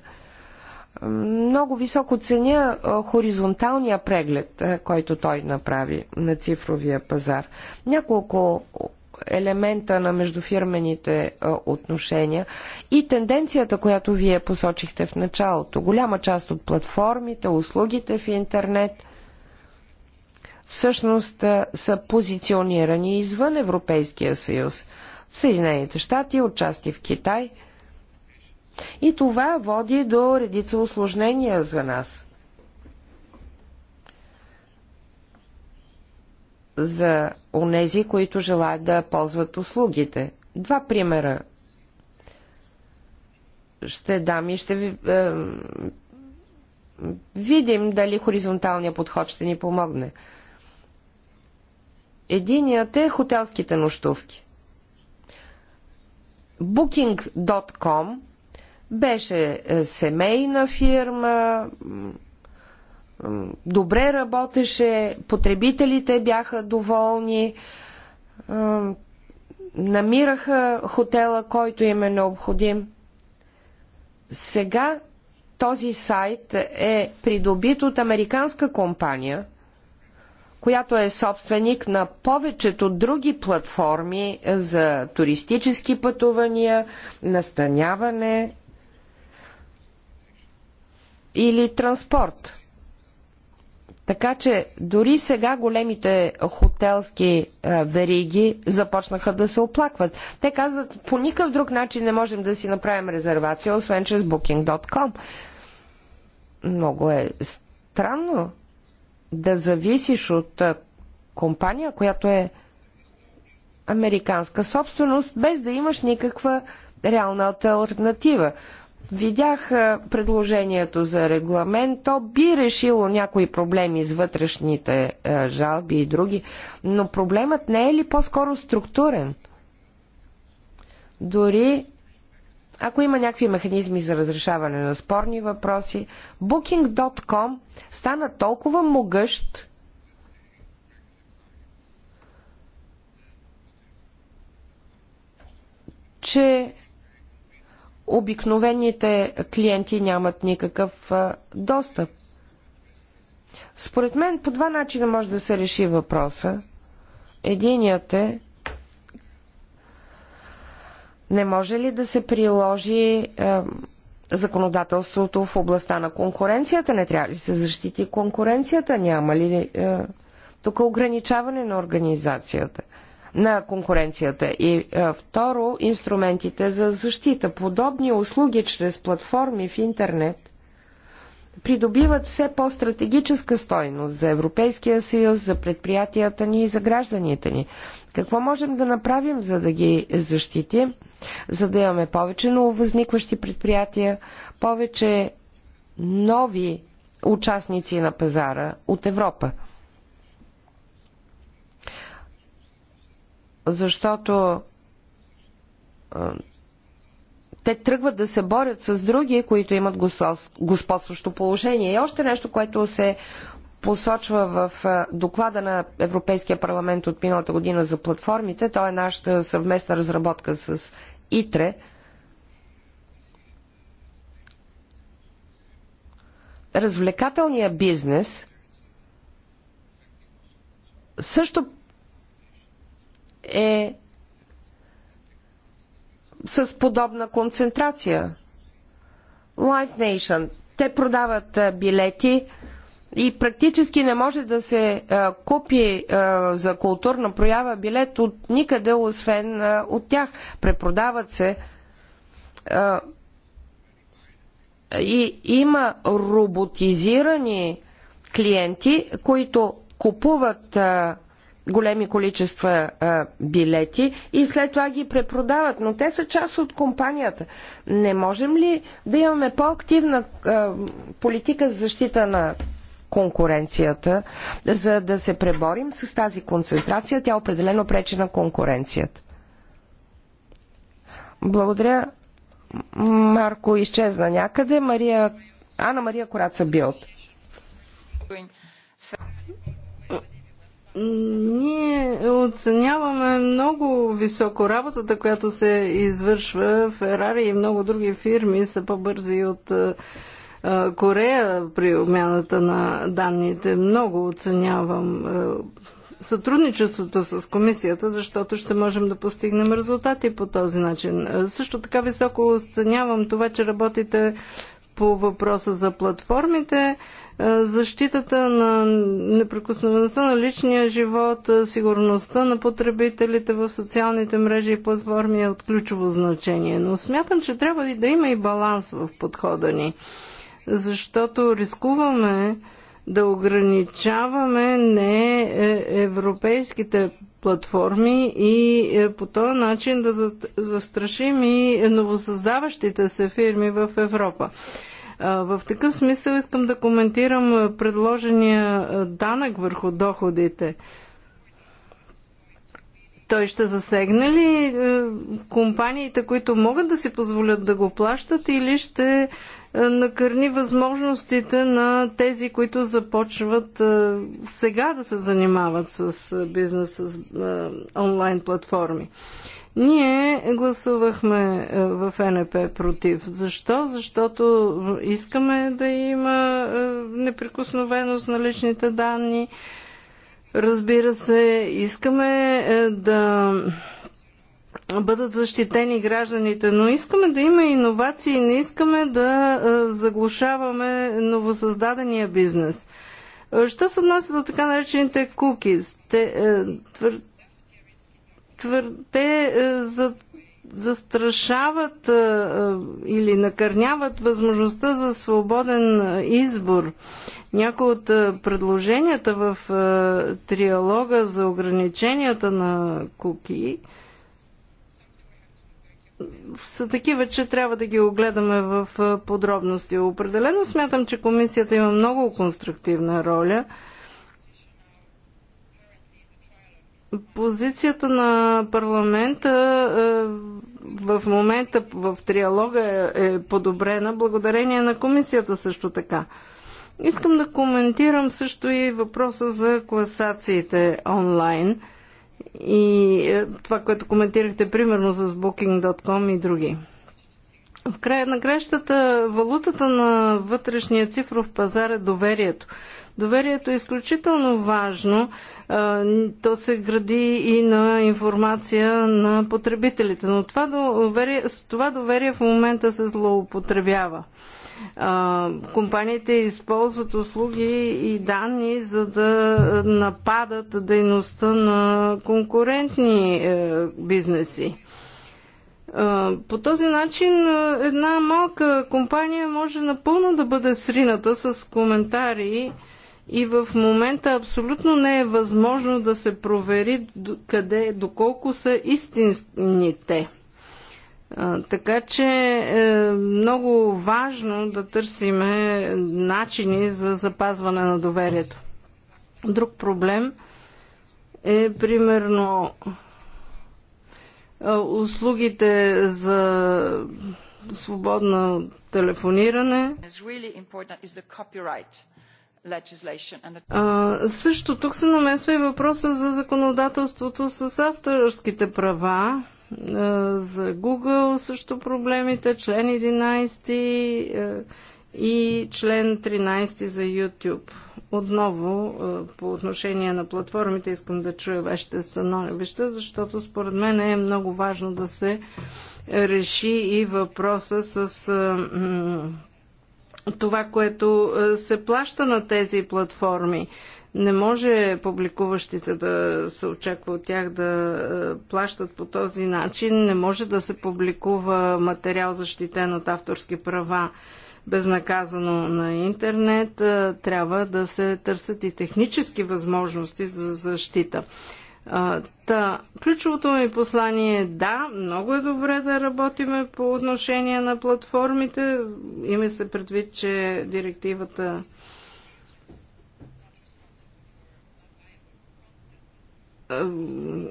Много високо ценя е, хоризонталния преглед, е, който той направи на цифровия пазар. Няколко елемента на междуфирмените отношения и тенденцията, която вие посочихте в началото. Голяма част от платформите, услугите в интернет всъщност са позиционирани извън Европейския съюз, в Съединените щати, отчасти в Китай. И това води до редица осложнения за нас – за онези, които желаят да ползват услугите. Два примера ще дам и ще ви, е, видим дали хоризонталният подход ще ни помогне. Единият е хотелските нощувки. Booking.com беше е, семейна фирма, добре работеше, потребителите бяха доволни, намираха хотела, който им е необходим. Сега този сайт е придобит от американска компания, която е собственик на повечето други платформи за туристически пътувания, настаняване или транспорт. Така че дори сега големите хотелски е, вериги започнаха да се оплакват. Те казват, по никакъв друг начин не можем да си направим резервация, освен чрез booking.com. Много е странно да зависиш от е, компания, която е американска собственост, без да имаш никаква реална альтернатива видях предложението за регламент, то би решило някои проблеми с вътрешните жалби и други, но проблемът не е ли по-скоро структурен? Дори ако има някакви механизми за разрешаване на спорни въпроси, Booking.com стана толкова могъщ, че обикновените клиенти нямат никакъв достъп. Според мен по два начина може да се реши въпроса. Единият е не може ли да се приложи е, законодателството в областта на конкуренцията? Не трябва ли се защити конкуренцията? Няма ли е, тук ограничаване на организацията? Е, на конкуренцията. И е, второ, инструментите за защита. Подобни услуги чрез платформи в интернет придобиват все по-стратегическа стойност за Европейския съюз, за предприятията ни и за гражданите ни. Какво можем да направим, за да ги защитим, за да имаме повече нововъзникващи предприятия, повече нови участници на пазара от Европа? защото те тръгват да се борят с други, които имат господстващо положение. И още нещо, което се посочва в доклада на Европейския парламент от миналата година за платформите, то е нашата съвместна разработка с ИТРЕ. Развлекателният бизнес също е с подобна концентрация. Live Nation. Те продават билети и практически не може да се купи за културна проява билет от никъде, освен от тях. Препродават се. и има роботизирани клиенти, които купуват големи количества а, билети и след това ги препродават, но те са част от компанията. Не можем ли да имаме по-активна политика за защита на конкуренцията, за да се преборим с тази концентрация? Тя определено пречи на конкуренцията. Благодаря. Марко изчезна някъде. Мария... Ана Мария Кораца Билт. Ние оценяваме много високо работата, която се извършва. Ферари и много други фирми са по-бързи от Корея при обмяната на данните. Много оценявам сътрудничеството с комисията, защото ще можем да постигнем резултати по този начин. Също така високо оценявам това, че работите по въпроса за платформите, е, защитата на неприкосновеността на личния живот, е, сигурността на потребителите в социалните мрежи и платформи е от ключово значение. Но смятам, че трябва и да има и баланс в подхода ни, защото рискуваме да ограничаваме не е, европейските платформи и е, по този начин да застрашим и новосъздаващите се фирми в Европа. В такъв смисъл искам да коментирам е, предложения е, данък върху доходите. Той ще засегне ли компаниите, които могат да си позволят да го плащат или ще е, накърни възможностите на тези, които започват е, сега да се занимават с е, бизнес, с онлайн платформи. Ние гласувахме в НП против. Защо? Защото искаме да има неприкосновеност на личните данни. Разбира се, искаме да бъдат защитени гражданите, но искаме да има иновации, не искаме да заглушаваме новосъздадения бизнес. Що се отнася до така наречените кукис? Те, е, твър... Твър... те е, за... застрашават е, или накърняват възможността за свободен избор. Някои от предложенията в триалога за ограниченията на куки са такива, че трябва да ги огледаме в подробности. Определено смятам, че комисията има много конструктивна роля. Позицията на парламента в момента в триалога е, е подобрена, благодарение на комисията също така. Искам да коментирам също и въпроса за класациите онлайн – и е, това, което коментирахте примерно с Booking.com и други. В края на кращата валутата на вътрешния цифров пазар е доверието. Доверието е изключително важно. То се гради и на информация на потребителите. Но това доверие, това доверие в момента се злоупотребява компаниите използват услуги и данни, за да нападат дейността на конкурентни е, бизнеси. По този начин е, една малка компания може напълно да бъде срината с коментари и в момента абсолютно не е възможно да се провери къде, доколко са истинните. те. Така че е много важно да търсиме начини за запазване на доверието. Друг проблем е примерно е, услугите за свободно телефониране. също тук се намесва и въпроса за законодателството с авторските права за Google също проблемите, член 11 и член 13 за YouTube. Отново по отношение на платформите искам да чуя вашите становища, защото според мен е много важно да се реши и въпроса с това, което се плаща на тези платформи. Не може публикуващите да се очаква от тях да е, плащат по този начин. Не може да се публикува материал защитен от авторски права безнаказано на интернет. Е, трябва да се търсят и технически възможности за защита. Е, та, ключовото ми послание е да, много е добре да работиме по отношение на платформите. Име се предвид, че директивата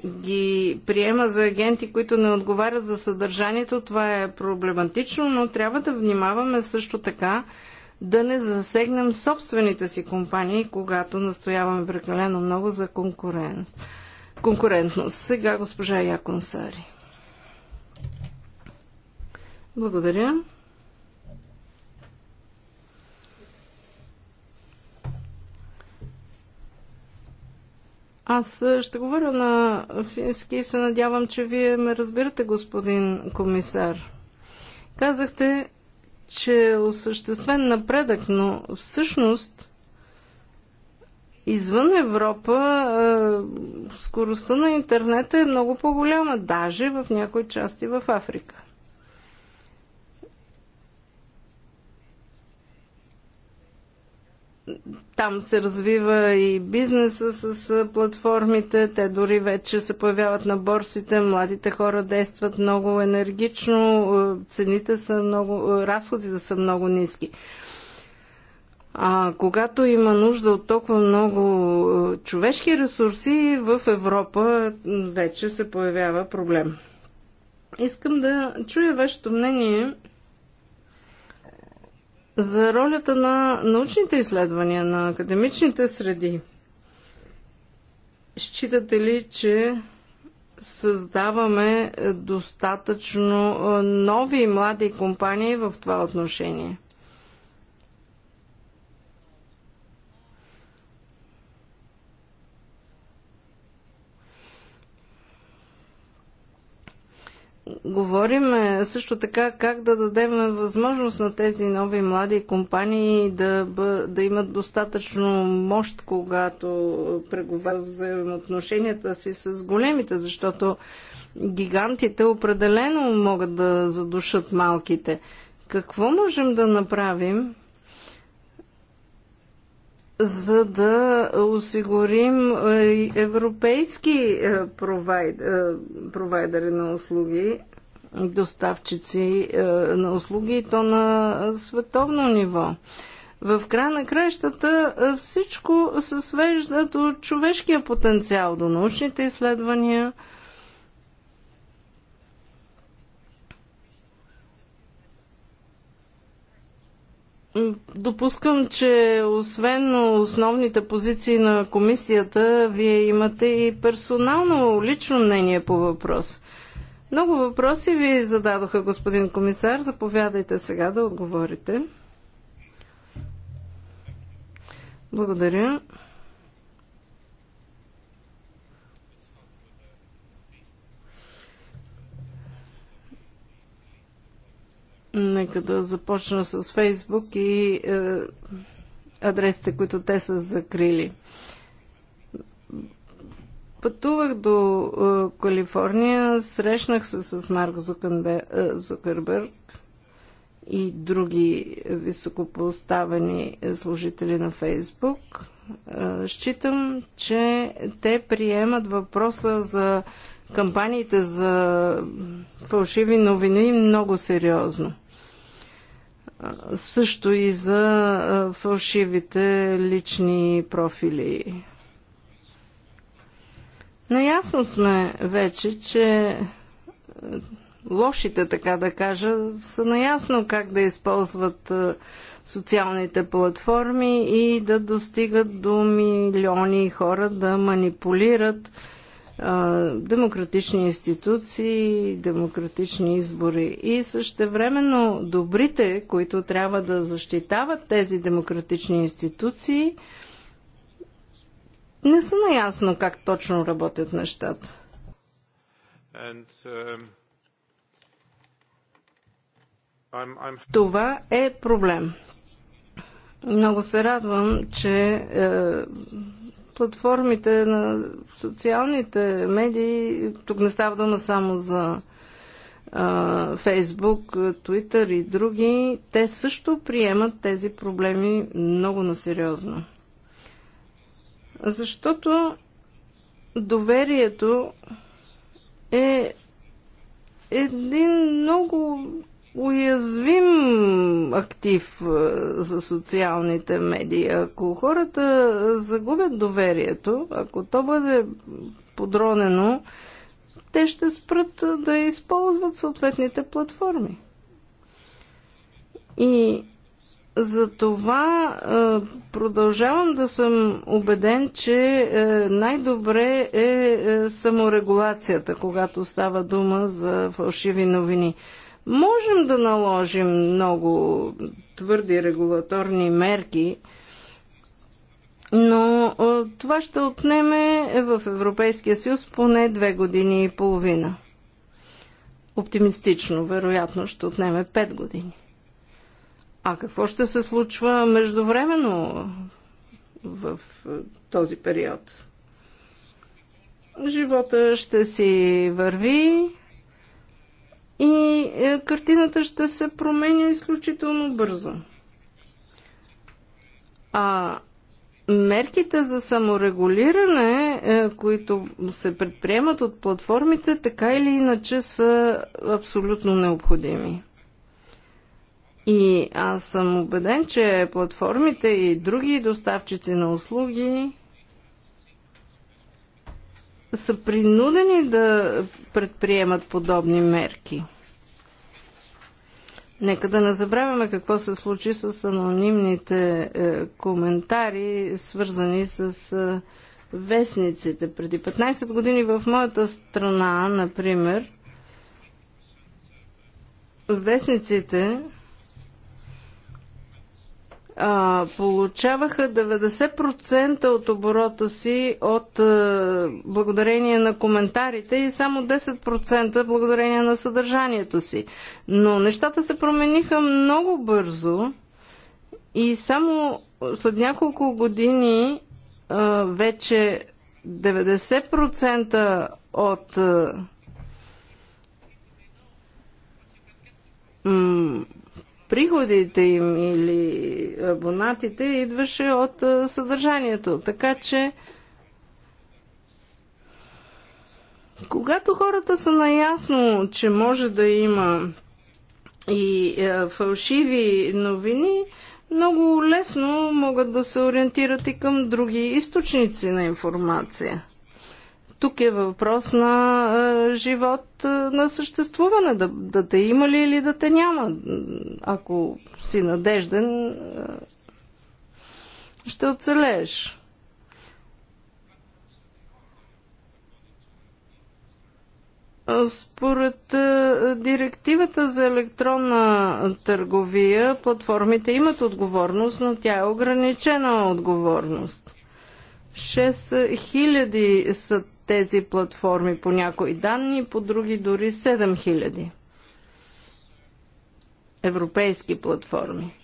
ги приема за агенти, които не отговарят за съдържанието, това е проблематично, но трябва да внимаваме също така да не засегнем собствените си компании, когато настояваме прекалено много за конкурентност. конкурентност. Сега госпожа Яконсари. Благодаря. Аз е, ще говоря на фински и се надявам, че вие ме разбирате, господин комисар. Казахте, че е осъществен напредък, но всъщност извън Европа е, скоростта на интернет е много по-голяма, даже в някои части в Африка. Там се развива и бизнеса с платформите, те дори вече се появяват на борсите, младите хора действат много енергично, цените са много, разходите са много ниски. А когато има нужда от толкова много човешки ресурси, в Европа вече се появява проблем. Искам да чуя вашето мнение за ролята на научните изследвания, на академичните среди. Считате ли, че създаваме достатъчно нови и млади компании в това отношение? Говорим е, също така как да дадем възможност на тези нови млади компании да, бъ, да имат достатъчно мощ, когато преговарят взаимоотношенията си с големите, защото гигантите определено могат да задушат малките. Какво можем да направим, за да осигурим е, европейски е, е, провайдери на услуги, доставчици на услуги и то на световно ниво. В края на краищата всичко се свежда до човешкия потенциал, до научните изследвания – Допускам, че освен основните позиции на комисията, вие имате и персонално лично мнение по въпрос. Много въпроси ви зададоха, господин комисар. Заповядайте сега да отговорите. Благодаря. Нека да започна с Фейсбук и е, адресите, които те са закрили. Пътувах до е, Калифорния, срещнах се с Марк Зукънбе, е, Зукърберг и други високопоставени е, служители на Фейсбук. Считам, че те приемат въпроса за кампаниите за фалшиви новини много сериозно също и за фалшивите лични профили. Наясно сме вече, че лошите, така да кажа, са наясно как да използват социалните платформи и да достигат до милиони хора да манипулират демократични институции, демократични избори. И същевременно добрите, които трябва да защитават тези демократични институции, не са наясно как точно работят нещата. And, um, I'm, I'm... Това е проблем. Много се радвам, че е, платформите на социалните медии, тук не става дума само за Фейсбук, Твитър и други, те също приемат тези проблеми много насериозно. Защото доверието е един много уязвим актив е, за социалните медии. Ако хората загубят доверието, ако то бъде подронено, те ще спрат е, да използват съответните платформи. И за това е, продължавам да съм убеден, че най-добре е саморегулацията, когато става дума за фалшиви новини. Можем да наложим много твърди регулаторни мерки, но това ще отнеме в Европейския съюз поне две години и половина. Оптимистично, вероятно, ще отнеме пет години. А какво ще се случва междувременно в този период? Живота ще си върви, и е, картината ще се променя изключително бързо. А мерките за саморегулиране, е, които се предприемат от платформите, така или иначе са абсолютно необходими. И аз съм убеден, че платформите и други доставчици на услуги са принудени да предприемат подобни мерки. Нека да не забравяме какво се случи с анонимните е, коментари, свързани с е, вестниците. Преди 15 години в моята страна, например, вестниците а, получаваха 90% от оборота си от а, благодарение на коментарите и само 10% благодарение на съдържанието си. Но нещата се промениха много бързо и само след няколко години а, вече 90% от приходите им или абонатите идваше от съдържанието. Така че когато хората са наясно, че може да има и фалшиви новини, много лесно могат да се ориентират и към други източници на информация. Тук е въпрос на живот, на съществуване. Да, да те има ли или да те няма. Ако си надежден, ще оцелееш. Според директивата за електронна търговия, платформите имат отговорност, но тя е ограничена отговорност. 6000 са тези платформи по някои данни, по други дори 7000 европейски платформи.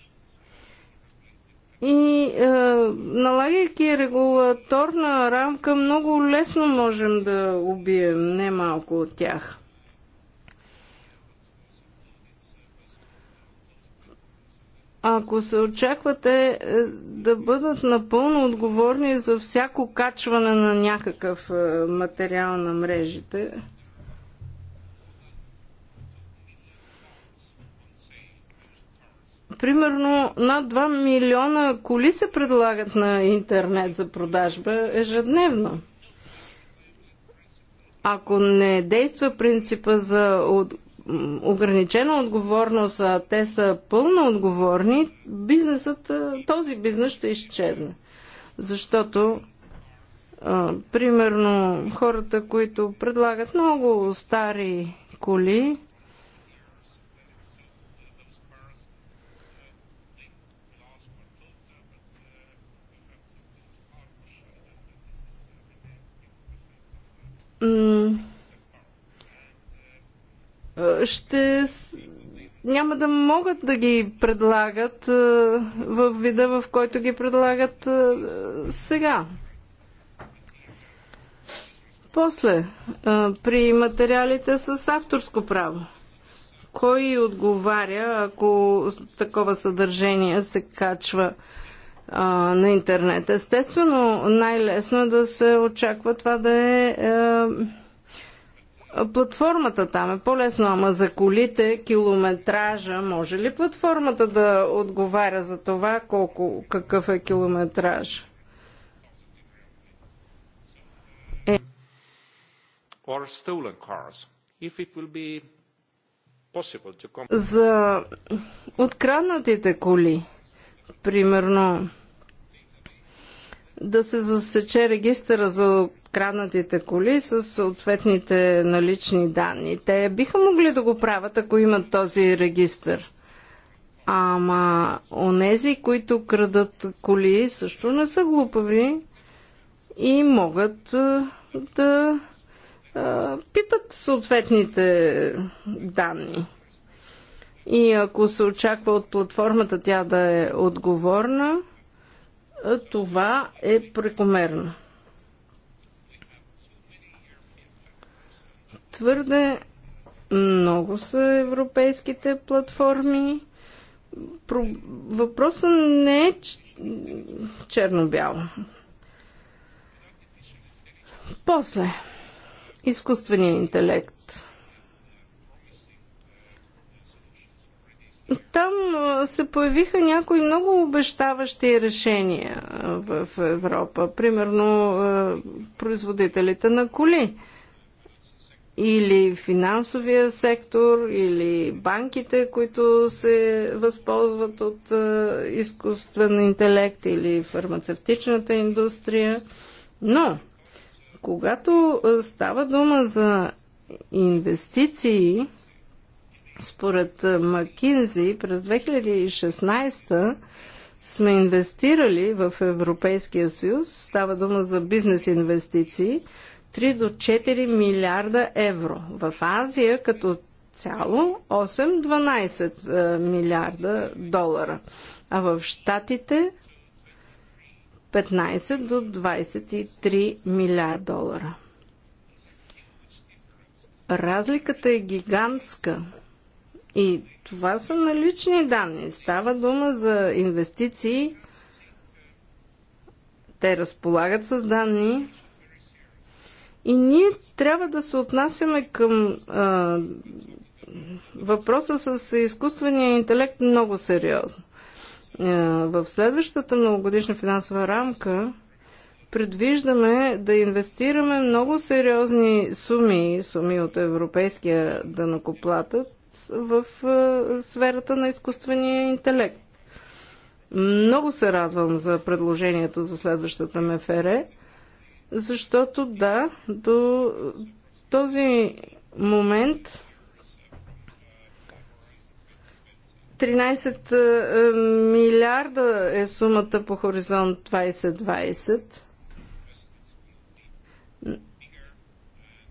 И е, налагайки регулаторна рамка, много лесно можем да убием немалко от тях. ако се очаквате е, да бъдат напълно отговорни за всяко качване на някакъв е, материал на мрежите, примерно над 2 милиона коли се предлагат на интернет за продажба ежедневно. Ако не действа принципа за ограничена отговорност, а те са пълно отговорни, бизнесът, този бизнес ще изчезне. Защото а, примерно хората, които предлагат много стари коли, м- е, ще няма да могат да ги предлагат е, в вида, в който ги предлагат е, сега. После, при материалите с авторско право, кой отговаря, ако такова съдържание се качва на интернет? Естествено, най-лесно е да се очаква това да е Платформата там е по-лесно, ама за колите, километража, може ли платформата да отговаря за това колко, какъв е километраж? Е. To... За откраднатите коли, примерно, да се засече регистъра за краднатите коли с съответните налични данни. Те биха могли да го правят, ако имат този регистър. Ама онези, които крадат коли, също не са глупави и могат да а, пипат съответните данни. И ако се очаква от платформата тя да е отговорна, това е прекомерно. Твърде много са европейските платформи. Въпросът не е черно-бяло. После, изкуственият интелект. Там се появиха някои много обещаващи решения в Европа. Примерно производителите на коли или финансовия сектор, или банките, които се възползват от изкуствен интелект, или фармацевтичната индустрия. Но, когато става дума за инвестиции, според Макинзи през 2016 сме инвестирали в Европейския съюз, става дума за бизнес инвестиции, 3 до 4 милиарда евро. В Азия като цяло 8-12 милиарда долара, а в Штатите 15 до 23 милиарда долара. Разликата е гигантска – и това са налични данни. Става дума за инвестиции. Те разполагат с данни. И ние трябва да се отнасяме към а, въпроса с изкуствения интелект много сериозно. А, в следващата многогодишна финансова рамка предвиждаме да инвестираме много сериозни суми, суми от европейския дънакоплатът, в сферата на изкуствения интелект. Много се радвам за предложението за следващата МФР, защото да, до този момент 13 милиарда е сумата по хоризонт 2020.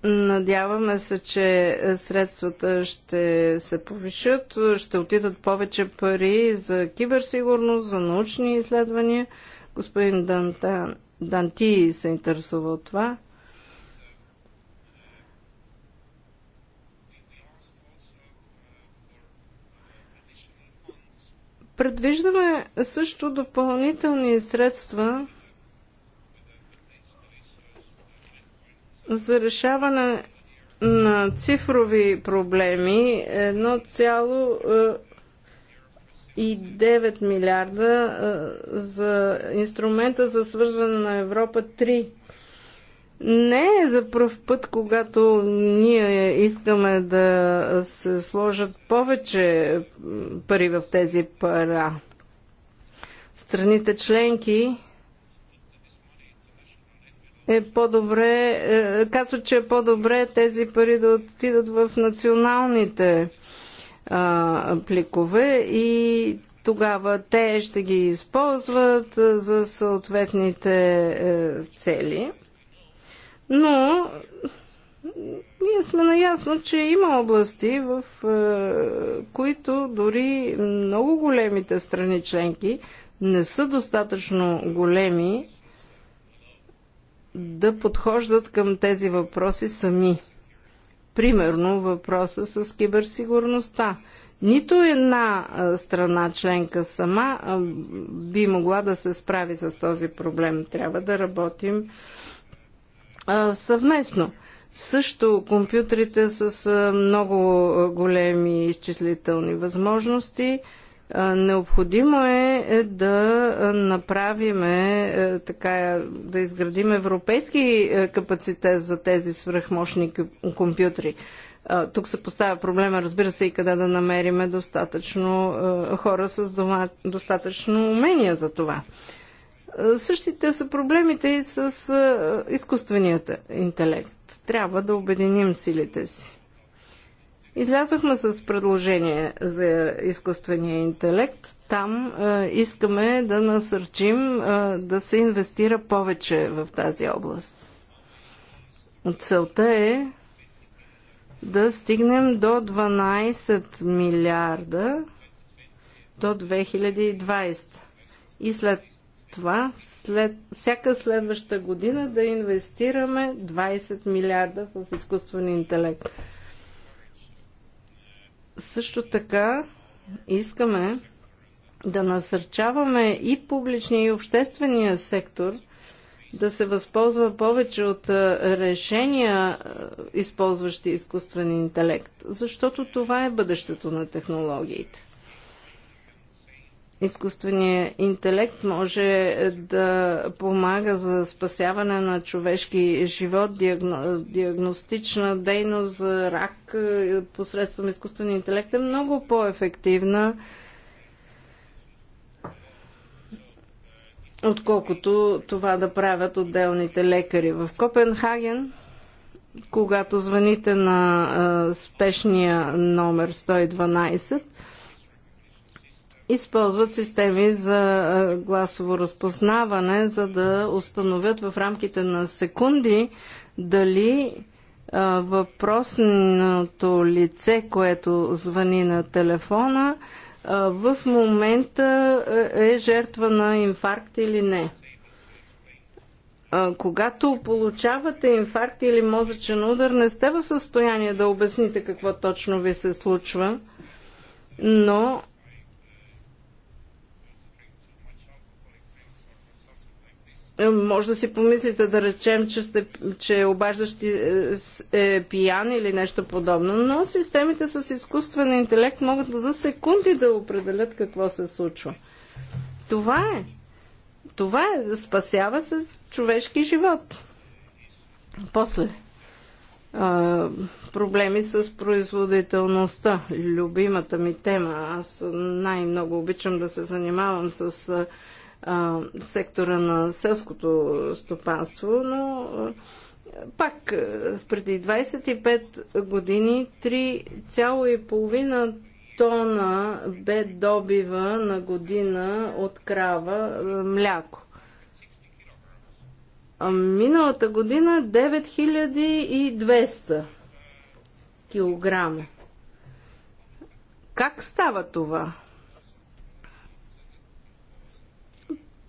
Надяваме се, че средствата ще се повишат, ще отидат повече пари за киберсигурност, за научни изследвания. Господин Данта, Данти се интересува от това. Предвиждаме също допълнителни средства за решаване на цифрови проблеми 1,9 е, милиарда е, за инструмента за свързване на Европа 3. Не е за пръв път, когато ние искаме да се сложат повече пари в тези пара. Страните членки е по-добре, е, казва, че е по-добре тези пари да отидат в националните а, пликове и тогава те ще ги използват е, за съответните е, цели. Но ние сме наясно, че има области, в е, които дори много големите страни членки не са достатъчно големи да подхождат към тези въпроси сами. Примерно въпроса с киберсигурността. Нито една страна членка сама би могла да се справи с този проблем. Трябва да работим съвместно. Също компютрите с много големи изчислителни възможности – Необходимо е, е да направиме, е, така, да изградим европейски е, капацитет за тези свръхмощни компютри. Тук се поставя проблема, разбира се, и къде да намериме достатъчно хора с дома, достатъчно умения за това. Същите са проблемите и с изкуственият интелект. Трябва да обединим силите си. Излязохме с предложение за изкуствения интелект. Там а, е, искаме да насърчим а, е, да се инвестира повече в тази област. Целта е да стигнем до 12 милиарда до 2020. И след това, след, всяка следваща година да инвестираме 20 милиарда в изкуствен интелект. Също така искаме да насърчаваме и публичния и обществения сектор да се възползва повече от решения, използващи изкуствен интелект, защото това е бъдещето на технологиите изкуственият интелект може да помага за спасяване на човешки живот, диагно, диагностична дейност за рак е, посредством изкуствения интелект е много по-ефективна, отколкото това да правят отделните лекари. В Копенхаген когато звъните на а, е, спешния номер 112, използват системи за гласово разпознаване, за да установят в рамките на секунди дали въпросното лице, което звъни на телефона, в момента е жертва на инфаркт или не. Когато получавате инфаркт или мозъчен удар, не сте в състояние да обясните какво точно ви се случва, но Е, може да си помислите, да речем, че, сте, че обаждащи е, е пиян или нещо подобно, но системите с изкуствен интелект могат за секунди да определят какво се случва. Това е. Това е. спасява се човешки живот. После. А, проблеми с производителността. Любимата ми тема. Аз най-много обичам да се занимавам с а, сектора на селското стопанство, но пак преди 25 години 3,5 тона бе добива на година от крава мляко. А миналата година 9200 килограма. Как става това?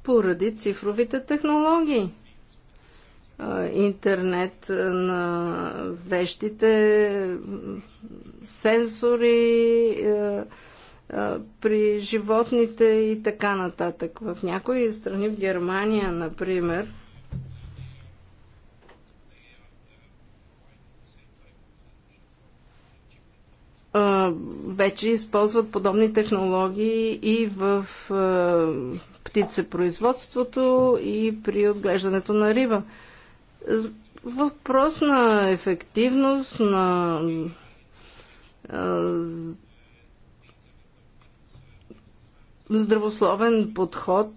поради цифровите технологии. Интернет на вещите, сенсори, при животните и така нататък. В някои страни, в Германия, например, вече използват подобни технологии и в птицепроизводството и при отглеждането на риба. Въпрос на ефективност, на здравословен подход,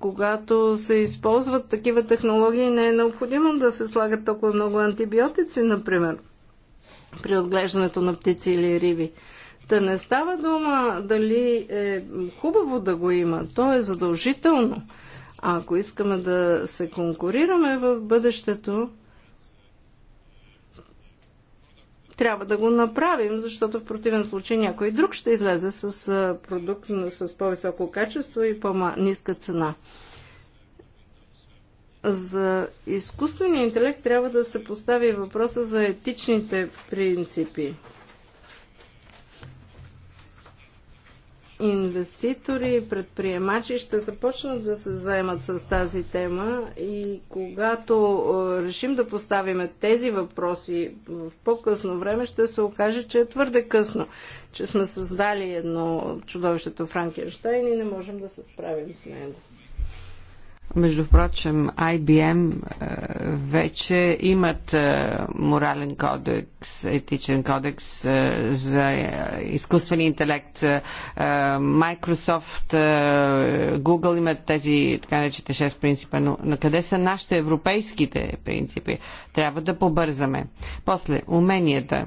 когато се използват такива технологии, не е необходимо да се слагат толкова много антибиотици, например, при отглеждането на птици или риби. Та не става дума дали е хубаво да го има. То е задължително. А ако искаме да се конкурираме в бъдещето, трябва да го направим, защото в противен случай някой друг ще излезе с продукт с по-високо качество и по-ниска цена. За изкуствения интелект трябва да се постави въпроса за етичните принципи. инвеститори предприемачи ще започнат да се заемат с тази тема и когато е, решим да поставим тези въпроси в по-късно време, ще се окаже, че е твърде късно, че сме създали едно чудовището Франкенштайн и не можем да се справим с него. Между прочим, IBM е, вече имат е, морален кодекс, етичен кодекс е, за изкуствен интелект. Microsoft, Google имат тези така наречените 6 принципа, но на къде са нашите европейските принципи? Трябва да побързаме. После, уменията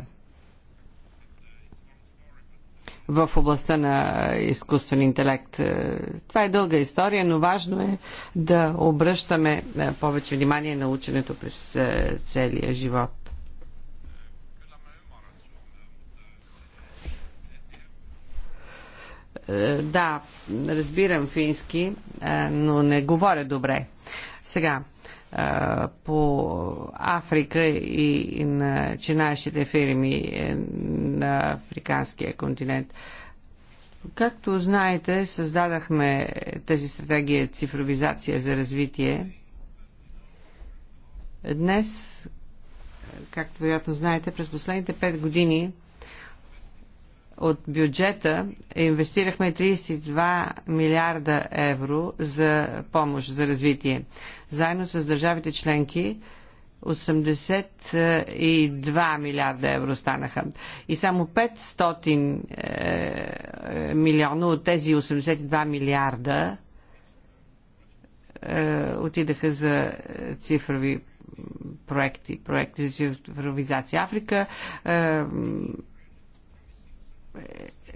в областта на изкуствен интелект. Е, това е дълга история, но важно е да обръщаме е, повече внимание на ученето през е, целия живот. Да, разбирам фински, но не говоря добре. Сега, по Африка и на чинащите фирми е, на африканския континент. Както знаете, създадахме тази стратегия цифровизация за развитие. Днес, както вероятно знаете, през последните 5 години от бюджета инвестирахме 32 милиарда евро за помощ за развитие заедно с държавите членки 82 милиарда евро станаха. И само 500 е, милиона от тези 82 милиарда е, отидаха за цифрови проекти, проекти за цифровизация. Африка е, е,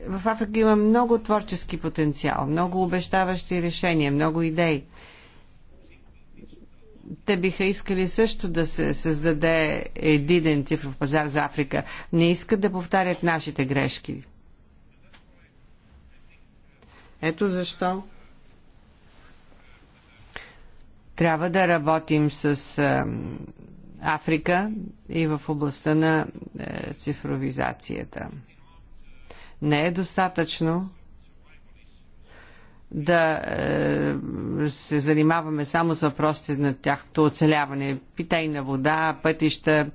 в Африка има много творчески потенциал, много обещаващи решения, много идеи те биха искали също да се създаде единен цифров пазар за Африка. Не искат да повтарят нашите грешки. Ето защо трябва да работим с Африка и в областта на цифровизацията. Не е достатъчно да е, се занимаваме само с въпросите на тяхното оцеляване. Питейна вода, пътища,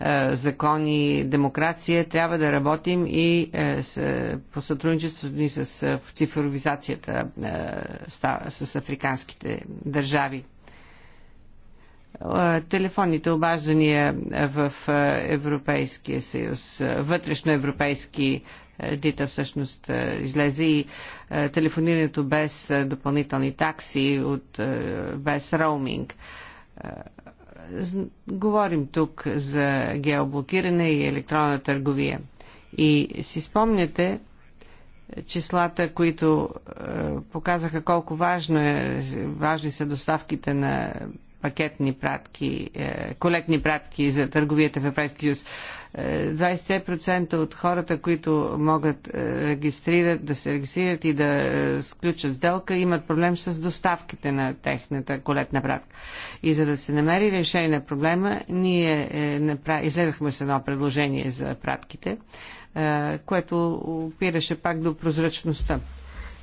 е, закони, демокрация. Трябва да работим и е, с, по сътрудничеството ни с е, цифровизацията е, с африканските държави е, телефонните обаждания в е, Европейския съюз, вътрешноевропейски Дита всъщност е, излезе и е, телефонирането без е, допълнителни такси, от, без роуминг. Говорим тук за геоблокиране и електронна търговия. И си спомняте, числата, които показаха колко важно е, важни са доставките на пакетни пратки, е, колетни пратки за търговията в Европейския съюз. 20% е, от хората, които могат е, регистрират, да се регистрират и да сключат сделка, имат проблем с доставките на техната колетна пратка. И за да се намери решение на проблема, ние излезахме с едно предложение за пратките, което опираше пак до прозрачността.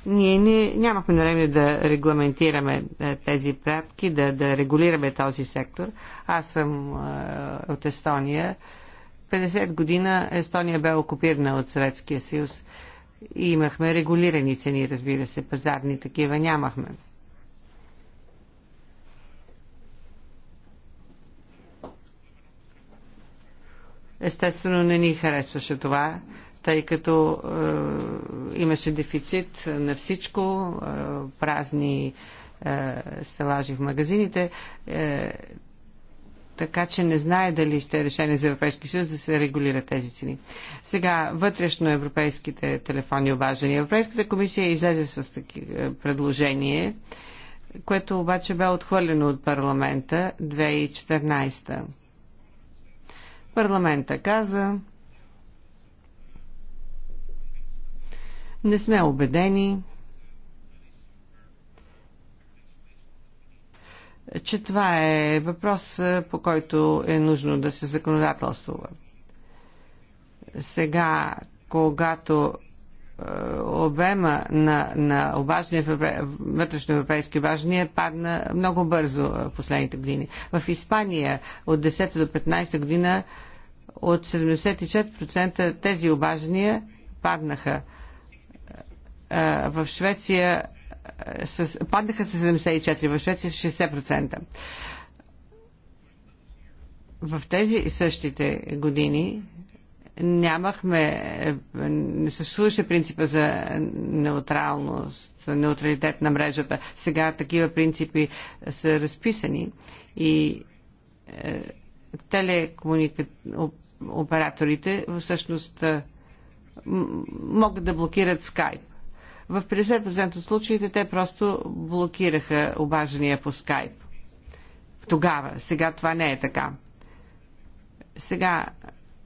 Ние не, нямахме време да регламентираме е, тези пратки, да, да регулираме този сектор. Аз съм е, от Естония. 50 година Естония бе окупирана от Съветския съюз. И имахме регулирани цени, разбира се, пазарни такива нямахме. Естествено, не ни харесваше това тъй като е, имаше дефицит на всичко, е, празни е, стелажи в магазините. Е, така че не знае дали ще е решение за Европейски съюз да се регулират тези цени. Сега, вътрешно европейските телефони обаждания. Европейската комисия излезе с таки, е, предложение, което обаче бе отхвърлено от парламента 2014. Парламента каза, Не сме убедени, че това е въпрос, по който е нужно да се законодателствува. Сега, когато обема на, на обажния, вътрешноевропейски обажния е падна много бързо в последните години. В Испания от 10 до 15 година от 74% тези обажния паднаха в Швеция с, паднаха с 74, в Швеция с 60%. В тези същите години нямахме, е, не съществуваше принципа за неутралност, неутралитет на мрежата. Сега такива принципи са разписани и е, телекомуника... операторите всъщност е, могат да блокират скайп в 50% от случаите те просто блокираха обаждания по скайп. Тогава. Сега това не е така. Сега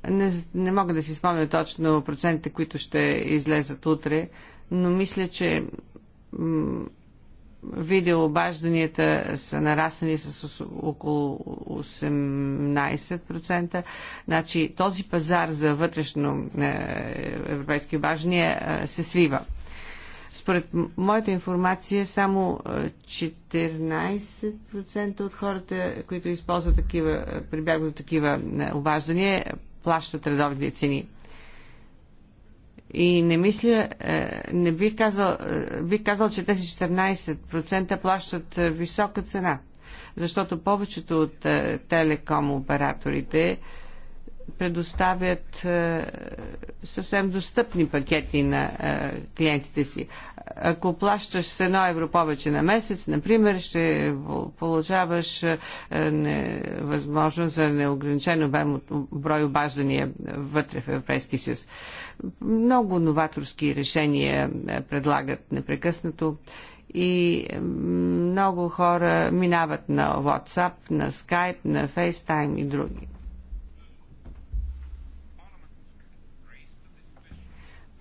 не, не мога да си спомня точно процентите, които ще излезат утре, но мисля, че видеообажданията са нараснали с около 18%. Значи този пазар за вътрешно е, европейски обаждания е, се свива. Според моята информация, само 14% от хората, които използват такива, прибягват до такива обаждания, плащат редовни цени. И не мисля, не бих казал, бих казал, че тези 14% плащат висока цена, защото повечето от телеком операторите предоставят е, съвсем достъпни пакети на е, клиентите си. Ако плащаш с едно евро повече на месец, например, ще получаваш е, възможност за неограничен обем от брой обаждания вътре в Европейския съюз. Много новаторски решения предлагат непрекъснато и много хора минават на WhatsApp, на Skype, на FaceTime и други.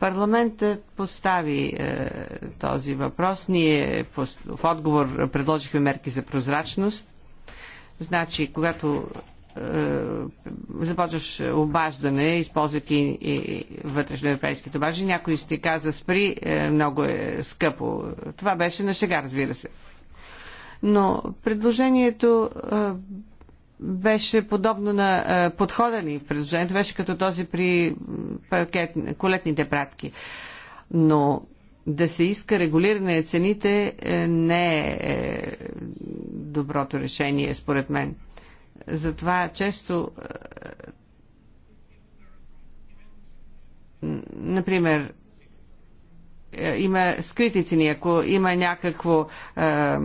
Парламентът постави е, този въпрос. Ние в отговор предложихме мерки за прозрачност. Значи, когато е, започваш обаждане, използвайки и вътрешноевропейските обаждане, някой ще каза спри, е, много е скъпо. Това беше на шега, разбира се. Но предложението е, беше подобно на е, подхода ни в предложението, беше като този при пакет, колетните пратки. Но да се иска регулиране на цените е, не е, е доброто решение, според мен. Затова често е, например, е, има скрити цени. Ако има някакво е,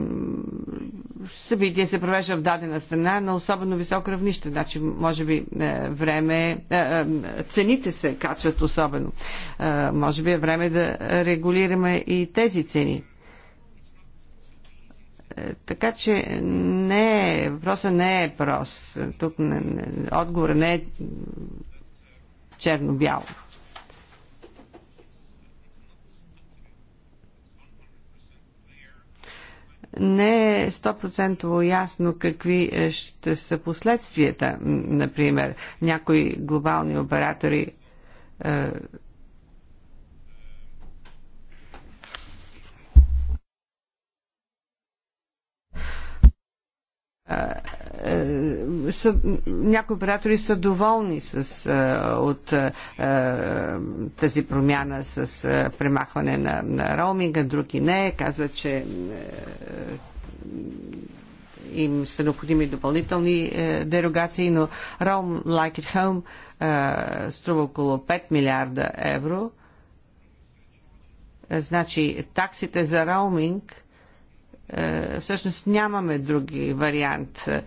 събитие се провежда в дадена страна на особено висок равнище, значи може би е, време, е, е, цените се качват особено. Е, може би е време да регулираме и тези цени. Е, така че не е, въпросът не е прост. Тук не, не, отговор не е черно-бяло. не е 100% ясно какви е, ще са последствията. Например, някои глобални оператори е, е, са, някои оператори са доволни с, е, от е, тази промяна с премахване на, на роуминга, други не. Казват, че им са необходими допълнителни дерогации, но Rome Like It Home струва около 5 милиарда евро. Значи таксите за роуминг е, всъщност нямаме други вариант. Е,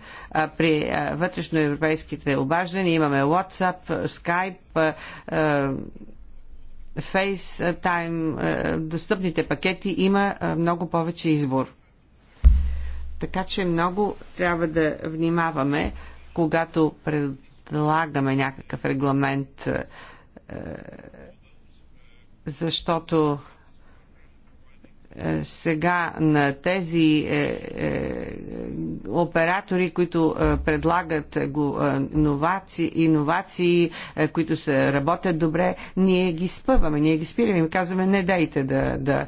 при е, вътрешноевропейските обаждания имаме WhatsApp, Skype, FaceTime, достъпните пакети има много повече избор. Така че много трябва да внимаваме, когато предлагаме някакъв регламент, защото е, сега на тези е, е, оператори, които е, предлагат е, иновации, иновации е, които се работят добре, ние ги спъваме, ние ги спираме и казваме не дайте да, да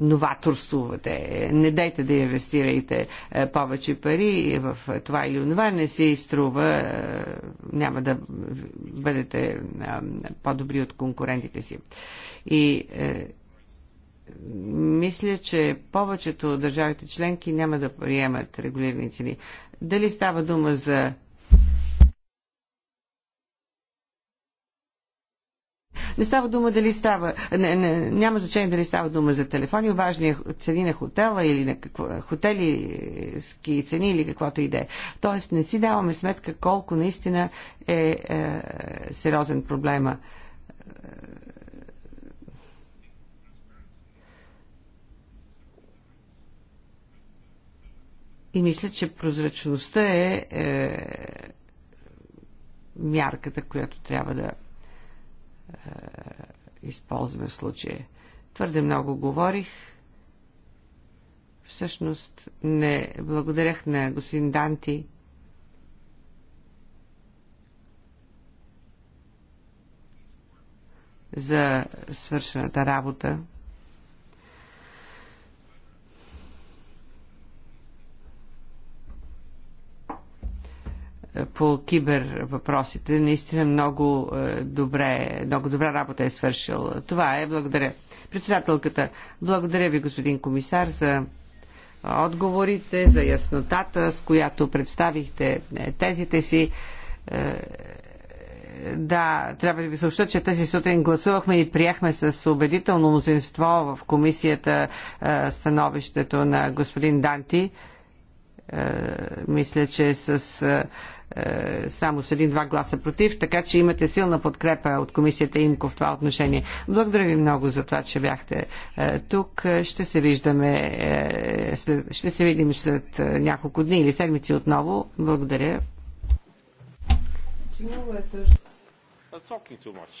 новаторствувате, не дайте да инвестирайте повече пари в това или онова, не се изтрува, няма да бъдете по-добри от конкурентите си. И е, мисля, че повечето от държавите членки няма да приемат регулирани цени. Дали става дума за Не става дума дали става. Не, не, няма значение дали става дума за телефони, важни е цени на хотела или на какво, хотелиски цени или каквото и да е. Тоест не си даваме сметка колко наистина е, е сериозен проблема. И мисля, че прозрачността е, е мярката, която трябва да е, използваме в случая. Твърде много говорих. Всъщност не благодарях на господин Данти. за свършената работа. по кибер въпросите. Наистина много е, добре, много добра работа е свършил. Това е. Благодаря. Председателката, благодаря ви, господин комисар, за отговорите, за яснотата, с която представихте е, тезите си. Е, да, трябва да ви съобща, че тази сутрин гласувахме и приехме с убедително мнозинство в комисията становището на господин Данти мисля, че с е, само с един-два гласа против, така че имате силна подкрепа от комисията Имко в това отношение. Благодаря ви много за това, че бяхте е, тук. Ще се виждаме, е, ще се видим след няколко дни или седмици отново. Благодаря. Talking too much.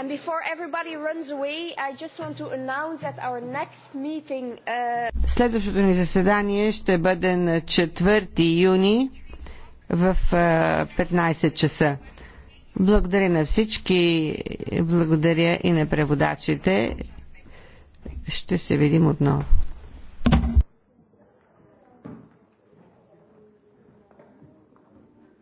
And before everybody runs away, I just want to announce that our next meeting... Uh... Следващото ни заседание ще бъде на 4 юни в 15 часа. Благодаря на всички, благодаря и на преводачите. Ще се видим отново.